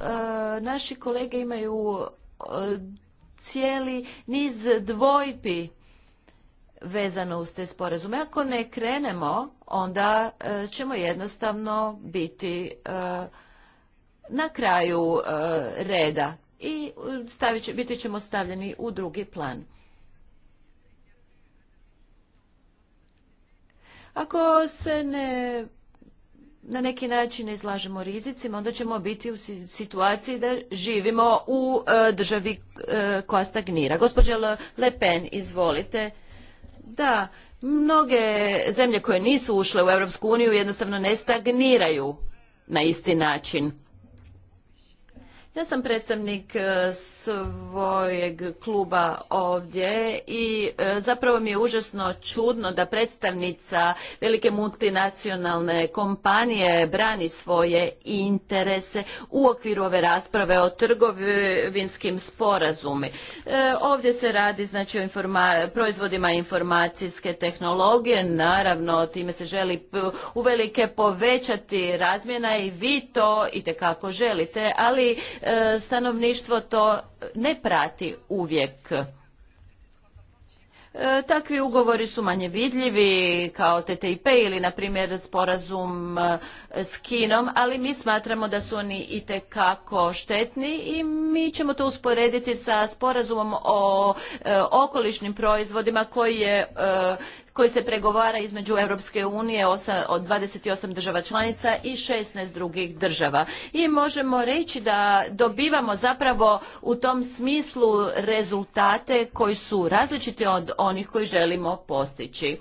Speaker 1: naši kolege imaju cijeli niz dvojbi vezano uz te sporazume. Ako ne krenemo, onda ćemo jednostavno biti na kraju reda i e, stavit biti ćemo stavljeni u drugi plan. Ako se ne na neki način ne izlažemo rizicima, onda ćemo biti u situaciji da živimo u e, državi e, koja stagnira. Gospođa Le Pen, izvolite. Da, mnoge zemlje koje nisu ušle u Europsku uniju jednostavno ne stagniraju na isti način. Ja sam predstavnik e, svojeg kluba ovdje i e, zapravo mi je užasno čudno da predstavnica velike multinacionalne kompanije brani svoje interese u okviru ove rasprave o trgovinskim sporazumi. E, ovdje se radi znači o proizvodima informacijske tehnologije, naravno time se želi uvelike povećati razmjena i vi to itekako želite, ali E, stanovništvo to ne prati uvijek. E, takvi ugovori su manje vidljivi kao TTIP ili na primjer sporazum e, s Kinom, ali mi smatramo da su oni itekako štetni i mi ćemo to usporediti sa sporazumom o okolišnim proizvodima koji je koji se pregovara između Europske unije od 28 država članica i 16 drugih država. I možemo reći da dobivamo zapravo u tom smislu rezultate koji su različiti od onih koji želimo postići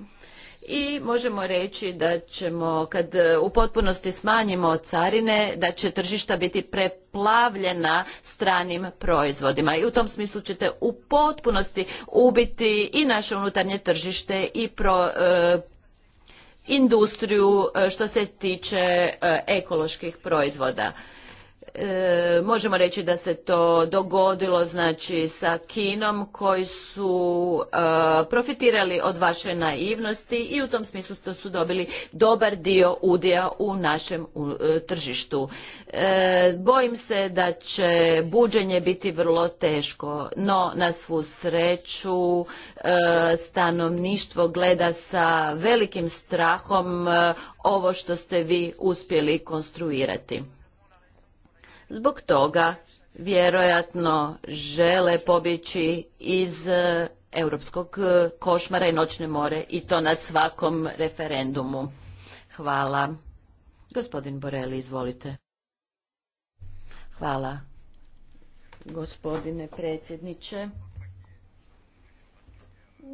Speaker 1: i možemo reći da ćemo kad e, u potpunosti smanjimo carine da će tržišta biti preplavljena stranim proizvodima i u tom smislu ćete u potpunosti ubiti i naše unutarnje tržište i pro, e, industriju e, što se tiče ekoloških proizvoda E, možemo reći da se to dogodilo znači sa Kinom koji su e, profitirali od vaše naivnosti i u tom smislu to su dobili dobar dio udija u našem e, tržištu. Bojim se da će buđenje biti vrlo teško, no na svu sreću stanovništvo gleda sa velikim strahom ovo što ste vi uspjeli konstruirati. Zbog toga vjerojatno žele pobjeći iz e, europskog e, košmara i noćne more i to na svakom referendumu. Hvala. Gospodin Boreli, izvolite. Hvala, gospodine predsjedniče.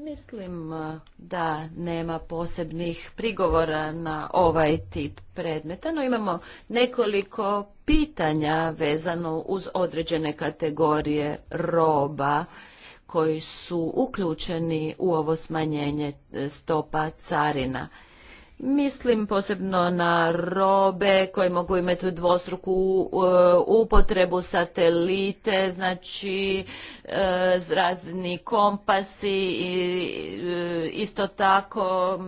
Speaker 1: Mislim eh, da nema posebnih prigovora na ovaj tip predmeta, no imamo nekoliko pitanja vezano uz određene kategorije roba koji su uključeni u ovo smanjenje eh, stopa carina. Mislim posebno na robe koje mogu imati dvostruku e, upotrebu satelite, znači e, razni kompasi i e, isto tako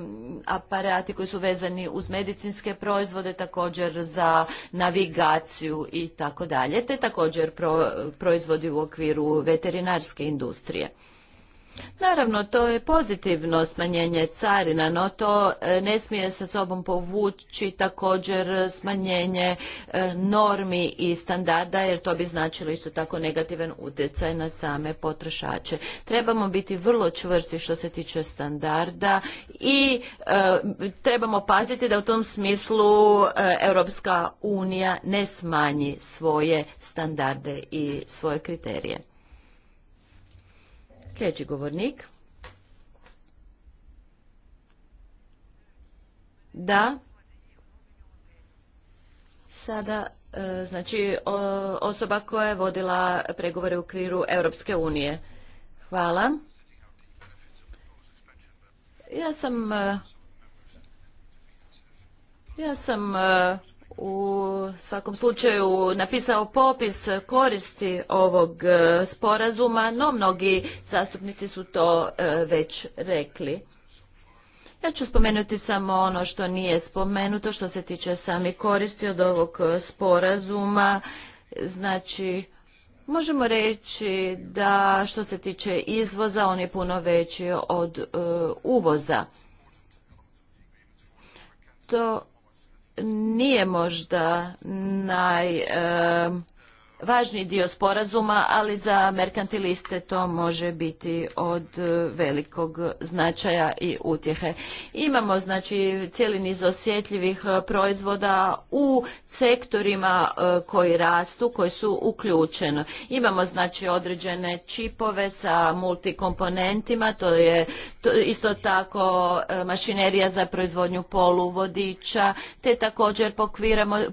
Speaker 1: aparati koji su vezani uz medicinske proizvode, također za navigaciju i tako dalje, te također proizvodi u okviru veterinarske industrije. Naravno, to je pozitivno smanjenje carina, no to e, ne smije sa sobom povući također smanjenje e, normi i standarda, jer to bi značilo isto tako negativan utjecaj na same potrošače. Trebamo biti vrlo čvrsti što se tiče standarda i e, trebamo paziti da u tom smislu Europska unija ne smanji svoje standarde i svoje kriterije. Sljedeći govornik. Da. Sada, e, znači, osoba koja je vodila pregovore u okviru Europske unije. Hvala. Ja sam... E, ja sam e, u svakom slučaju napisao popis koristi ovog e, sporazuma, no mnogi zastupnici su to e, već rekli. Ja ću spomenuti samo ono što nije spomenuto što se tiče sami koristi od ovog e, sporazuma. Znači, možemo reći da što se tiče izvoza, on je puno veći od uvoza. To nije možda naj važni dio sporazuma, ali za merkantiliste to može biti od e, velikog značaja i utjehe. Imamo znači cijeli niz osjetljivih e, proizvoda u sektorima e, koji rastu, koji su uključeni. Imamo znači određene čipove sa multikomponentima, to je isto tako mašinerija za proizvodnju poluvodiča, te također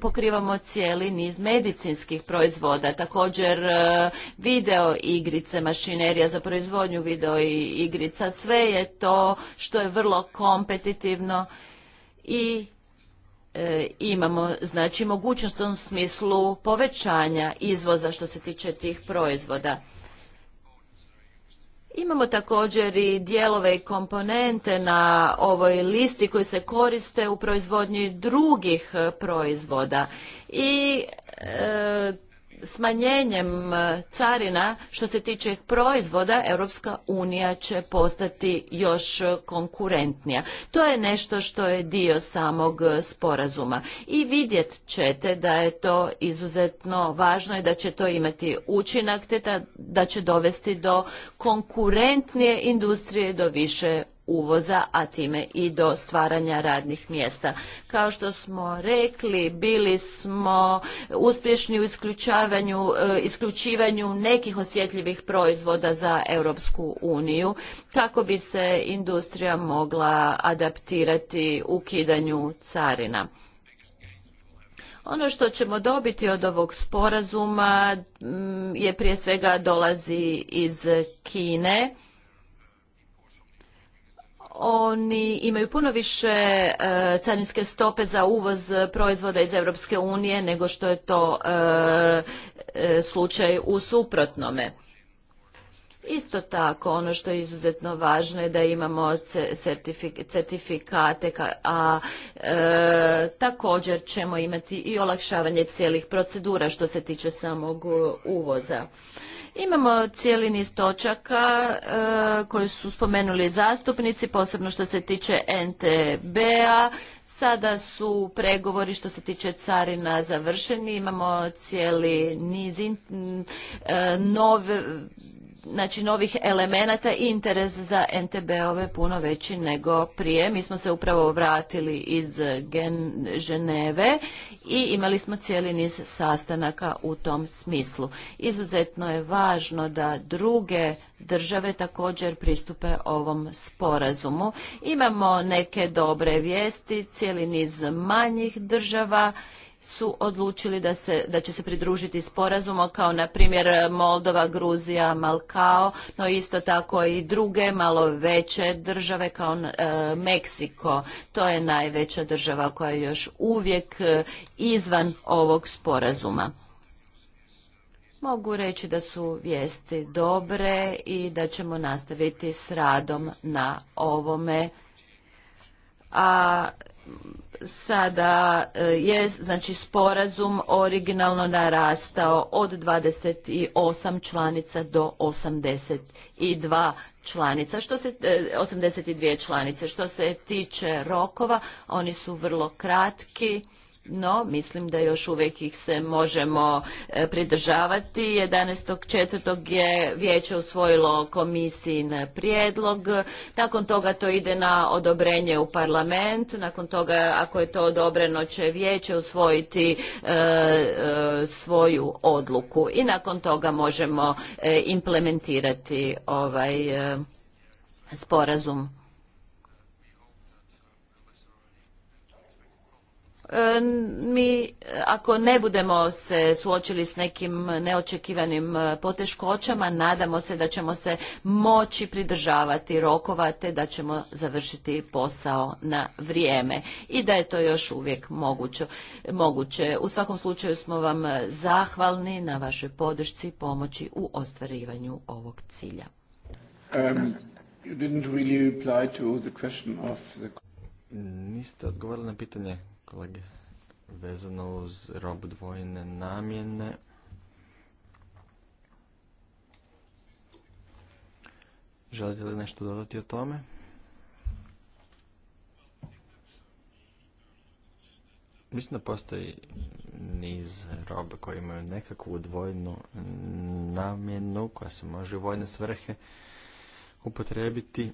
Speaker 1: pokrivamo cijeli niz medicinskih proizvoda proizvoda. Također e, video igrice, mašinerija za proizvodnju video igrica, sve je to što je vrlo kompetitivno i e, imamo znači mogućnost u smislu povećanja izvoza što se tiče tih proizvoda. Imamo također i dijelove i komponente na ovoj listi koji se koriste u proizvodnji drugih proizvoda i e, smanjenjem e, carina što se tiče proizvoda Europska unija će postati još konkurentnija. To je nešto što je dio samog sporazuma i vidjet ćete da je to izuzetno važno i da će to imati učinak da će dovesti do konkurentnije industrije do više uvoza, a time i do stvaranja radnih mjesta. Kao što smo rekli, bili smo uspješni u isključavanju, e, isključivanju nekih osjetljivih proizvoda za Europsku uniju kako bi se industrija mogla adaptirati ukidanju carina. Ono što ćemo dobiti od ovog sporazuma mm, je prije svega dolazi iz Kine oni imaju puno više e, carinske stope za uvoz proizvoda iz Europske unije nego što je to e, e, slučaj u suprotnome. Isto tako, ono što je izuzetno važno je da imamo certifikate, a također ćemo imati i olakšavanje cijelih procedura što se tiče samog uvoza. Imamo cijeli niz točaka e, koje su spomenuli zastupnici, posebno što se tiče NTB-a. Sada su pregovori što se tiče carina završeni. Imamo cijeli niz e, nove znači novih elemenata i interes za NTB-ove puno veći nego prije. Mi smo se upravo vratili iz Geneve i imali smo cijeli niz sastanaka u tom smislu. Izuzetno je važno da druge države također pristupe ovom sporazumu. Imamo neke dobre vijesti, cijeli niz manjih država su odlučili da, se, da će se pridružiti sporazumu kao na primjer e, Moldova, Gruzija, Malkao, no isto tako i druge malo veće države kao e, Meksiko. To je najveća država koja je još uvijek e, izvan ovog sporazuma. Mogu reći da su vijesti dobre i da ćemo nastaviti s radom na ovome. A sada e, je znači sporazum originalno narastao od 28 članica do 82 članica što se 82 e, članice što se tiče rokova oni su vrlo kratki no mislim da još uvijek ih se možemo e, pridržavati. 11.4. je vijeće usvojilo komisijin prijedlog, nakon toga to ide na odobrenje u parlament, nakon toga ako je to odobreno će vijeće usvojiti e, e, svoju odluku i nakon toga možemo implementirati ovaj sporazum E, mi ako ne budemo se suočili s nekim neočekivanim e, poteškoćama, nadamo se da ćemo se moći pridržavati rokova te da ćemo završiti posao na vrijeme i da je to još uvijek moguće. U svakom slučaju smo vam zahvalni na vašoj podršci i pomoći u ostvarivanju ovog cilja.
Speaker 2: Niste odgovorili na pitanje kolege vezano uz rob dvojne namjene. Želite li nešto dodati o tome? Mislim da postoji niz robe koje imaju nekakvu dvojnu namjenu koja se može u vojne svrhe upotrebiti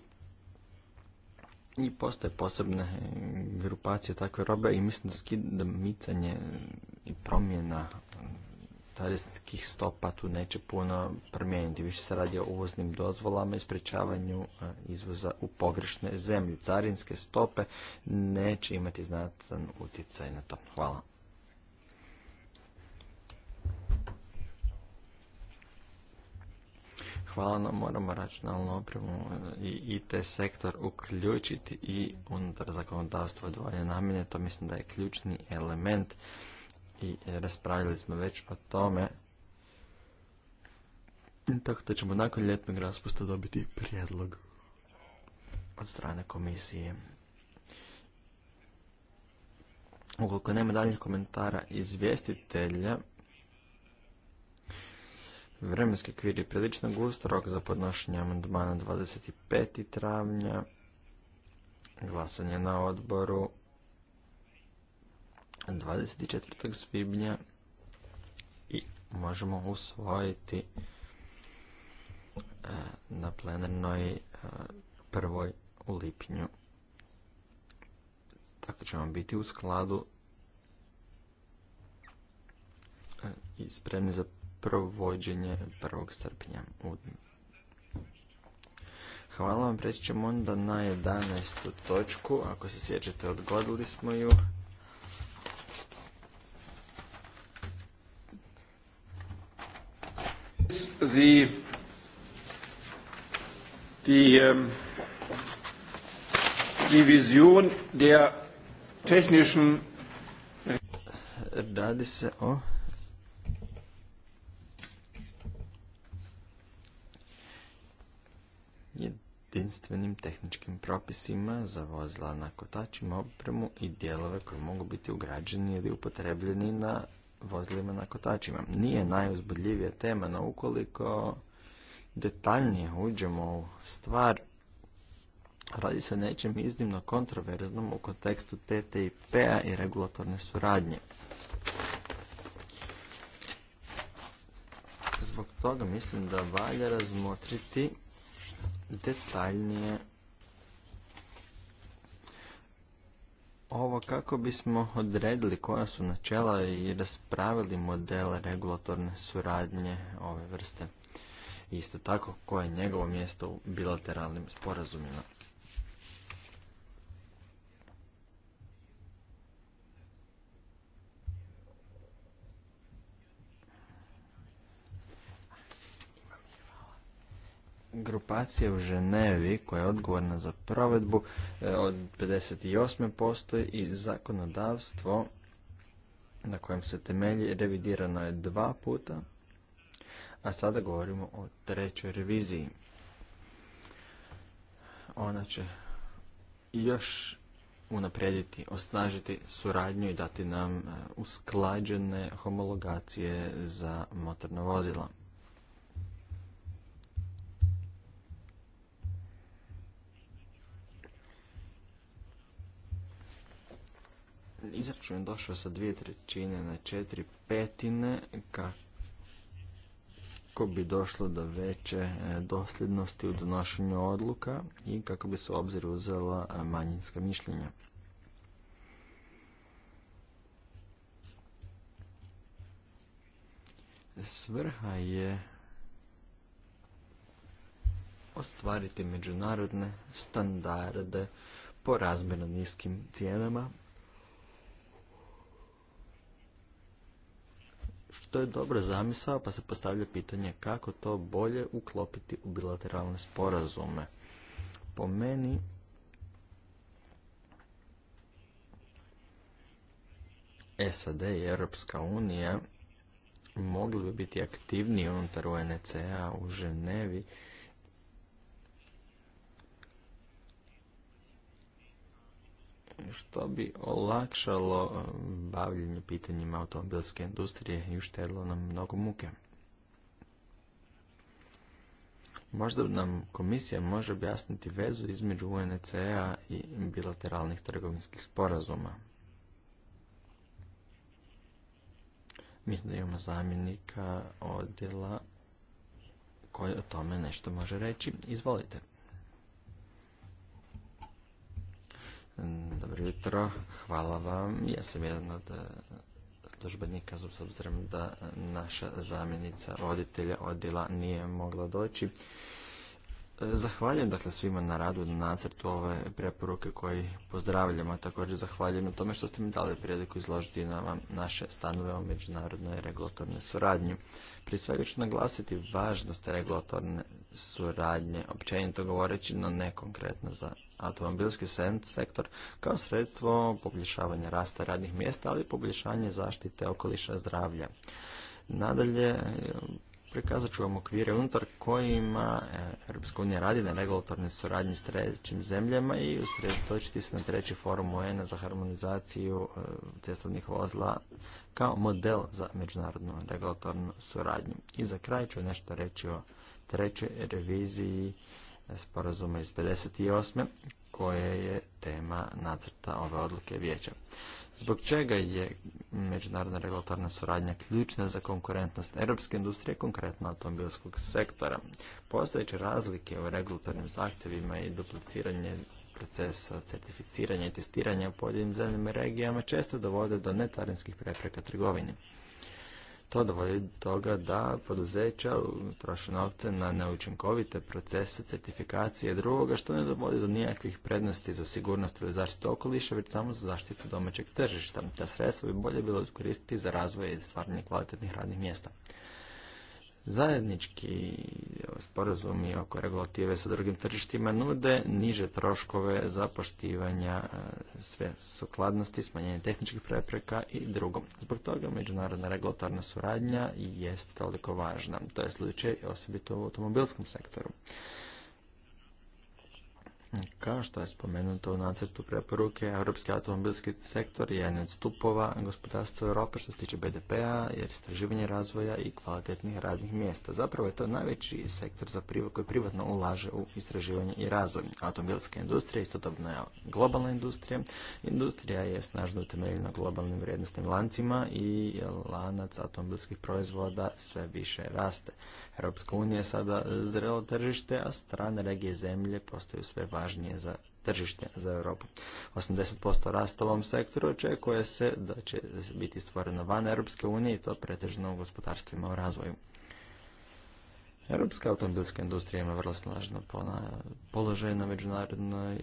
Speaker 2: i postoje posebne grupacije takve robe i mislim da micanje i promjena tarijskih stopa tu neće puno promijeniti. Više se radi o uvoznim dozvolama i sprečavanju e, izvoza u pogrešne zemlje. Carinske stope neće imati znatan utjecaj na to. Hvala. hvala, no moramo računalnu opremu e, i IT sektor uključiti i unutar zakonodavstva odvojene namjene, to mislim da je ključni element i e, raspravili smo već o tome. Tako da ćemo nakon ljetnog raspusta dobiti prijedlog od strane komisije. Ukoliko nema daljih komentara izvjestitelja, Vremenski kvir je prilično gust, rok za podnošenje amandmana 25. travnja, glasanje na odboru 24. svibnja i možemo usvojiti e, na plenarnoj e, prvoj u lipnju. Tako ćemo biti u skladu e, i spremni za provođenje 1. srpnja. Hvala vam, preći ćemo onda na 11. točku. Ako se sjećate, odgodili smo ju. The,
Speaker 1: the, um, die Vision der technischen
Speaker 2: Radi se o jedinstvenim tehničkim propisima za vozila na kotačima opremu i dijelove koji mogu biti ugrađeni ili upotrebljeni na vozilima na kotačima. Nije najuzbudljivija tema, no ukoliko detaljnije uđemo u stvar, radi se o nečem iznimno kontroverznom u kontekstu TTIP-a i regulatorne suradnje. Zbog toga mislim da valja razmotriti detaljnije ovo kako bismo odredili koja su načela i raspravili modele regulatorne suradnje ove vrste. Isto tako koje je njegovo mjesto u bilateralnim sporazumima. grupacija u Ženevi koja je odgovorna za provedbu e, od 58. postoji i zakonodavstvo na kojem se temelji revidirano je dva puta, a sada govorimo o trećoj reviziji. Ona će još unaprijediti, osnažiti suradnju i dati nam e, usklađene homologacije za motorna vozila. izračun je došao sa dvije trećine na četiri petine kako bi došlo do veće e, dosljednosti u donošenju odluka i kako bi se u obzir uzela e, manjinska mišljenja. Svrha je ostvariti međunarodne standarde po razmjerno niskim cijenama To je dobra zamisao, pa se postavlja pitanje kako to bolje uklopiti u bilateralne sporazume. Po meni, SAD i Europska unija mogli bi biti aktivniji unutar UNCA u Ženevi što bi olakšalo eh, bavljenje pitanjima automobilske industrije i uštedilo nam mnogo muke. Možda nam komisija može objasniti vezu između UNCE-a i bilateralnih trgovinskih sporazuma. Mislim da imamo zamjenika odjela koji o tome nešto može reći. Izvolite. Mm, Dobro jutro, hvala vam. Ja sam jedan od e, službenika, s obzirom da naša zamjenica voditelja odjela nije mogla doći. E, zahvaljujem dakle svima na radu na nacrtu ove preporuke koji pozdravljamo, također zahvaljujem na tome što ste mi dali priliku izložiti na vam naše stanove o međunarodnoj regulatornoj suradnji. Prije svega ću naglasiti važnost regulatorne suradnje, općenito govoreći, no ne konkretno za automobilski sektor kao sredstvo poboljšavanja rasta radnih mjesta, ali i poboljšanje zaštite okoliša zdravlja. Nadalje, prikazat ću vam okvire unutar kojima e, EU unija radi na regulatornoj suradnji s trećim zemljama i usredotočiti se na treći forum UN za harmonizaciju e, cestovnih vozila kao model za međunarodnu regulatornu suradnju. I za kraj ću nešto reći o trećoj reviziji sporazuma iz 58. koje je tema nacrta ove odluke vijeća. Zbog čega je međunarodna regulatorna suradnja ključna za konkurentnost europske industrije, konkretno automobilskog sektora? Postojeće razlike u regulatornim zahtjevima i dupliciranje procesa certificiranja i testiranja u pojedinim zemljama i regijama često dovode do netarinskih prepreka trgovini. To dovodi do toga da poduzeća troše novce na neučinkovite procese certifikacije drugoga što ne dovodi do nijakvih prednosti za sigurnost ili zaštitu okoliša, već samo za zaštitu domaćeg tržišta. Ta sredstva bi bolje bilo iskoristiti za razvoj i stvaranje kvalitetnih radnih mjesta. Zajednički sporazumi oko regulative sa drugim tržištima nude niže troškove za poštivanja e, sve sukladnosti, smanjenje tehničkih prepreka i drugo. Zbog toga međunarodna regulatorna suradnja jest toliko važna. To je slučaj osobito u automobilskom sektoru. Kao što je spomenuto u nacrtu preporuke, europski automobilski sektor je jedan od stupova gospodarstva Europe što se tiče BDP-a, jer istraživanje razvoja i kvalitetnih radnih mjesta. Zapravo je to najveći sektor za koji privatno ulaže u istraživanje i razvoj. Automobilska industrija istodobno je globalna industrija. Industrija je snažno utemeljena globalnim vrijednostnim lancima i lanac automobilskih proizvoda sve više raste. Europska unija je sada e, zrelo tržište, a strane regije zemlje postaju sve važnije za tržište za Europu. 80% rasta u ovom sektoru očekuje se da će biti stvoreno van Europske unije i to pretežno u gospodarstvima u razvoju. Europska automobilska industrija ima vrlo snažno položaj na međunarodnoj e,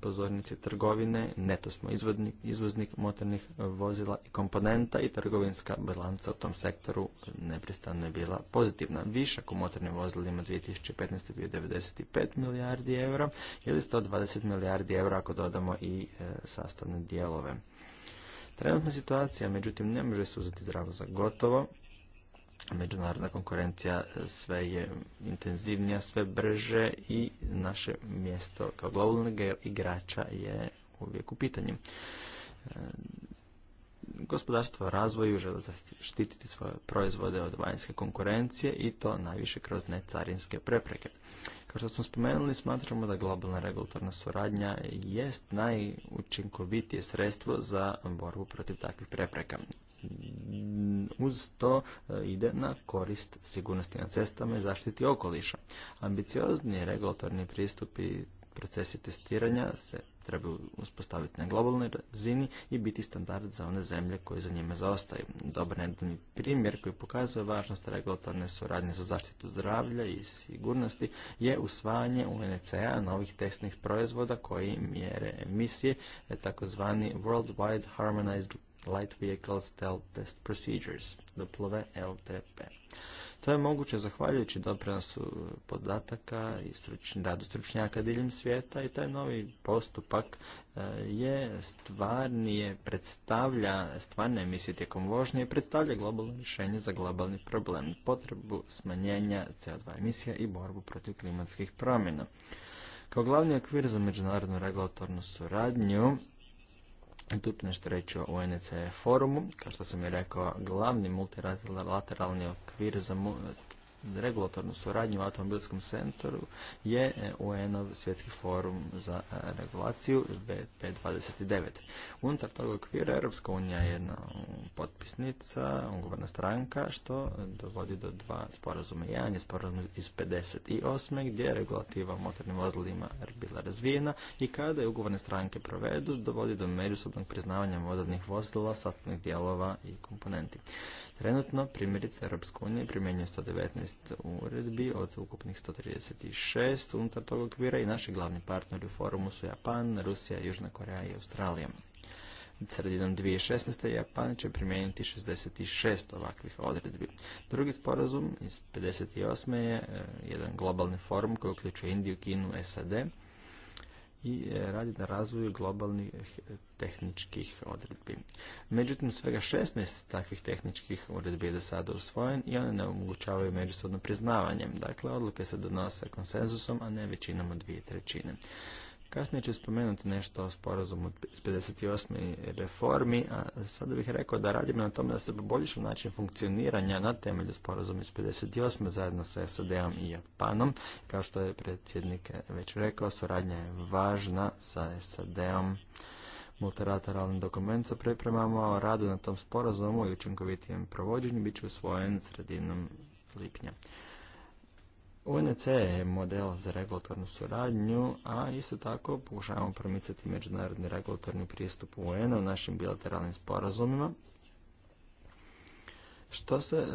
Speaker 2: pozornici trgovine, neto smo izvodnik, izvoznik motornih vozila i komponenta i trgovinska bilanca u tom sektoru neprestano je bila pozitivna. Višak u motornim vozilima 2015. bio 95 milijardi eura ili 120 milijardi eura ako dodamo i e, sastavne dijelove. Trenutna situacija, međutim, ne može se uzeti zdravo za gotovo međunarodna konkurencija e, sve je intenzivnija, sve brže i naše mjesto kao globalnog igrača je uvijek u pitanju. E, gospodarstvo razvoju žele zaštititi svoje proizvode od vanjske konkurencije i to najviše kroz necarinske prepreke. Kao što smo spomenuli, smatramo da globalna regulatorna suradnja jest najučinkovitije sredstvo za borbu protiv takvih prepreka uz to e, ide na korist sigurnosti na cestama i zaštiti okoliša. Ambiciozni regulatorni pristupi procesi testiranja se trebaju uspostaviti na globalnoj razini i biti standard za one zemlje koje za njime zaostaju. Dobar nedavni primjer koji pokazuje važnost regulatorne suradnje za zaštitu zdravlja i sigurnosti je usvajanje UNCA novih testnih proizvoda koji mjere emisije, e, takozvani Worldwide Harmonized Light Vehicle Stealth Test Procedures, duplove LTP. To je moguće zahvaljujući doprinosu podataka i radu stručnjaka diljem svijeta i taj novi postupak e, je stvarnije predstavlja stvarne emisije tijekom vožnje i predstavlja globalno rješenje za globalni problem, potrebu smanjenja CO2 emisija i borbu protiv klimatskih promjena. Kao glavni okvir za međunarodnu regulatornu suradnju, tu ću nešto reći o forumu. Kao što sam i rekao, glavni multilateralni okvir za regulatornu suradnju u automobilskom sektoru je e, UN-ov svjetski forum za e, regulaciju b 29 Unutar tog okvira Europska unija je jedna potpisnica, ugovorna stranka, što dovodi do dva sporazuma. Jedan je sporazum iz 58. gdje je regulativa u motornim vozilima bila razvijena i kada je ugovorne stranke provedu, dovodi do međusobnog priznavanja modernih vozila, satnih dijelova i komponenti. Trenutno primjerice Europske unije primjenjuje 119 uredbi od ukupnih 136 unutar tog okvira i naši glavni partneri u forumu su Japan, Rusija, Južna Koreja i Australija. Sredinom 2016. Japan će primijeniti 66 ovakvih odredbi. Drugi sporazum iz 58. je e, jedan globalni forum koji uključuje Indiju, Kinu, SAD i e, radi na razvoju globalnih eh, tehničkih odredbi. Međutim, svega 16 takvih tehničkih odredbi je do sada usvojen i one ne omogućavaju međusobno priznavanje. Dakle, odluke se donose konsenzusom, a ne većinom od dvije trećine. Kasnije ću spomenuti nešto o sporazumu s 58. reformi, a sada bih rekao da radimo na tom da se poboljša način funkcioniranja na temelju sporazuma s 58. zajedno sa SAD-om i Japanom. Kao što je predsjednik već rekao, suradnja je važna sa SAD-om. Multilateralni dokument sa pripremama o radu na tom sporazumu i učinkovitijem provođenju bit će usvojen sredinom lipnja. UNC je model za regulatornu suradnju, a isto tako pokušavamo promicati međunarodni regulatorni pristup UN u našim bilateralnim sporazumima, što se e,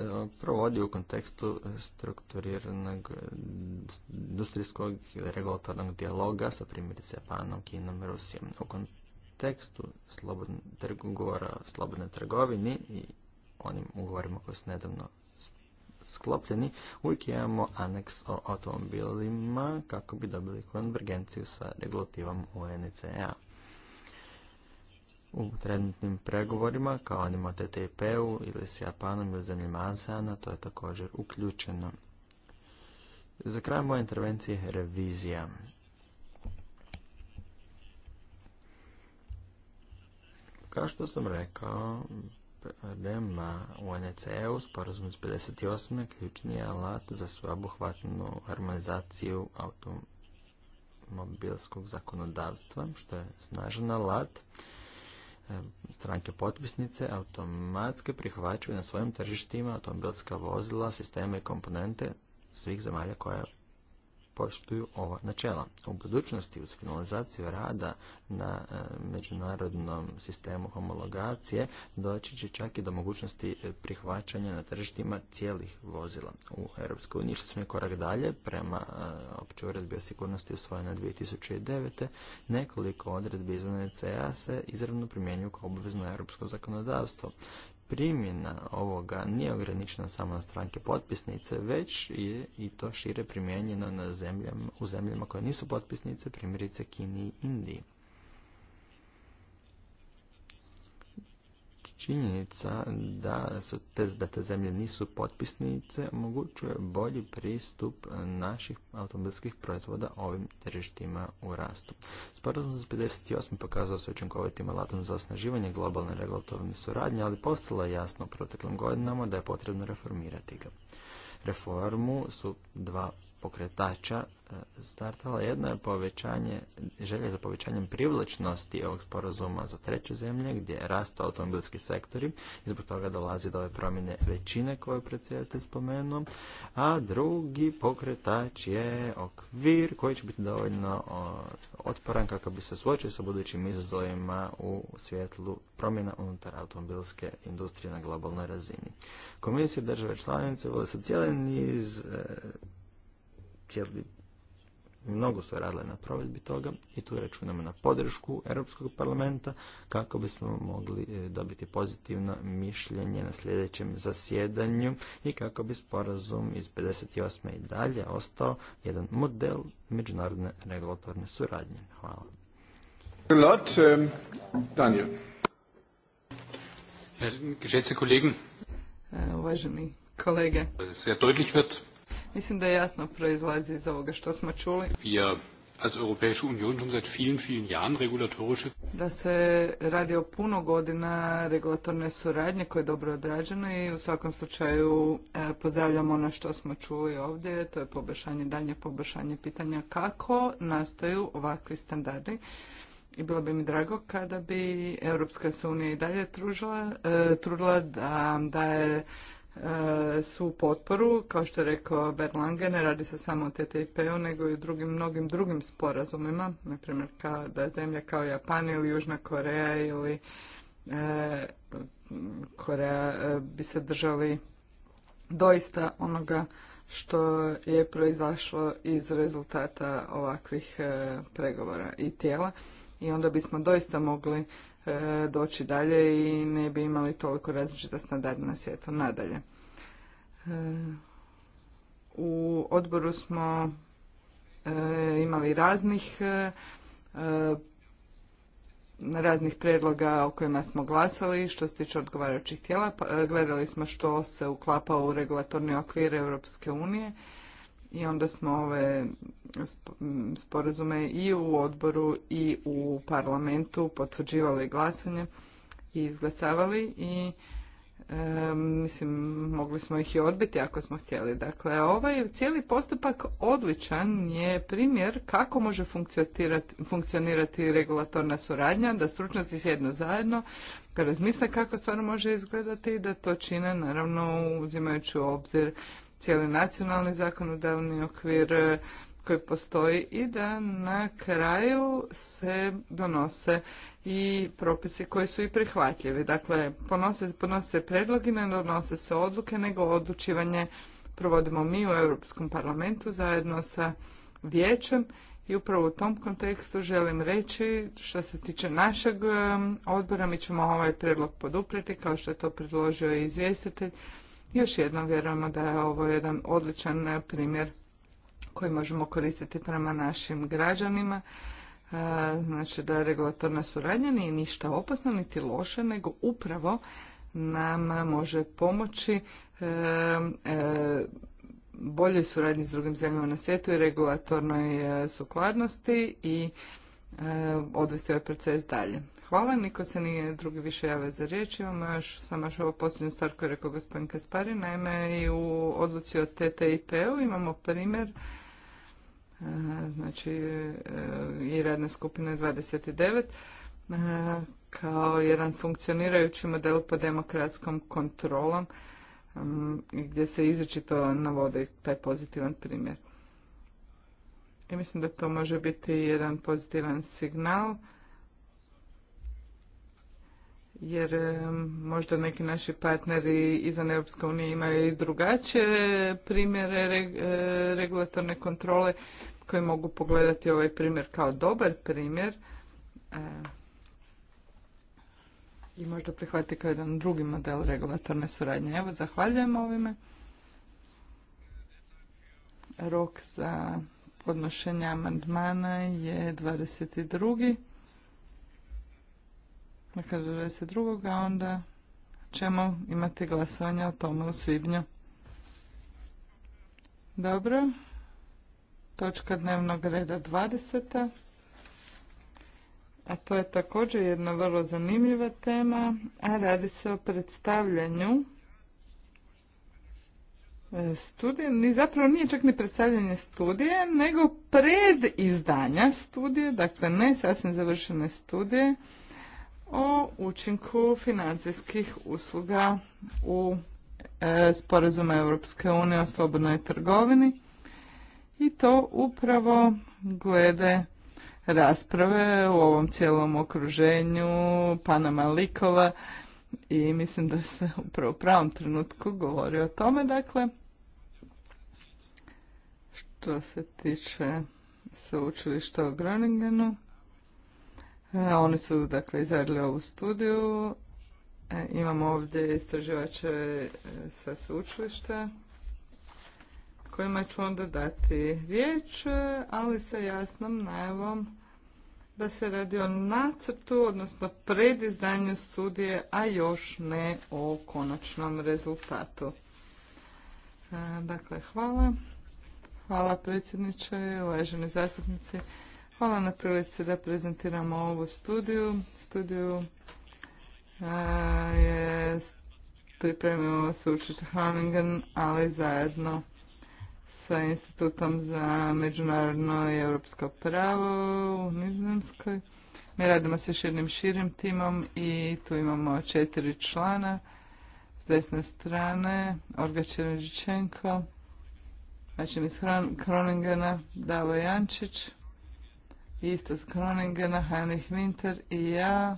Speaker 2: provodi u kontekstu strukturiranog industrijskog regulatornog dijaloga sa primjerice Japanom, Kinom, Rusijom. U kontekstu slobodne, ugovora o slobodnoj trgovini i onim ugovorima koje su nedavno sklopljeni, uvijek imamo aneks o automobilima kako bi dobili konvergenciju sa regulativom UNCA. U trenutnim pregovorima, kao onim o TTIP-u ili s Japanom ili zemljama a to je također uključeno. Za kraj moje intervencije revizija. Kao što sam rekao, prema unce sporazum iz 58. ključni je alat za sveobuhvatnu harmonizaciju automobilskog zakonodavstva, što je snažan alat. E, stranke potpisnice automatski prihvaćaju na svojim tržištima automobilska vozila, sisteme i komponente svih zemalja koja poštuju ova načela. U budućnosti uz finalizaciju rada na e, međunarodnom sistemu homologacije doći će čak i do mogućnosti e, prihvaćanja na tržištima cijelih vozila u EU. Išli smo je korak dalje prema e, općoj uredbi o sigurnosti usvojene 2009. Nekoliko odredbi izvan ECA se izravno primjenjuju kao obvezno europsko zakonodavstvo primjena ovoga nije ograničena samo na stranke potpisnice, već je i to šire primijenjeno na u zemljama koje nisu potpisnice, primjerice Kini i Indiji. činjenica da, su te, zemlje nisu potpisnice omogućuje bolji pristup naših automobilskih proizvoda ovim tržištima u rastu. Sporazum za 58. pokazao se učinkovitim alatom za osnaživanje globalne regulatorne suradnje, ali postalo je jasno u proteklim godinama da je potrebno reformirati ga. Reformu su dva pokretača e, startala. Jedna je povećanje, želje za povećanjem privlačnosti ovog sporazuma za treće zemlje gdje rasto automobilski sektori i zbog toga dolazi do ove promjene većine koju predsjedatelj spomenuo. A drugi pokretač je okvir koji će biti dovoljno otporan kako bi se suočio sa budućim izazovima u svjetlu promjena unutar automobilske industrije na globalnoj razini. Komisije države članice vole se cijeli niz e, mnogo su radile na provedbi toga i tu računamo na podršku Europskog parlamenta kako bismo mogli e, dobiti pozitivno mišljenje na sljedećem zasjedanju i kako bi sporazum iz 58. i dalje ostao jedan model međunarodne regulatorne suradnje. Hvala. Um, Daniel.
Speaker 3: E, uvaženi kolege. Mislim da jasno proizlazi iz ovoga što smo čuli. Da se radi o puno godina regulatorne suradnje koje je dobro odrađeno i u svakom slučaju e, pozdravljam ono što smo čuli ovdje, to je poboljšanje, dalje poboljšanje pitanja kako nastaju ovakvi standardi. I bilo bi mi drago kada bi Europska unija i dalje e, trudila da daje E, su potporu, kao što je rekao Berlange, ne radi se samo o TTIP-u, nego i o drugim, mnogim drugim sporazumima, na primjer da je zemlja kao Japan ili Južna Koreja ili e, Koreja e, bi se držali doista onoga što je proizašlo iz rezultata ovakvih e, pregovora i tijela i onda bismo doista mogli E, doći dalje i ne bi imali toliko različita standarda na svijetu nadalje. E, u odboru smo e, imali raznih raznih predloga o kojima smo glasali što se tiče odgovarajućih tijela. Pa, gledali smo što se uklapa u regulatorni okvir Europske unije i onda smo ove sporazume i u odboru i u parlamentu potvrđivali glasanje i izglasavali i mislim mogli smo ih i odbiti ako smo htjeli. Dakle, ovaj cijeli postupak odličan je primjer kako može funkcionirati regulatorna suradnja, da stručnjaci sjednu zajedno, da razmisle kako stvarno može izgledati i da to čine naravno uzimajući u obzir cijeli nacionalni zakonodavni okvir e, koji postoji i da na kraju se donose i propisi koji su i prihvatljivi. Dakle, ponose, se predlogi, ne donose se odluke, nego odlučivanje provodimo mi u Europskom parlamentu zajedno sa vijećem i upravo u tom kontekstu želim reći što se tiče našeg e, odbora, mi ćemo ovaj prijedlog poduprijeti kao što je to predložio i izvjestitelj još jednom vjerujemo da je ovo jedan odličan primjer koji možemo koristiti prema našim građanima. E, znači da regulatorna suradnja nije ništa opasna niti loša, nego upravo nam može pomoći e, e, boljoj suradnji s drugim zemljama na svijetu i regulatornoj sukladnosti i E, odvesti ovaj proces dalje. Hvala, niko se nije drugi više jave za riječ. Imamo još samo još ovo posljednju stvar koju je rekao gospodin Kaspari. Naime, i u odluci o TTIP-u imamo primjer e, znači e, i radne skupine 29 kao jedan funkcionirajući model pod demokratskom kontrolom gdje se izričito navode taj pozitivan primjer. I mislim da to može biti jedan pozitivan signal jer možda neki naši partneri izvan Europske unije imaju i drugačije primjere e, regulatorne kontrole koji mogu pogledati ovaj primjer kao dobar primjer e, i možda prihvati kao jedan drugi model regulatorne suradnje. Evo, zahvaljujem ovime. Rok za podnošenja amandmana je 22. Dakle, 22. a onda ćemo imati glasovanje o tome u svibnju. Dobro. Točka dnevnog reda 20. A to je također jedna vrlo zanimljiva tema, a radi se o predstavljanju studije, ni zapravo nije čak ni predstavljanje studije, nego pred izdanja studije, dakle ne sasvim završene studije, o učinku financijskih usluga u e, sporazuma Europske unije o slobodnoj trgovini i to upravo glede rasprave u ovom cijelom okruženju Panama likova i mislim da se upravo u pravom trenutku govori o tome. Dakle, što se tiče sveučilišta u Groningenu. E, oni su dakle izradili ovu studiju. E, imamo ovdje istraživače e, sa sveučilišta kojima ću onda dati riječ, ali sa jasnom najavom da se radi o nacrtu, odnosno predizdanju studije, a još ne o konačnom rezultatu. Dakle, hvala. Hvala predsjedniče, uvaženi zastupnici. Hvala na prilici da prezentiramo ovu studiju. Studiju e, je pripremio sveučilište Hamingen, ali zajedno sa Institutom za međunarodno i europsko pravo u Nizozemskoj. Mi radimo s još jednim širim timom i tu imamo četiri člana. S desne strane Orga Čeređičenko, Znači iz Kroningena Davo Jančić, isto iz Kroningena Heinrich Winter i ja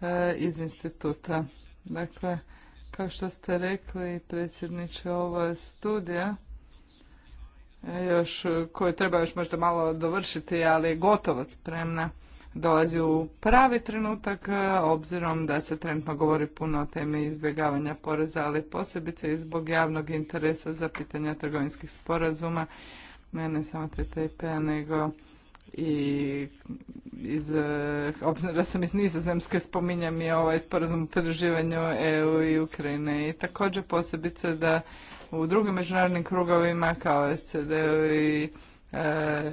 Speaker 3: e, iz instituta. Dakle, kao što ste rekli, predsjedniče, ova studija e, još, koju treba još možda malo dovršiti, ali je gotovo spremna dolazi u pravi trenutak e, obzirom da se trenutno govori puno o temi izbjegavanja poreza, ali posebice i zbog javnog interesa za pitanja trgovinskih sporazuma, ne, ne samo ttp p-a, nego i iz, e, obzirom da sam iz Nizozemske spominjam i ovaj sporazum o pridruživanju EU i Ukrajine i također posebice da u drugim međunarodnim krugovima kao SCD i E,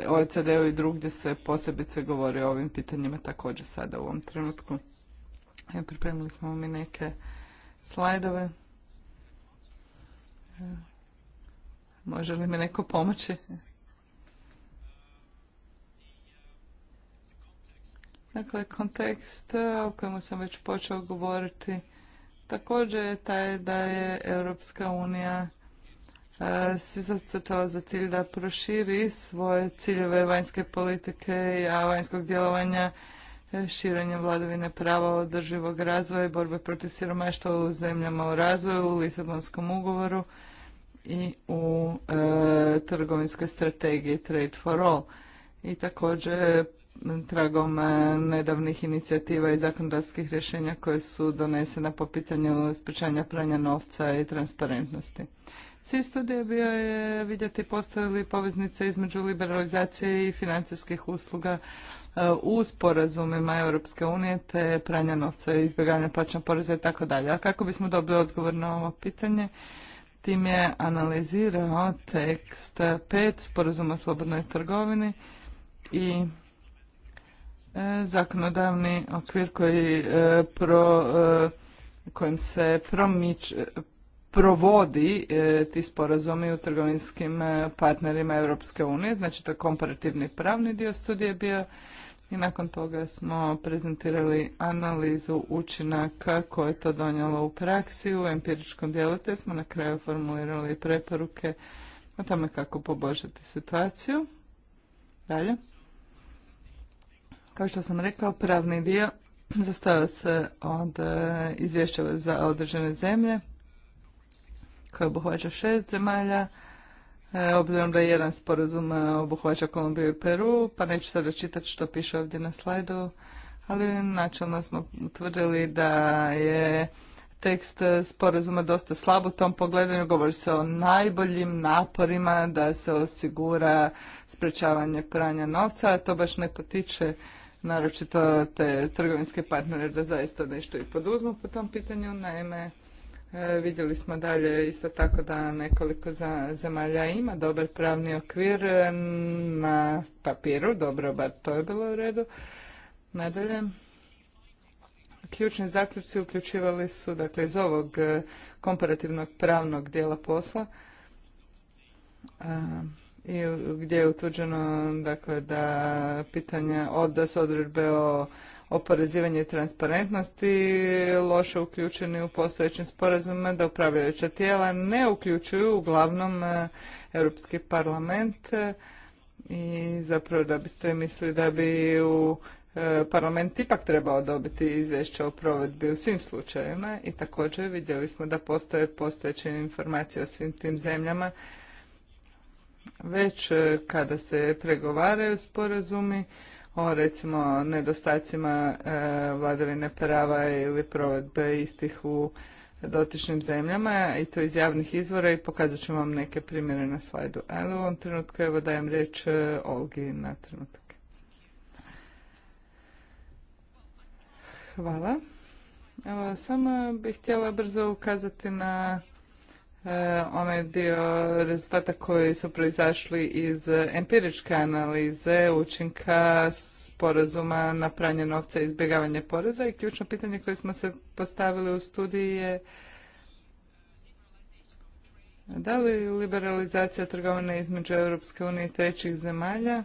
Speaker 3: OECD-u i drugdje se posebice govori o ovim pitanjima također sada u ovom trenutku. Evo, pripremili smo mi neke slajdove. E, može li mi neko pomoći? Dakle, kontekst o kojemu sam već počeo govoriti također je taj da je Europska unija se to za cilj da proširi svoje ciljeve vanjske politike, a vanjskog djelovanja e, širenjem vladavine prava održivog razvoja i borbe protiv siromaštva u zemljama u razvoju, u Lisabonskom ugovoru i u e, trgovinskoj strategiji Trade for All. I također tragom e, nedavnih inicijativa i zakonodavskih rješenja koje su donesena po pitanju sprečanja pranja novca i transparentnosti. Cilj studije bio je vidjeti postoje li poveznice između liberalizacije i financijskih usluga e, u sporazumima Europske unije te pranja novca, izbjegavanja plaćanja poreza i tako dalje. A kako bismo dobili odgovor na ovo pitanje, tim je analizirao tekst pet sporazuma o slobodnoj trgovini i e, zakonodavni okvir koji e, pro, kojim se promič, provodi e, ti sporazumi u trgovinskim e, partnerima Europske unije, znači to je komparativni pravni dio studije bio i nakon toga smo prezentirali analizu učinaka koje je to donijelo u praksi u empiričkom dijelu, te smo na kraju formulirali preporuke o tome kako poboljšati situaciju. Dalje. Kao što sam rekao, pravni dio zastavio se od e, izvješća za određene zemlje, koja obuhvaća šest zemalja, e, obzirom da je jedan sporazum e, obuhvaća Kolumbiju i Peru, pa neću sada čitati što piše ovdje na slajdu, ali načelno smo tvrdili da je tekst sporazuma dosta slab u tom pogledanju. Govori se o najboljim naporima da se osigura sprečavanje pranja novca, a to baš ne potiče naročito te trgovinske partnere da zaista nešto i poduzmu po tom pitanju. Naime, E, vidjeli smo dalje isto tako da nekoliko zemalja ima dobar pravni okvir e, na papiru, dobro, bar to je bilo u redu. Nadalje, ključni zaključci uključivali su, dakle, iz ovog e, komparativnog pravnog dijela posla, i gdje je utvrđeno dakle, da pitanje od, da odredbe o Oporezivanje i transparentnosti loše uključeni u postojećim sporazumima da upravljajuća tijela ne uključuju uglavnom e, Europski parlament e, i zapravo da biste mislili da bi u e, parlament ipak trebao dobiti izvješće o provedbi u svim slučajevima i također vidjeli smo da postoje postojeće informacije o svim tim zemljama već kada se pregovaraju sporazumi o recimo nedostacima e, vladavine prava ili provedbe istih u dotičnim zemljama i to iz javnih izvora i pokazat ću vam neke primjere na slajdu. Ali u ovom trenutku evo dajem riječ e, Olgi na trenutak. Hvala. Evo, samo bih htjela brzo ukazati na E, onaj dio rezultata koji su proizašli iz empiričke analize učinka sporazuma na pranje novca i izbjegavanje poreza i ključno pitanje koje smo se postavili u studiji je da li liberalizacija trgovine između Europske unije i trećih zemalja,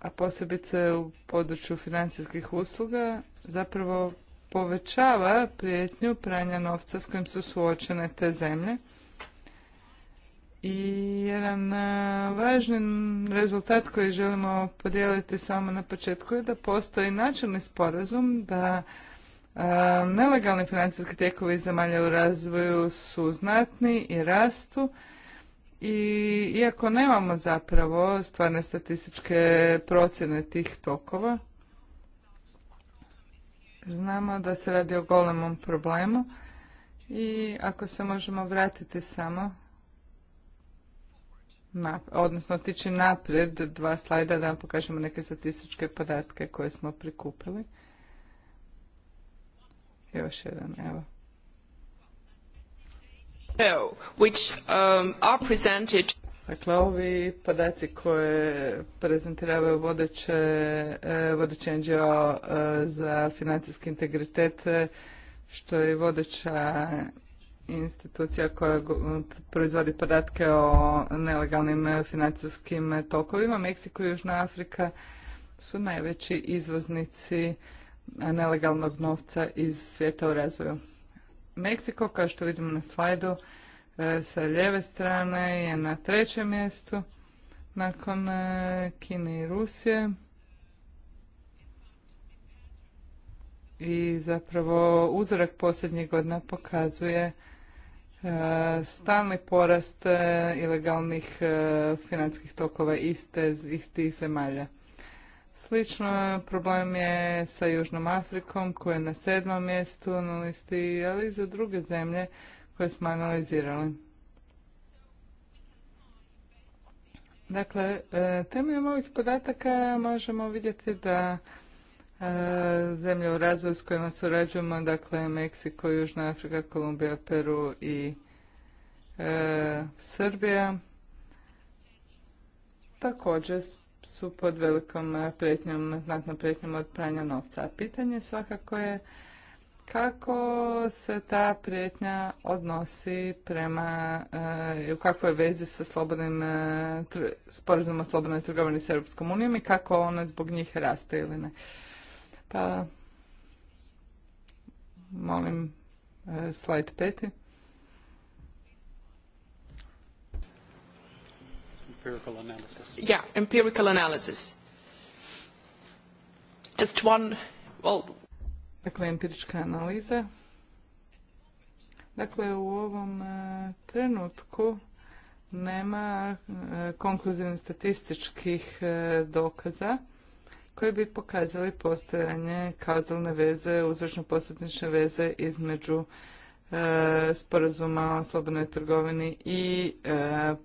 Speaker 3: a posebice u području financijskih usluga, zapravo povećava prijetnju pranja novca s kojim su suočene te zemlje. I jedan e, važni rezultat koji želimo podijeliti samo na početku je da postoji načelni sporazum da e, nelegalni financijski tijekovi zemalja u razvoju su znatni i rastu i iako nemamo zapravo stvarne statističke procjene tih tokova, Znamo da se radi o golemom problemu i ako se možemo vratiti samo na, odnosno otići naprijed dva slajda da vam pokažemo neke statističke podatke koje smo prikupili. Još jedan, evo. Which um, are presented Dakle, ovi podaci koje prezentiravaju vodeće, e, vodeće NGO e, za financijski integritet, e, što je vodeća institucija koja proizvodi podatke o nelegalnim financijskim tokovima. Meksiko i Južna Afrika su najveći izvoznici nelegalnog novca iz svijeta u razvoju. Meksiko, kao što vidimo na slajdu, E, sa lijeve strane je na trećem mjestu nakon e, Kine i Rusije. I zapravo uzorak posljednjih godina pokazuje e, stalni porast ilegalnih financijskih tokova iz tih zemalja. Slično problem je sa Južnom Afrikom koja je na sedmom mjestu na listi, ali i za druge zemlje koje smo analizirali. Dakle, e, temeljem ovih podataka možemo vidjeti da e, zemlje u razvoju s kojima surađujemo, dakle Meksiko, Južna Afrika, Kolumbija, Peru i e, Srbija, također su pod velikom prijetnjom, znatnom prijetnjom od pranja novca. pitanje svakako je kako se ta prijetnja odnosi prema eh, i u kakvoj vezi sa slobodnim eh, sporazumom o slobodnoj trgovini s Europskom unijom i kako ona zbog njih raste ili ne. Pa molim eh, slajd peti.
Speaker 1: Empirical analysis. Yeah,
Speaker 3: empirical analysis. Just one, well, dakle empirička analiza. Dakle, u ovom e, trenutku nema e, konkluzivnih statističkih e, dokaza koji bi pokazali postojanje kauzalne veze, uzročno-posljednične veze između sporazuma o slobodnoj trgovini i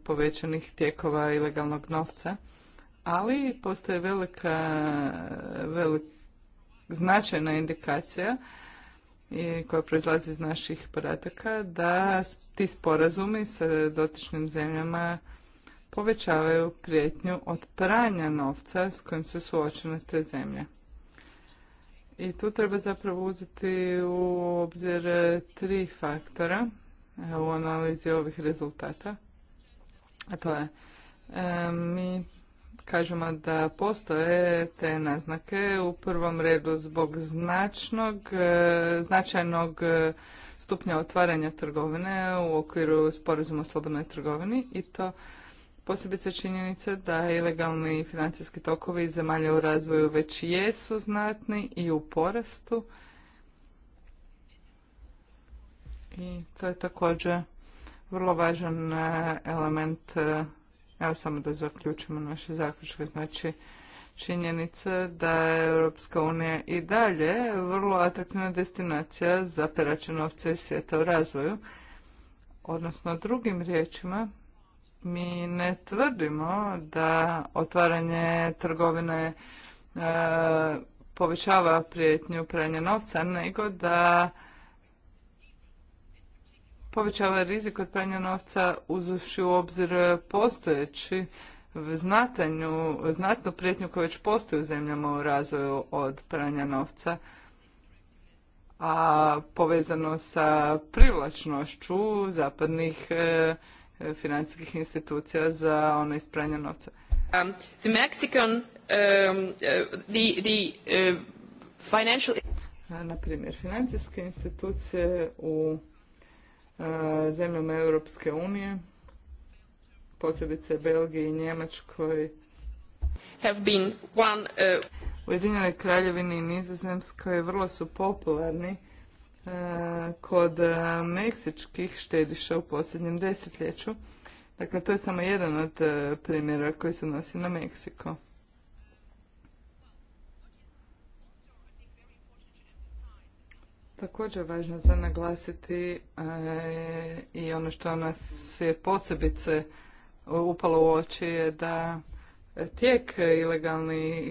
Speaker 3: povećanih tijekova ilegalnog novca. Ali postoje velika, značajna indikacija i koja proizlazi iz naših podataka da ti sporazumi sa dotičnim zemljama povećavaju prijetnju od pranja novca s kojim se suočene te zemlje. I tu treba zapravo uzeti u obzir tri faktora u analizi ovih rezultata. A to je, mi kažemo da postoje te naznake u prvom redu zbog značnog, e, značajnog e, stupnja otvaranja trgovine u okviru sporazuma o slobodnoj trgovini i to posebice činjenice da ilegalni financijski tokovi iz zemalja u razvoju već jesu znatni i u porastu. I to je također vrlo važan e, element Evo samo da zaključimo naše zaključke. Znači, činjenica da je Europska unija i dalje vrlo atraktivna destinacija za perače novce svijeta u razvoju. Odnosno, drugim riječima, mi ne tvrdimo da otvaranje trgovine e, povećava prijetnju pranja novca, nego da povećava rizik od pranja novca uzavši u obzir postojeći znatanju, znatnu prijetnju koja već postoji u zemljama u razvoju od pranja novca, a povezano sa privlačnošću zapadnih e, financijskih institucija za ono pranja novca. Um, um uh, uh, Na primjer, financijske institucije u Eh, zemljama Europske unije, posebice Belgiji i Njemačkoj, have been one, eh, Ujedinjenoj kraljevini i nizozemskoj vrlo su popularni eh, kod meksičkih štediša u posljednjem desetljeću. Dakle, to je samo jedan od primjera koji se nosi na Meksiko. Također važno za naglasiti e, i ono što nas je posebice upalo u oči je da tijek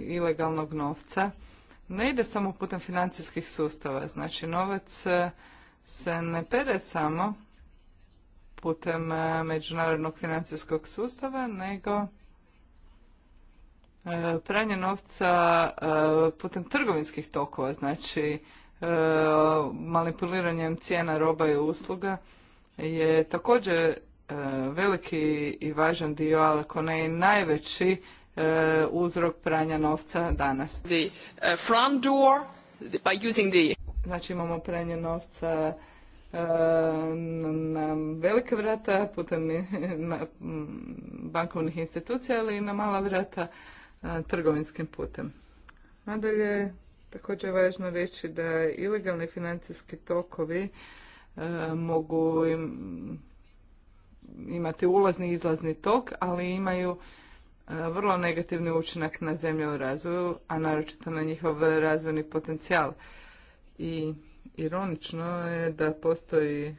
Speaker 3: ilegalnog novca ne ide samo putem financijskih sustava. Znači novac e, se ne pere samo putem e, međunarodnog financijskog sustava, nego pranje novca putem trgovinskih tokova, znači E, manipuliranjem cijena roba i usluga je također e, veliki i važan dio, ali ako ne i najveći e, uzrok pranja novca danas. The Znači imamo pranje novca na velike vrata putem bankovnih institucija, ali i na mala vrata trgovinskim putem. Nadalje, Također je važno reći da ilegalni financijski tokovi e, mogu imati ulazni i izlazni tok, ali imaju e, vrlo negativni učinak na zemlje u razvoju, a naročito na njihov razvojni potencijal. I ironično je da postoji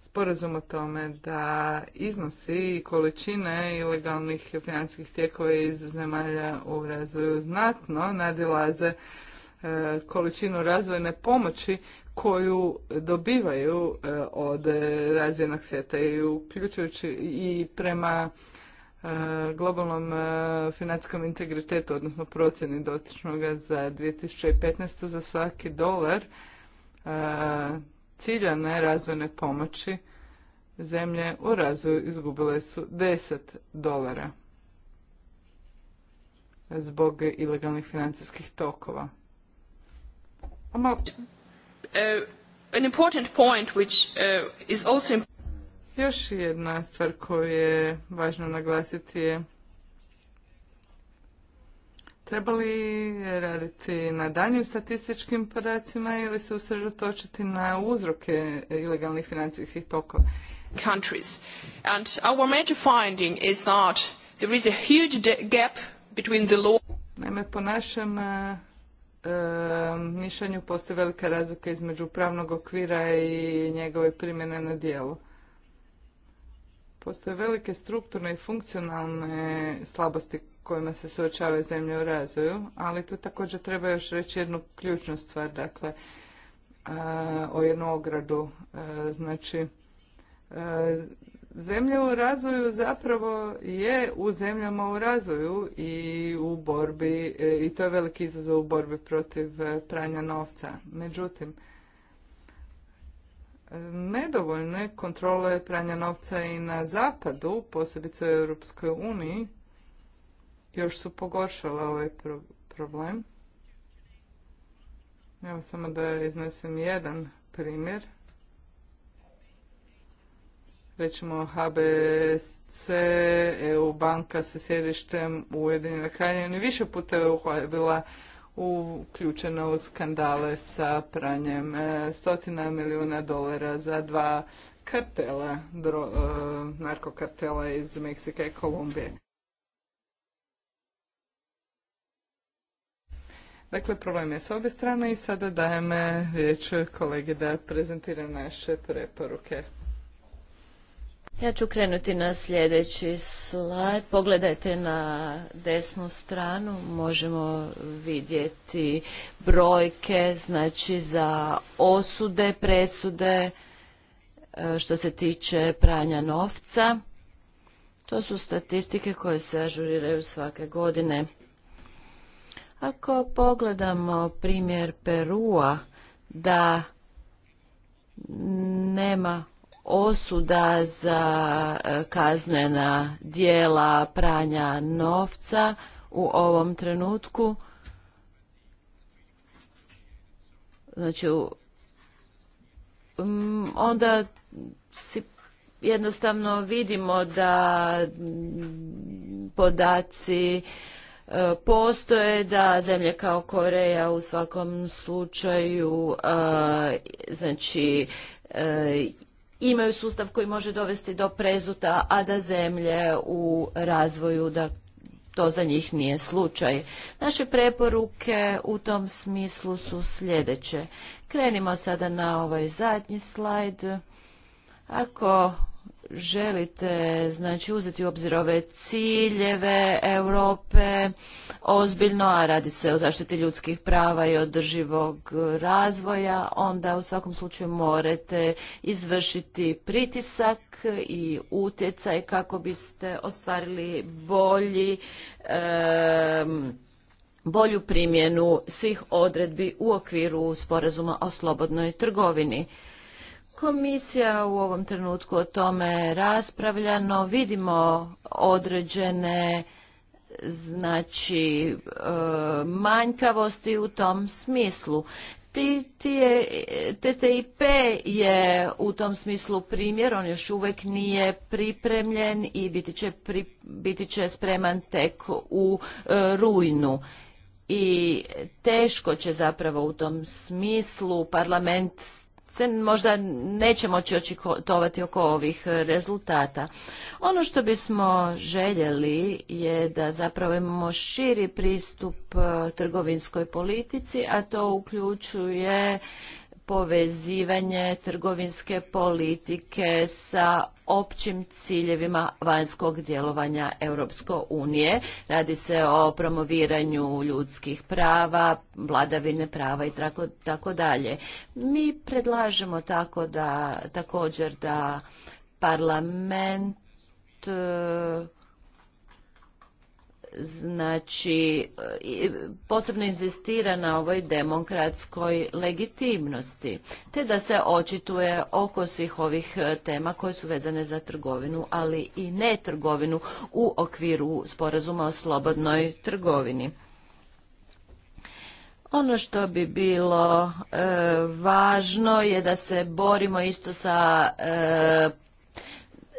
Speaker 3: sporazum o tome da iznosi i količine ilegalnih financijskih tijekova iz zemalja u razvoju znatno nadilaze E, količinu razvojne pomoći koju dobivaju e, od razvijenog svijeta i uključujući i prema e, globalnom financijskom integritetu, odnosno procjeni dotičnoga za 2015. za svaki dolar ciljane razvojne pomoći zemlje u razvoju izgubile su 10 dolara zbog ilegalnih financijskih tokova. Uh,
Speaker 1: an important point which uh, is also
Speaker 3: još jedna stvar koju je važno naglasiti je trebali raditi na daljnjim statističkim podacima ili se usredotočiti na uzroke ilegalnih financijskih tokova.
Speaker 2: Countries. And our major finding is that there is a huge gap between the law.
Speaker 3: Naime, po našem eh, mišljenju postoji velika razlika između pravnog okvira i njegove primjene na dijelu. Postoje velike strukturne i funkcionalne slabosti kojima se suočavaju zemlje u razvoju, ali tu također treba još reći jednu ključnu stvar, dakle, o jednu ogradu. E, znači, e, Zemlja u razvoju zapravo je u zemljama u razvoju i u borbi, e, i to je veliki izazov u borbi protiv e, pranja novca. Međutim, nedovoljne kontrole pranja novca i na zapadu, posebice u Europskoj uniji, još su pogoršale ovaj pro problem. Evo samo da iznesem jedan primjer – recimo HBSC, EU banka sa sjedištem u Ujedinjenoj i više puta je bila uključena u skandale sa pranjem e, stotina milijuna dolara za dva kartela, dro, e, narkokartela iz Meksika i Kolumbije. Dakle, problem je s obje strane i sada dajem e, riječ kolegi da prezentira naše preporuke.
Speaker 1: Ja ću krenuti na sljedeći slajd. Pogledajte na desnu stranu, možemo vidjeti brojke, znači za osude, presude, e, što se tiče pranja novca. To su statistike koje se ažuriraju svake godine. Ako pogledamo primjer Perua, da nema osuda za e, kaznena dijela pranja novca u ovom trenutku. Znači, onda si jednostavno vidimo da podaci e, postoje da zemlje kao Koreja u svakom slučaju e, znači imaju sustav koji može dovesti do prezuta, a da zemlje u razvoju da to za njih nije slučaj. Naše preporuke u tom smislu su sljedeće. Krenimo sada na ovaj zadnji slajd. Ako želite znači uzeti u obzir ove ciljeve Europe ozbiljno, a radi se o zaštiti ljudskih prava i održivog razvoja, onda u svakom slučaju morate izvršiti pritisak i utjecaj kako biste ostvarili bolji bolju primjenu svih odredbi u okviru sporazuma o slobodnoj trgovini. Komisija u ovom trenutku o tome raspravljano, vidimo određene znači e, manjkavosti u tom smislu. TTIP je u tom smislu primjer, on još uvijek nije pripremljen i biti će, biti će spreman tek u e, rujnu. I teško će zapravo u tom smislu parlament se možda neće moći očitovati oko ovih e, rezultata. Ono što bismo željeli je da zapravo imamo širi pristup e, trgovinskoj politici, a to uključuje povezivanje trgovinske politike sa općim ciljevima vanjskog djelovanja Europske unije. Radi se o promoviranju ljudskih prava, vladavine prava i tako, dalje. Mi predlažemo tako da, također da parlament znači e, posebno inzistira na ovoj demokratskoj legitimnosti, te da se očituje oko svih ovih e, tema koje su vezane za trgovinu, ali i ne trgovinu u okviru sporazuma o slobodnoj trgovini. Ono što bi bilo e, važno je da se borimo isto sa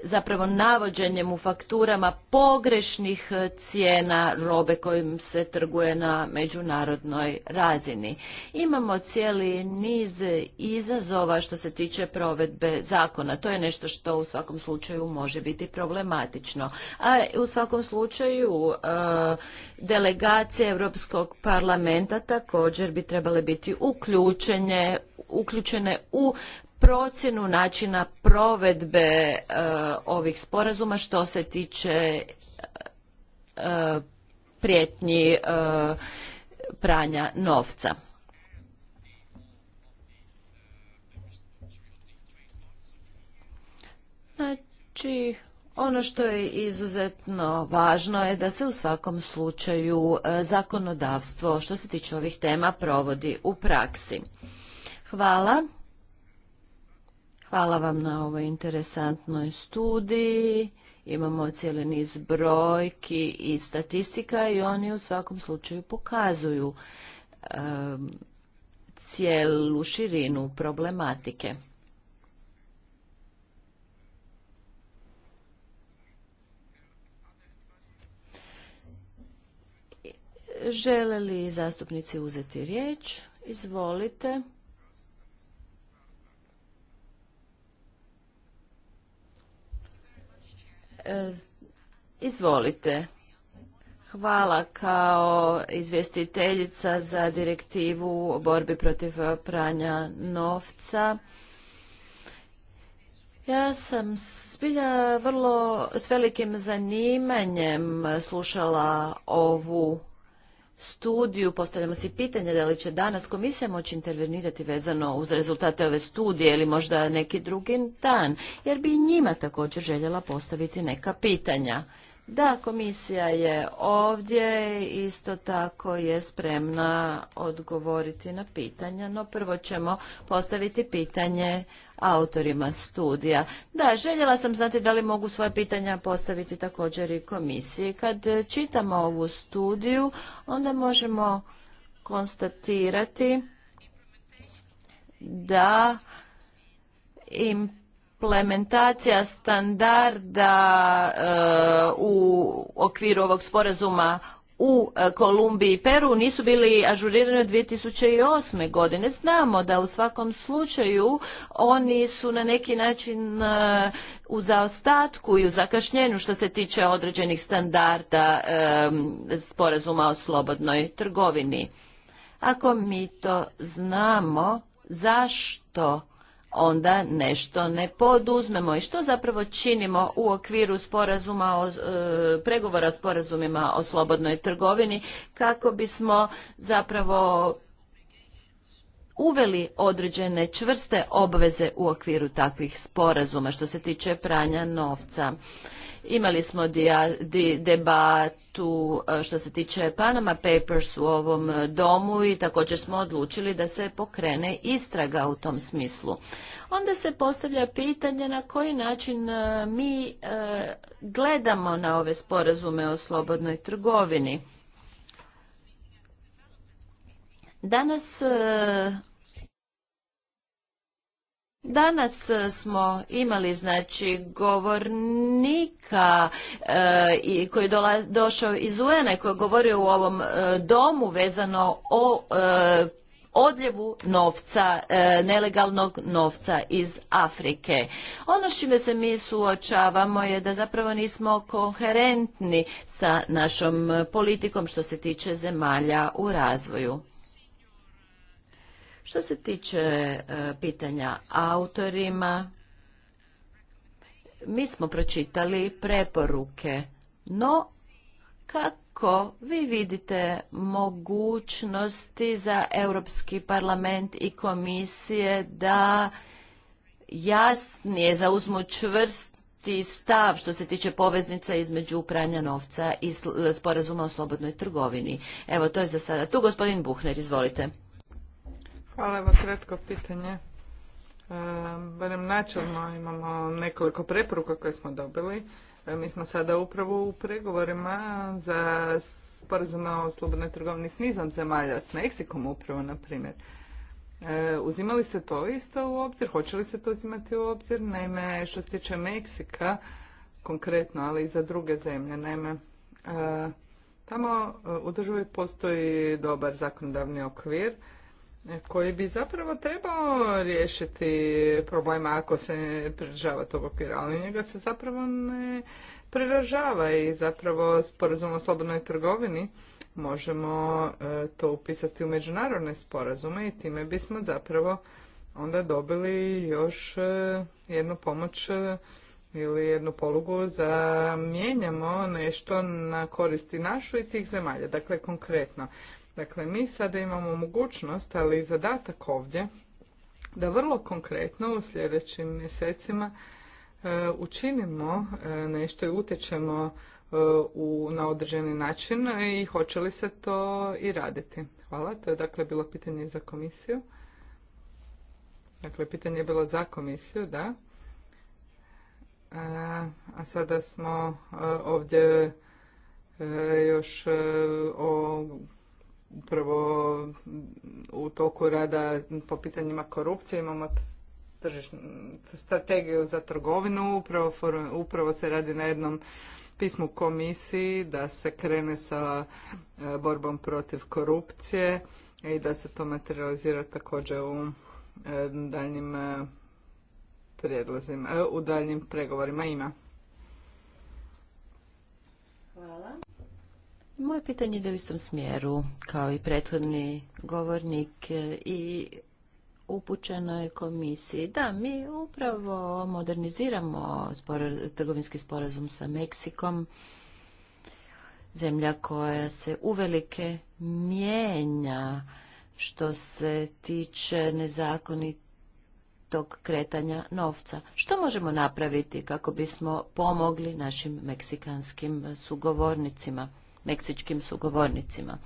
Speaker 1: zapravo navođenjem u fakturama pogrešnih e, cijena robe kojim se trguje na međunarodnoj razini. Imamo cijeli niz izazova što se tiče provedbe zakona. To je nešto što u svakom slučaju može biti problematično. A u svakom slučaju e, delegacije Europskog parlamenta također bi trebale biti uključene uključene u procjenu načina provedbe e, ovih sporazuma što se tiče e, prijetnji e, pranja novca. Znači, ono što je izuzetno važno je da se u svakom slučaju zakonodavstvo što se tiče ovih tema provodi u praksi. Hvala. Hvala vam na ovoj interesantnoj studiji. Imamo cijeli niz brojki i statistika i oni u svakom slučaju pokazuju cijelu širinu problematike. Žele li zastupnici uzeti riječ? Izvolite. E, izvolite. Hvala kao izvjestiteljica za direktivu o borbi protiv e, pranja novca. Ja sam vrlo s velikim zanimanjem slušala ovu studiju, postavljamo si pitanje da li će danas komisija moći intervenirati vezano uz rezultate ove studije ili možda neki drugi dan, jer bi njima također željela postaviti neka pitanja. Da, komisija je ovdje, isto tako je spremna odgovoriti na pitanja, no prvo ćemo postaviti pitanje autorima studija. Da, željela sam znati da li mogu svoje pitanja postaviti također i komisiji. Kad čitamo ovu studiju, onda možemo konstatirati da implementacija standarda e, u okviru ovog sporazuma u e, Kolumbiji i Peru nisu bili ažurirani od 2008. godine. Znamo da u svakom slučaju oni su na neki način e, u zaostatku i u zakašnjenju što se tiče određenih standarda e, sporazuma o slobodnoj trgovini. Ako mi to znamo, zašto onda nešto ne poduzmemo i što zapravo činimo u okviru sporazuma o, e, pregovora o sporazumima o slobodnoj trgovini kako bismo zapravo uveli određene čvrste obveze u okviru takvih sporazuma što se tiče pranja novca. Imali smo debatu e, što se tiče Panama Papers u ovom e, domu i također smo odlučili da se pokrene istraga u tom smislu. Onda se postavlja pitanje na koji način e, mi gledamo na ove sporazume o slobodnoj trgovini. Danas Danas e, smo imali znači govornika e, i koji je došao iz un i koji je govorio u ovom e, domu vezano o odljevu novca, nelegalnog novca iz Afrike. Ono s čime se mi suočavamo je da zapravo nismo koherentni sa našom politikom što se tiče zemalja u razvoju. Što se tiče e, pitanja autorima, mi smo pročitali preporuke, no kako vi vidite mogućnosti za Europski parlament i komisije da jasnije zauzmu čvrsti stav što se tiče poveznica između pranja novca i sporazuma o slobodnoj trgovini. Evo, to je za sada. Tu gospodin Buhner, izvolite.
Speaker 3: Hvala, evo kratko pitanje. E, barem načelno imamo nekoliko preporuka koje smo dobili. E, mi smo sada upravo u pregovorima za sporazume o slobodnoj trgovini s nizom zemalja, s Meksikom upravo, na primjer. E, uzimali se to isto u obzir? Hoće li se to uzimati u obzir? Naime, što se tiče Meksika, konkretno, ali i za druge zemlje. Naime, tamo u državi postoji dobar zakonodavni okvir, koji bi zapravo trebao riješiti problema ako se ne pridržava tog okvira, ali njega se zapravo ne pridržava i zapravo sporazum o slobodnoj trgovini možemo e, to upisati u međunarodne sporazume i time bismo zapravo onda dobili još e, jednu pomoć e, ili jednu polugu za mijenjamo nešto na koristi našu i tih zemalja. Dakle, konkretno, Dakle, mi sada imamo mogućnost, ali i zadatak ovdje, da vrlo konkretno u sljedećim mjesecima e, učinimo e, nešto i utječemo e, u, na određeni način i hoće li se to i raditi. Hvala, to je dakle bilo pitanje za komisiju. Dakle, pitanje je bilo za komisiju, da. a sada smo ovdje još o upravo u toku rada po pitanjima korupcije imamo strategiju za trgovinu. Upravo, upravo se radi na jednom pismu komisiji da se krene sa e, borbom protiv korupcije i da se to materializira također u e, daljnjim e, prijedlozima, u daljnjim pregovorima ima.
Speaker 1: Hvala. Moje pitanje ide u istom smjeru, kao i prethodni govornik i je komisiji. Da, mi upravo moderniziramo trgovinski sporazum sa Meksikom, zemlja koja se uvelike mijenja što se tiče nezakonitog kretanja novca. Što možemo napraviti kako bismo pomogli našim meksikanskim sugovornicima? meksičkim sugovornicima.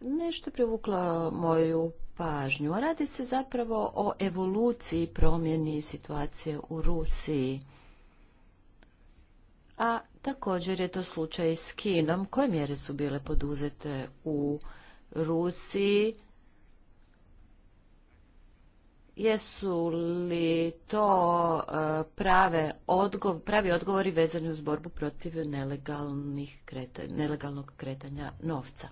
Speaker 1: Nešto je privukla moju pažnju. A radi se zapravo o evoluciji promjeni situacije u Rusiji. A također je to slučaj s Kinom. Koje mjere su bile poduzete u Rusiji Jesu li to e, pravi odgovori vezani uz borbu protiv nelegalnog kretanja novca?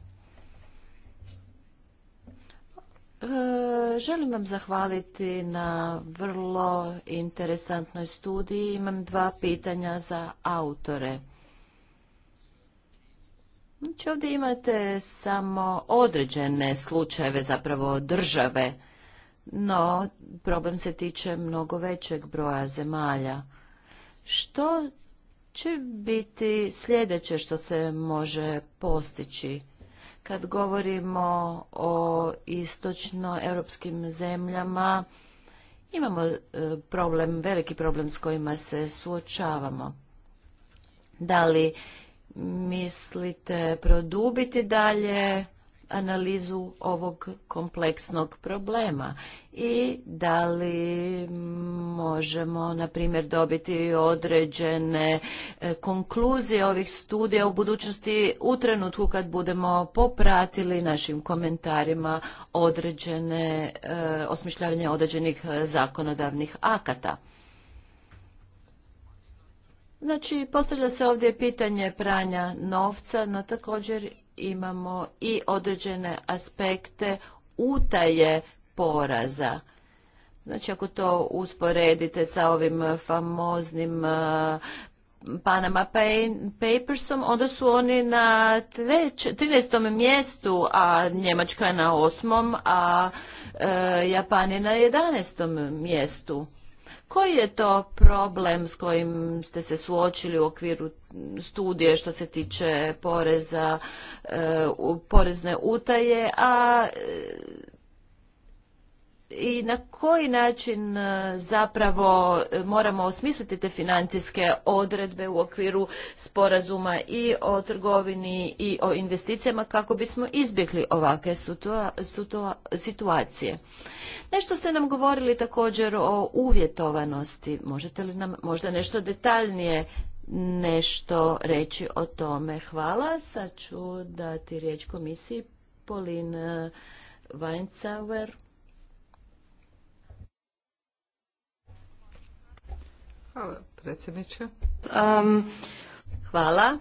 Speaker 1: E, želim vam zahvaliti na vrlo interesantnoj studiji. Imam dva pitanja za autore. Znači ovdje imate samo određene slučajeve zapravo države no problem se tiče mnogo većeg broja zemalja. Što će biti sljedeće što se može postići? Kad govorimo o istočnoeuropskim zemljama, imamo e, problem, veliki problem s kojima se suočavamo. Da li mislite produbiti dalje analizu ovog kompleksnog problema i da li možemo na primjer dobiti određene e, konkluzije ovih studija u budućnosti u trenutku kad budemo popratili našim komentarima određene e, osmišljavanje određenih zakonodavnih akata. Znači, postavlja se ovdje pitanje pranja novca, no također imamo i određene aspekte utaje poraza. Znači ako to usporedite sa ovim famoznim uh, Panama Papersom, onda su oni na 13. mjestu, a Njemačka je na 8. a uh, Japan je na 11. mjestu. Koji je to problem s kojim ste se suočili u okviru studije što se tiče poreza, e, porezne utaje, a i na koji način e, zapravo e, moramo osmisliti te financijske odredbe u okviru sporazuma i o trgovini i o investicijama kako bismo izbjegli ovakve situacije. Nešto ste nam govorili također o uvjetovanosti. Možete li nam možda nešto detaljnije nešto reći o tome? Hvala. Sad ću dati riječ komisiji Polin Weinsauer.
Speaker 3: Hvala, predsjedniče. hvala.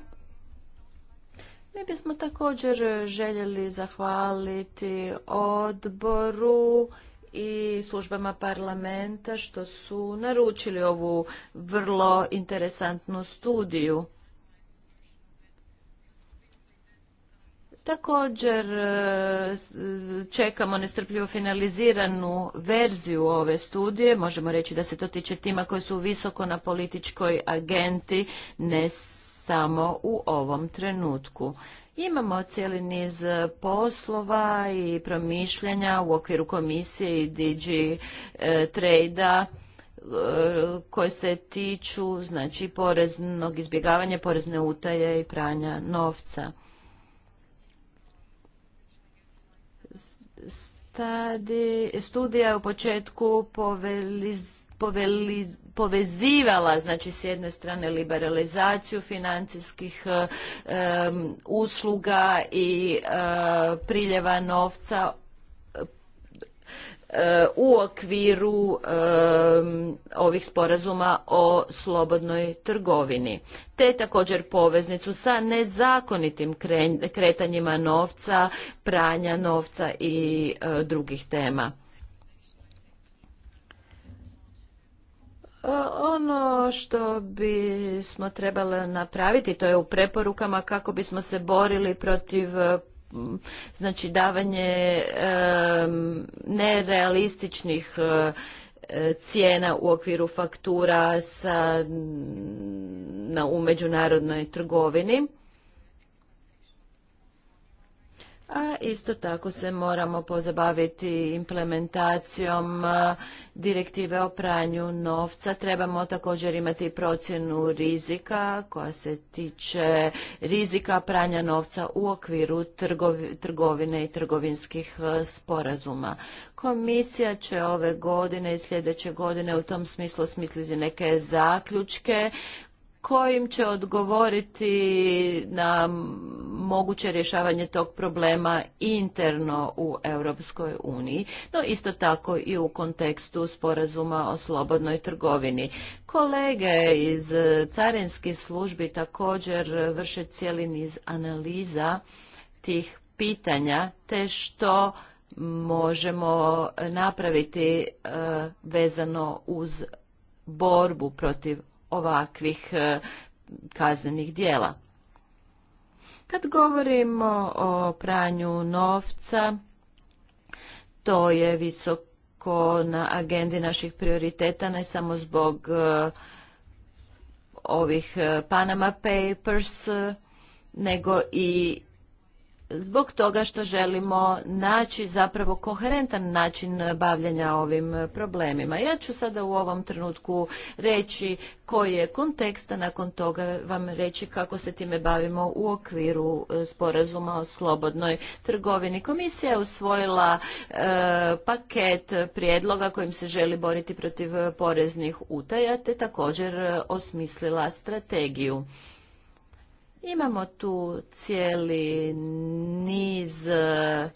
Speaker 1: Mi bismo također željeli zahvaliti odboru i službama parlamenta što su naručili ovu vrlo interesantnu studiju. Također e, čekamo nestrpljivo finaliziranu verziju ove studije. Možemo reći da se to tiče tima koji su visoko na političkoj agenti, ne samo u ovom trenutku. Imamo cijeli niz poslova i promišljanja u okviru komisije i DG e, e koje se tiču znači poreznog izbjegavanja, porezne utaje i pranja novca. stadi, studija u početku povezivala znači s jedne strane liberalizaciju financijskih e, usluga i e, priljeva novca E, u okviru e, ovih sporazuma o slobodnoj trgovini te također poveznicu sa nezakonitim kretanjima novca pranja novca i e, drugih tema Ono što bismo trebali napraviti, to je u preporukama kako bismo se borili protiv znači davanje nerealističnih e, cijena u okviru faktura sa, na, u međunarodnoj trgovini. a isto tako se moramo pozabaviti implementacijom direktive o pranju novca. Trebamo također imati procjenu rizika koja se tiče rizika pranja novca u okviru trgovine i trgovinskih sporazuma. Komisija će ove godine i sljedeće godine u tom smislu smisliti neke zaključke kojim će odgovoriti na moguće rješavanje tog problema interno u Europskoj uniji, no isto tako i u kontekstu sporazuma o slobodnoj trgovini. Kolege iz carinskih službi također vrše cijeli niz analiza tih pitanja te što možemo napraviti e, vezano uz borbu protiv ovakvih e, kaznenih dijela. Kad govorimo o pranju novca, to je visoko na agendi naših prioriteta, ne samo zbog e, ovih e, Panama Papers, nego i zbog toga što želimo naći zapravo koherentan način bavljanja ovim problemima. Ja ću sada u ovom trenutku reći koji je kontekst, a nakon toga vam reći kako se time bavimo u okviru e, sporazuma o slobodnoj trgovini. Komisija je usvojila e, paket prijedloga kojim se želi boriti protiv poreznih utaja te također e, osmislila strategiju. Imamo tu cijeli niz e,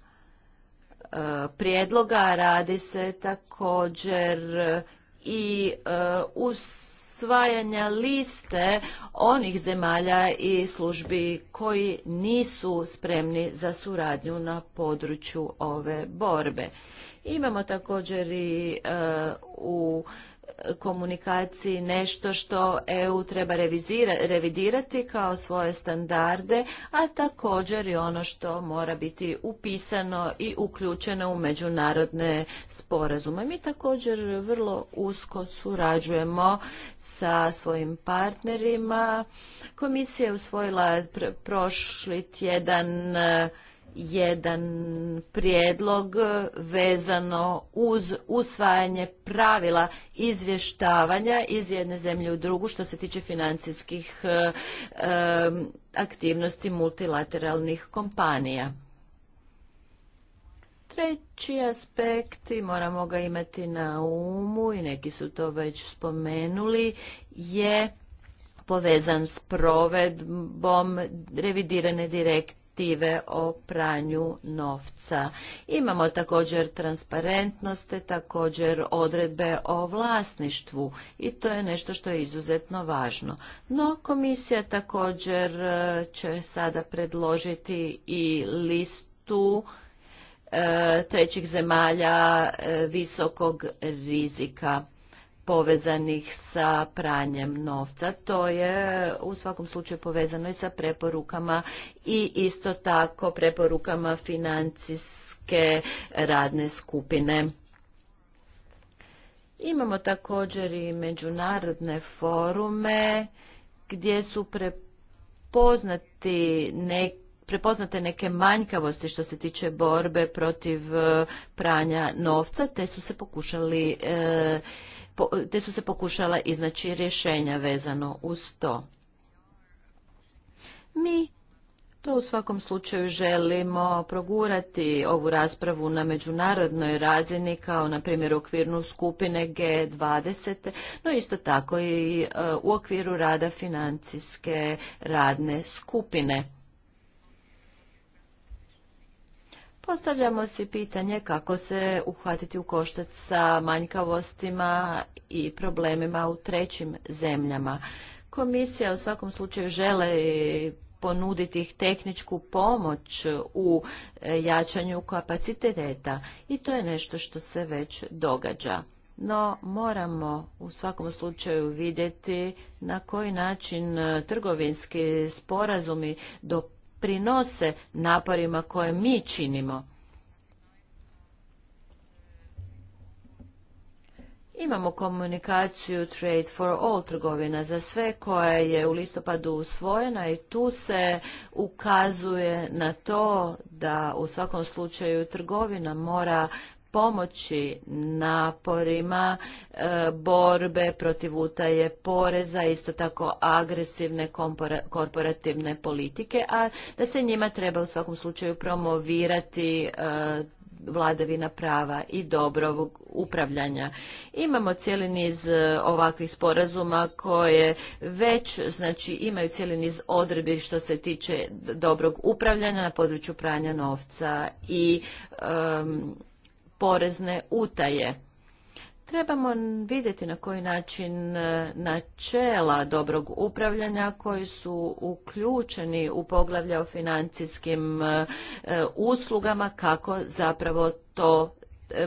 Speaker 1: prijedloga, radi se također i e, usvajanja liste onih zemalja i službi koji nisu spremni za suradnju na području ove borbe. Imamo također i e, u komunikaciji nešto što EU treba revidirati kao svoje standarde, a također i ono što mora biti upisano i uključeno u međunarodne sporazume. Mi također vrlo usko surađujemo sa svojim partnerima. Komisija je usvojila prošli tjedan jedan prijedlog vezano uz usvajanje pravila izvještavanja iz jedne zemlje u drugu što se tiče financijskih e, e, aktivnosti multilateralnih kompanija. Treći aspekt, i moramo ga imati na umu i neki su to već spomenuli, je povezan s provedbom revidirane direktive direktive o pranju novca. Imamo također transparentnost, također odredbe o vlasništvu i to je nešto što je izuzetno važno. No komisija također e, će sada predložiti i listu e, trećih zemalja e, visokog rizika povezanih sa pranjem novca. To je u svakom slučaju povezano i sa preporukama i isto tako preporukama financijske radne skupine. Imamo također i međunarodne forume gdje su prepoznati neki prepoznate neke manjkavosti što se tiče borbe protiv eh, pranja novca, te su se pokušali eh, te su se pokušala iznaći rješenja vezano uz to. Mi to u svakom slučaju želimo progurati ovu raspravu na međunarodnoj razini kao na primjer u okvirnu skupine G20, no isto tako i e, u okviru rada financijske radne skupine. Postavljamo si pitanje kako se uhvatiti u koštac sa manjkavostima i problemima u trećim zemljama. Komisija u svakom slučaju žele ponuditi ih tehničku pomoć u e, jačanju kapaciteta i to je nešto što se već događa. No moramo u svakom slučaju vidjeti na koji način e, trgovinski sporazumi do prinose naporima koje mi činimo. Imamo komunikaciju Trade for All trgovina za sve koja je u listopadu usvojena i tu se ukazuje na to da u svakom slučaju trgovina mora pomoći naporima e, borbe protiv utaje poreza, isto tako agresivne korporativne politike, a da se njima treba u svakom slučaju promovirati e, vladavina prava i dobrog upravljanja. Imamo cijeli niz e, ovakvih sporazuma koje već znači imaju cijeli niz odredbi što se tiče dobrog upravljanja na području pranja novca i porezne utaje. Trebamo vidjeti na koji način e, načela dobrog upravljanja koji su uključeni u poglavlja o financijskim e, e, uslugama kako zapravo to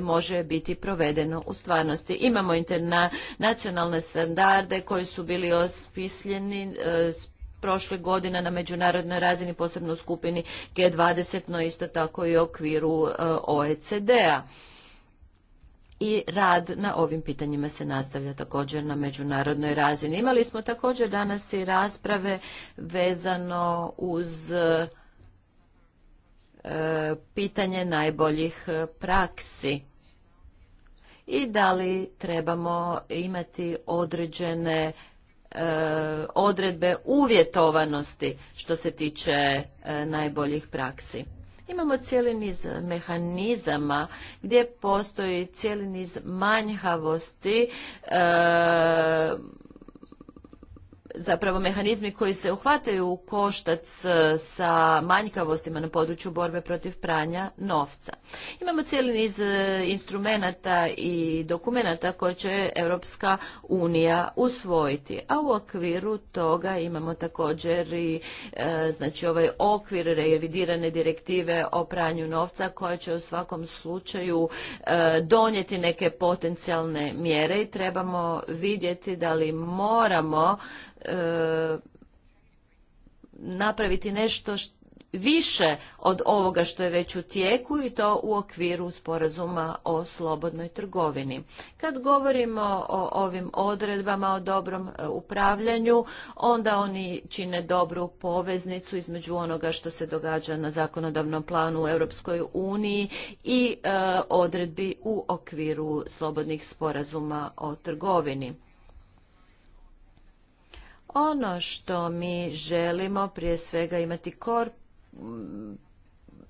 Speaker 1: može biti provedeno u stvarnosti. Imamo interna nacionalne standarde koji su bili ospisljeni, prošle godine na međunarodnoj razini, posebno u skupini G20, no isto tako i u okviru e, OECD-a. I rad na ovim pitanjima se nastavlja također na međunarodnoj razini. Imali smo također danas i rasprave vezano uz e, pitanje najboljih e, praksi i da li trebamo imati određene E, odredbe uvjetovanosti što se tiče e, najboljih praksi. Imamo cijeli niz mehanizama gdje postoji cijeli niz manjhavosti e, zapravo mehanizmi koji se uhvataju u koštac e, sa manjkavostima na području borbe protiv pranja novca. Imamo cijeli niz e, instrumenata i dokumenata koje će Europska unija usvojiti, a u okviru toga imamo također i e, znači ovaj okvir revidirane direktive o pranju novca koja će u svakom slučaju donijeti neke potencijalne mjere i trebamo vidjeti da li moramo E, napraviti nešto više od ovoga što je već u tijeku i to u okviru sporazuma o slobodnoj trgovini. Kad govorimo o ovim odredbama o dobrom e, upravljanju, onda oni čine dobru poveznicu između onoga što se događa na zakonodavnom planu u Europskoj uniji i e, odredbi u okviru slobodnih sporazuma o trgovini. Ono što mi želimo prije svega imati kor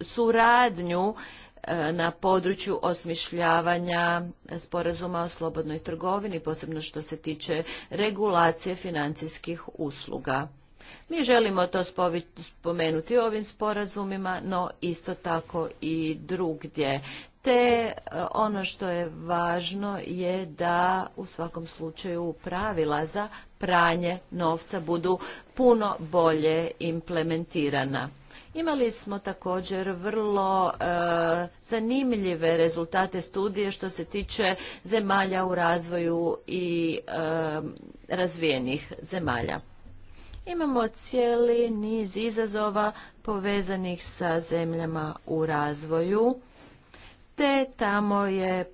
Speaker 1: suradnju e, na području osmišljavanja sporazuma o slobodnoj trgovini, posebno što se tiče regulacije financijskih usluga. Mi želimo to spomenuti ovim sporazumima, no isto tako i drugdje te e, ono što je važno je da u svakom slučaju pravila za pranje novca budu puno bolje implementirana. Imali smo također vrlo e, zanimljive rezultate studije što se tiče zemalja u razvoju i e, razvijenih zemalja. Imamo cijeli niz izazova povezanih sa zemljama u razvoju te tamo je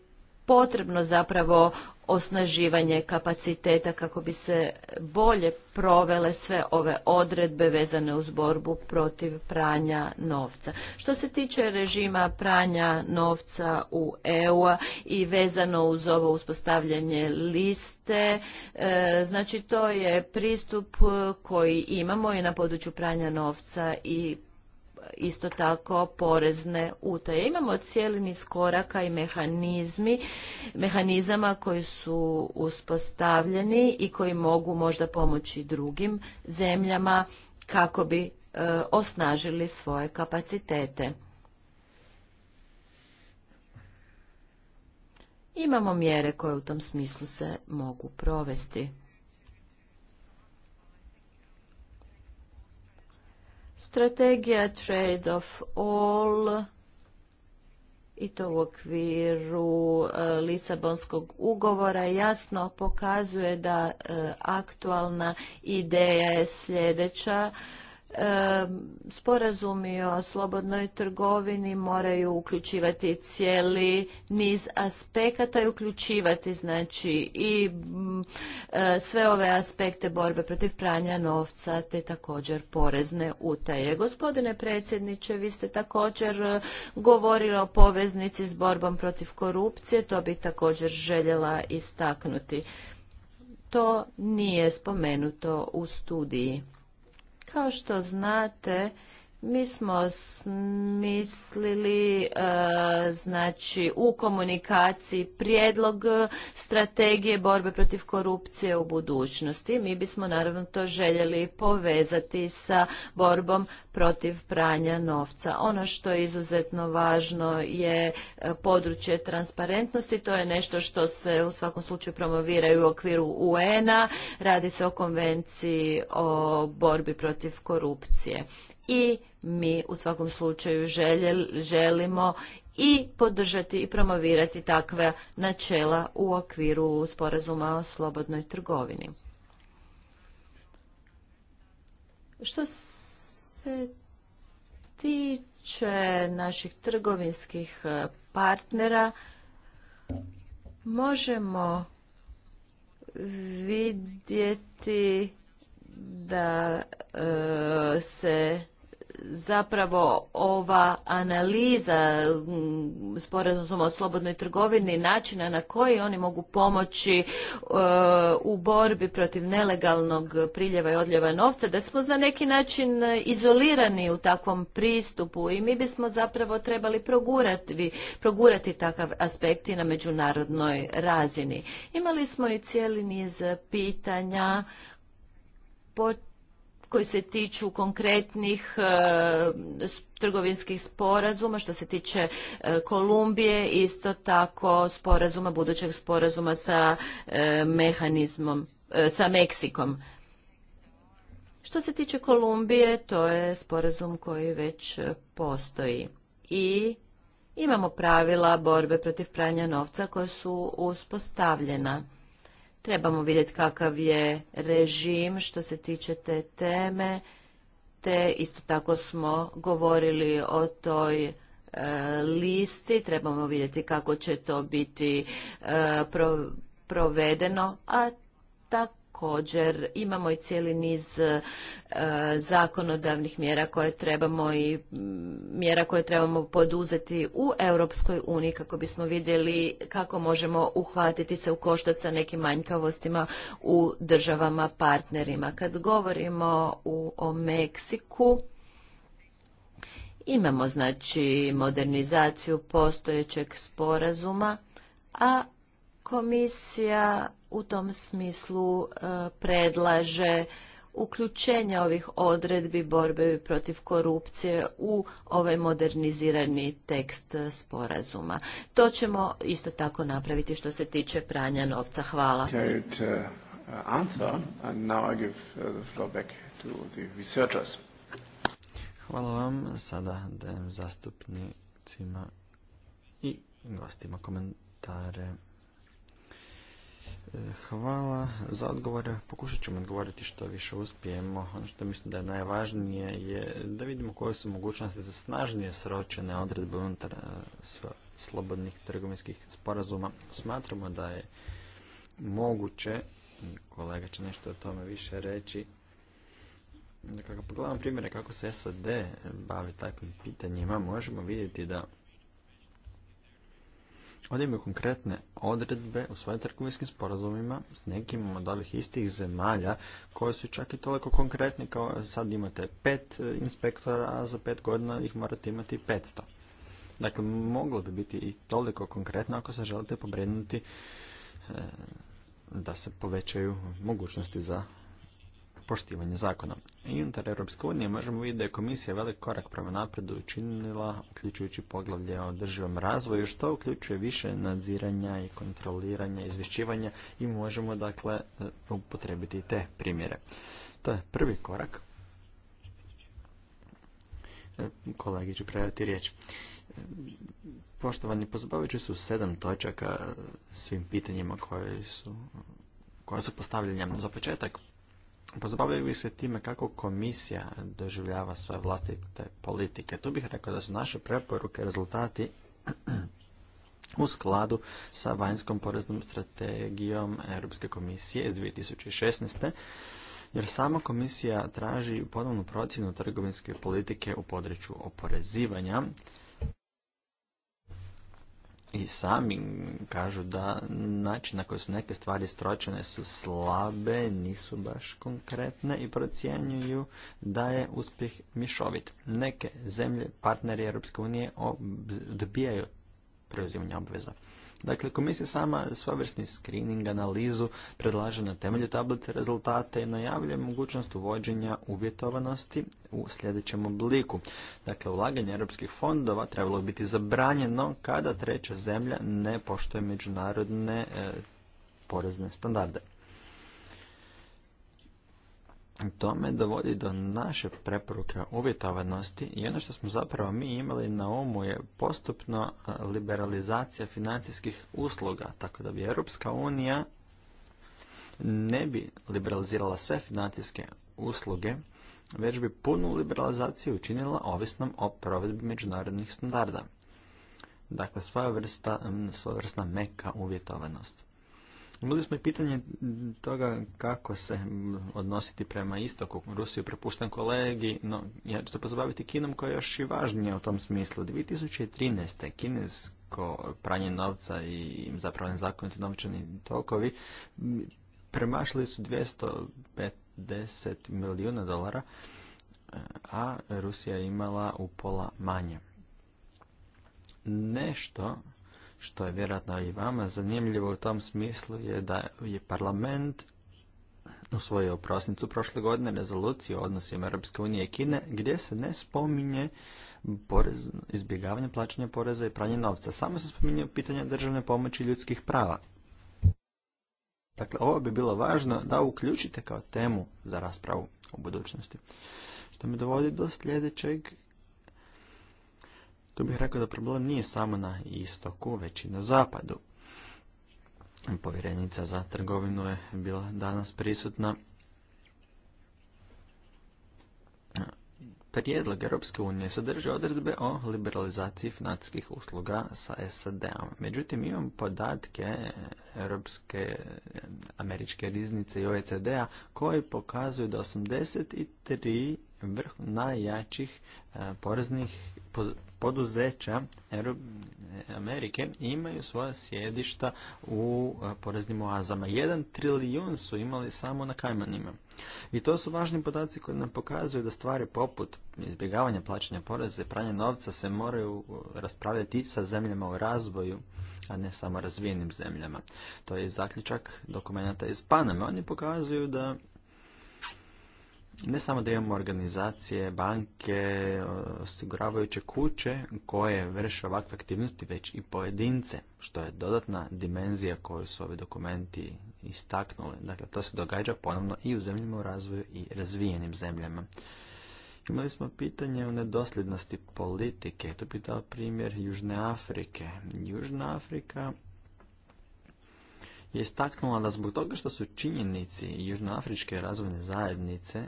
Speaker 1: potrebno zapravo osnaživanje kapaciteta kako bi se bolje provele sve ove odredbe vezane uz borbu protiv pranja novca. Što se tiče režima pranja novca u EU i vezano uz ovo uspostavljanje liste, e, znači to je pristup koji imamo i na području pranja novca i isto tako porezne utaje. Imamo cijeli niz koraka i mehanizmi, mehanizama koji su uspostavljeni i koji mogu možda pomoći drugim zemljama kako bi e, osnažili svoje kapacitete. Imamo mjere koje u tom smislu se mogu provesti. Strategija Trade of All i to u okviru e, Lisabonskog ugovora jasno pokazuje da e, aktualna ideja je sljedeća sporazumi o slobodnoj trgovini moraju uključivati cijeli niz aspekata i uključivati znači i e, sve ove aspekte borbe protiv pranja novca te također porezne utaje. Gospodine predsjedniče, vi ste također e, govorili o poveznici s borbom protiv korupcije, to bi također željela istaknuti. To nije spomenuto u studiji. Kao što znate, mi smo smislili e, znači u komunikaciji prijedlog strategije borbe protiv korupcije u budućnosti. Mi bismo naravno to željeli povezati sa borbom protiv pranja novca. Ono što je izuzetno važno je e, područje transparentnosti. To je nešto što se u svakom slučaju promovira u okviru UN-a. Radi se o konvenciji o borbi protiv korupcije i mi u svakom slučaju želimo i podržati i promovirati takve načela u okviru sporazuma o slobodnoj trgovini. Što se tiče naših trgovinskih e, partnera, možemo vidjeti da e, se zapravo ova analiza mm, sporazuma o slobodnoj trgovini načina na koji oni mogu pomoći e, u borbi protiv nelegalnog priljeva i odljeva novca da smo na neki način izolirani u takvom pristupu i mi bismo zapravo trebali progurati, progurati takav aspekt i na međunarodnoj razini imali smo i cijeli niz pitanja po koji se tiču konkretnih e, trgovinskih sporazuma što se tiče e, Kolumbije, isto tako sporazuma, budućeg sporazuma sa e, mehanizmom, sa Meksikom. Što se tiče Kolumbije, to je sporazum koji već postoji. I imamo pravila borbe protiv pranja novca koja su uspostavljena. Trebamo vidjeti kakav je režim što se tiče te teme, te isto tako smo govorili o toj e, listi, trebamo vidjeti kako će to biti e, provedeno, a tako također imamo i cijeli niz e, zakonodavnih mjera koje trebamo i mjera koje trebamo poduzeti u Europskoj uniji kako bismo vidjeli kako možemo uhvatiti se u koštac sa nekim manjkavostima u državama partnerima. Kad govorimo u, o Meksiku, imamo znači modernizaciju postojećeg sporazuma, a Komisija u tom smislu e, predlaže uključenje ovih odredbi borbe protiv korupcije u ovaj modernizirani tekst sporazuma. To ćemo isto tako napraviti što se tiče pranja novca. Hvala. Uh,
Speaker 2: uh,
Speaker 1: uh,
Speaker 2: Hvala vam. Sada dajem zastupnicima i gostima komentare. Hvala za odgovore. Pokušat ćemo odgovoriti što više uspijemo. Ono što mislim da je najvažnije je da vidimo koje su mogućnosti za snažnije sročene odredbe unutar e, slobodnih trgovinskih sporazuma. Smatramo da je moguće, kolega će nešto o tome više reći, da kako pogledamo primjere kako se SAD bavi takvim pitanjima, možemo vidjeti da Ovdje imaju konkretne odredbe u svojim trgovinskim sporazumima s nekim od ovih istih zemalja koje su čak i toliko konkretne kao sad imate pet e, inspektora, a za pet godina ih morate imati petsto. Dakle, moglo bi biti i toliko konkretno ako se želite pobrinuti e, da se povećaju mogućnosti za poštivanje zakona. I unutar Europske možemo vidjeti da je komisija velik korak prema napredu učinila, uključujući poglavlje o održivom razvoju, što uključuje više nadziranja i kontroliranja, izvješćivanja i možemo dakle upotrebiti te primjere. To je prvi korak. E, kolegi ću predati riječ. E, poštovani, pozabavit ću sedam točaka svim pitanjima koje su koja su postavljena za početak Pozabavio bi se time kako komisija doživljava svoje vlastite politike. Tu bih rekao da su naše preporuke rezultati u skladu sa vanjskom poreznom strategijom Europske komisije iz 2016. Jer sama komisija traži ponovnu procjenu trgovinske politike u području oporezivanja i sami kažu da način na koji su neke stvari stročene su slabe, nisu baš konkretne i procjenjuju da je uspjeh mišovit. Neke zemlje, partneri Europske unije odbijaju preuzimanje obveza. Dakle, komisija sama svojevrsni screening analizu predlaže na temelju tablice rezultate i najavljuje mogućnost uvođenja uvjetovanosti u sljedećem obliku. Dakle, ulaganje europskih fondova trebalo biti zabranjeno kada treća zemlja ne poštuje međunarodne e, porezne standarde tome dovodi do naše preporuke uvjetovanosti i ono što smo zapravo mi imali na umu je postupno liberalizacija financijskih usluga, tako da bi Europska unija ne bi liberalizirala sve financijske usluge, već bi punu liberalizaciju učinila ovisnom o provedbi međunarodnih standarda. Dakle, svoja vrsta, svoja vrsta meka uvjetovanost. Imali smo i pitanje toga kako se odnositi prema istoku. Rusiju prepuštam kolegi, no ja ću se pozabaviti Kinom koja je još i važnija u tom smislu. 2013. kinesko pranje novca i zapravo nezakoniti novčani tokovi premašili su 250 milijuna dolara, a Rusija je imala upola manje. Nešto što je vjerojatno i vama zanimljivo u tom smislu je da je parlament usvojio u prosincu prošle godine rezoluciju o odnosima Europske unije i Kine gdje se ne spominje porez, izbjegavanje plaćanja poreza i pranje novca. Samo se spominje pitanje državne pomoći i ljudskih prava. Dakle, ovo bi bilo važno da uključite kao temu za raspravu u budućnosti. Što me dovodi do sljedećeg tu bih rekao da problem nije samo na istoku, već i na zapadu. Povjerenica za trgovinu je bila danas prisutna. Prijedlog Europske unije sadrži odredbe o liberalizaciji financijskih usluga sa SAD-om. Međutim, imam podatke Europske, američke riznice i OECD-a koji pokazuju da 83 vrh najjačih e, poreznih poduzeća Amerike imaju svoja sjedišta u e, poreznim oazama. Jedan trilijun su imali samo na Kajmanima. I to su važni podaci koji nam pokazuju da stvari poput izbjegavanja plaćanja poreze, pranja novca se moraju e, raspravljati i sa zemljama u razvoju, a ne samo razvijenim zemljama. To je zaključak dokumenta iz Panama. Oni pokazuju da ne samo da imamo organizacije, banke, osiguravajuće kuće koje vrše ovakve aktivnosti, već i pojedince, što je dodatna dimenzija koju su ovi dokumenti istaknuli. Dakle, to se događa ponovno i u zemljama u razvoju i razvijenim zemljama. Imali smo pitanje o nedosljednosti politike. To bi dao primjer Južne Afrike. Južna Afrika je istaknula da zbog toga što su činjenici Južnoafričke razvojne zajednice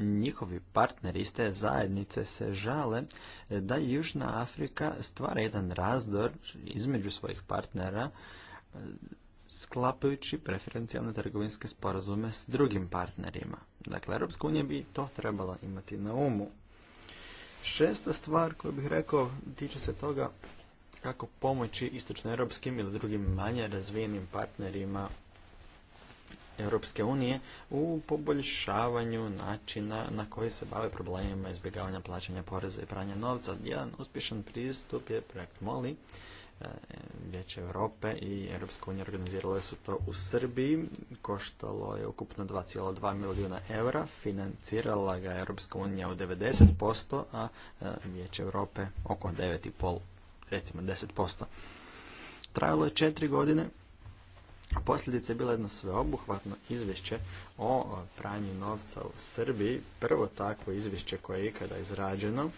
Speaker 2: njihovi partneri iz te zajednice se žale da Južna Afrika stvara jedan razdor između svojih partnera e, sklapajući preferencijalne trgovinske sporazume s drugim partnerima. Dakle, Europska unija bi to trebala imati na umu. Šesta stvar koju bih rekao tiče se toga kako pomoći istočnoeuropskim ili drugim manje razvijenim partnerima Europske unije u poboljšavanju načina na koji se bave problemima izbjegavanja plaćanja poreza i pranja novca. Jedan uspješan pristup je projekt MOLI. E, Vijeće Europe i Europska unija organizirale su to u Srbiji. Koštalo je ukupno 2,2 milijuna eura. Financirala ga Europska unija u 90%, a e, Vijeće Europe oko 9,5, recimo 10%. Trajalo je četiri godine Posljedica je bila jedno sveobuhvatno izvješće o pranju novca u Srbiji. Prvo takvo izvješće koje je ikada izrađeno.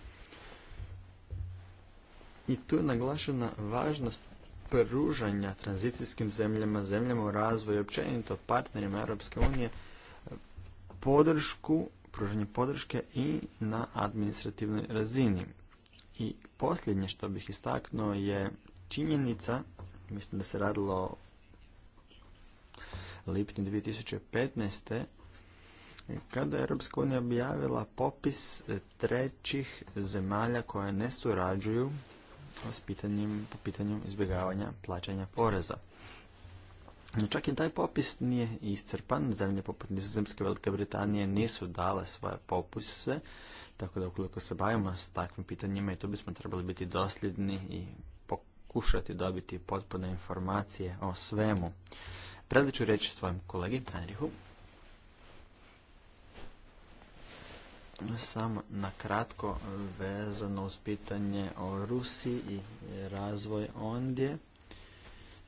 Speaker 2: I tu je naglašena važnost pružanja tranzicijskim zemljama, zemljama u razvoju i općenito partnerima Europske unije podršku, pružanje podrške i na administrativnoj razini. I posljednje što bih istaknuo je činjenica, mislim da se radilo lipnju 2015. kada je Europska unija objavila popis e, trećih zemalja koje ne surađuju s pitanjem, po pitanju izbjegavanja plaćanja poreza. No čak i taj popis nije iscrpan, zemlje poput Nizozemske Velike Britanije nisu dale svoje popise, tako da ukoliko se bavimo s takvim pitanjima i to bismo trebali biti dosljedni i pokušati dobiti potpune informacije o svemu. Predli ću reći svojem kolegi Henrihu. Samo na kratko vezano uz pitanje o Rusiji i razvoj ondje,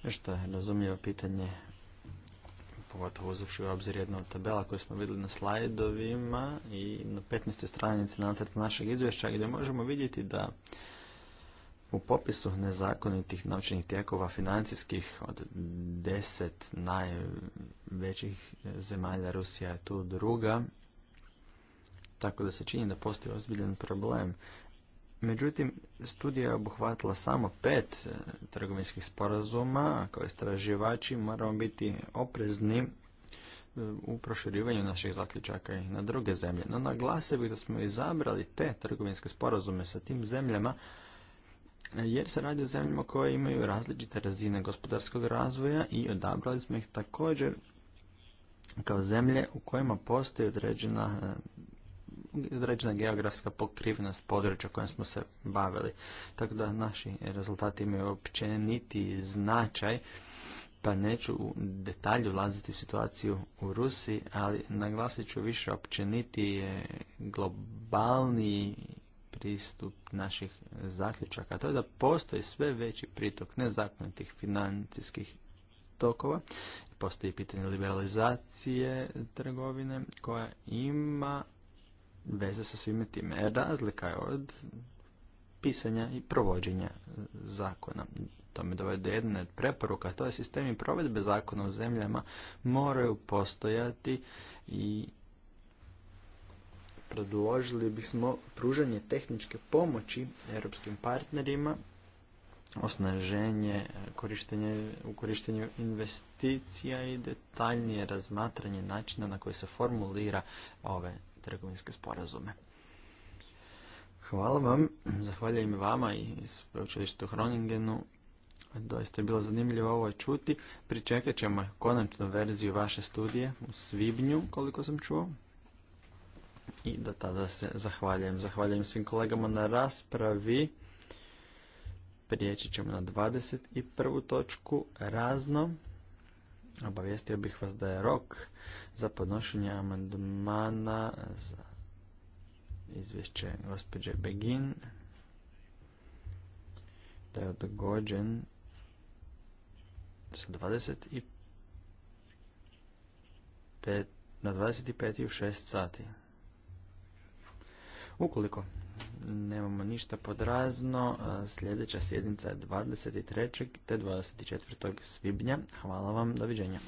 Speaker 2: što je razumljivo pitanje pogotovo uzavši u obzir jednu tabela koju smo vidjeli na slajdovima i na 15. stranici nacrta našeg izvješća gdje možemo vidjeti da u popisu nezakonitih novčanih tijekova financijskih od deset najvećih zemalja Rusija je tu druga, tako da se čini da postoji ozbiljan problem. Međutim, studija je obuhvatila samo pet e, trgovinskih sporazuma, kao istraživači moramo biti oprezni e, u proširivanju naših zaključaka i na druge zemlje. No naglasio bih da smo izabrali te trgovinske sporazume sa tim zemljama, jer se radi o zemljama koje imaju različite razine gospodarskog razvoja i odabrali smo ih također kao zemlje u kojima postoji određena određena geografska pokrivenost područja kojem smo se bavili. Tako da naši rezultati imaju općeniti značaj, pa neću u detalju ulaziti u situaciju u Rusiji, ali naglasit ću više općeniti globalni istup naših zaključaka, to je da postoji sve veći pritok nezakonitih financijskih tokova, postoji pitanje liberalizacije trgovine koja ima veze sa svime time. razlika je od pisanja i provođenja zakona. To me dovede do jedne od preporuka, to je sistemi provedbe zakona u zemljama moraju postojati i predložili bismo pružanje tehničke pomoći europskim partnerima, osnaženje korištenje, u korištenju investicija i detaljnije razmatranje načina na koji se formulira ove trgovinske sporazume. Hvala vam, zahvaljujem vama i sveučilištu Hroningenu. Doista je bilo zanimljivo ovo čuti. Pričekat ćemo konačnu verziju vaše studije u svibnju, koliko sam čuo. I do tada se zahvaljujem. Zahvaljujem svim kolegama na raspravi. Prijeći ćemo na 21. točku razno. Obavijestio bih vas da je rok za podnošenje amandmana za izvješće gospođe Begin da je odgođen sa 25, na 25 i u 6 sati. Ukoliko nemamo ništa podrazno, e, sljedeća sjednica je 23. te 24. svibnja. Hvala vam, doviđenja.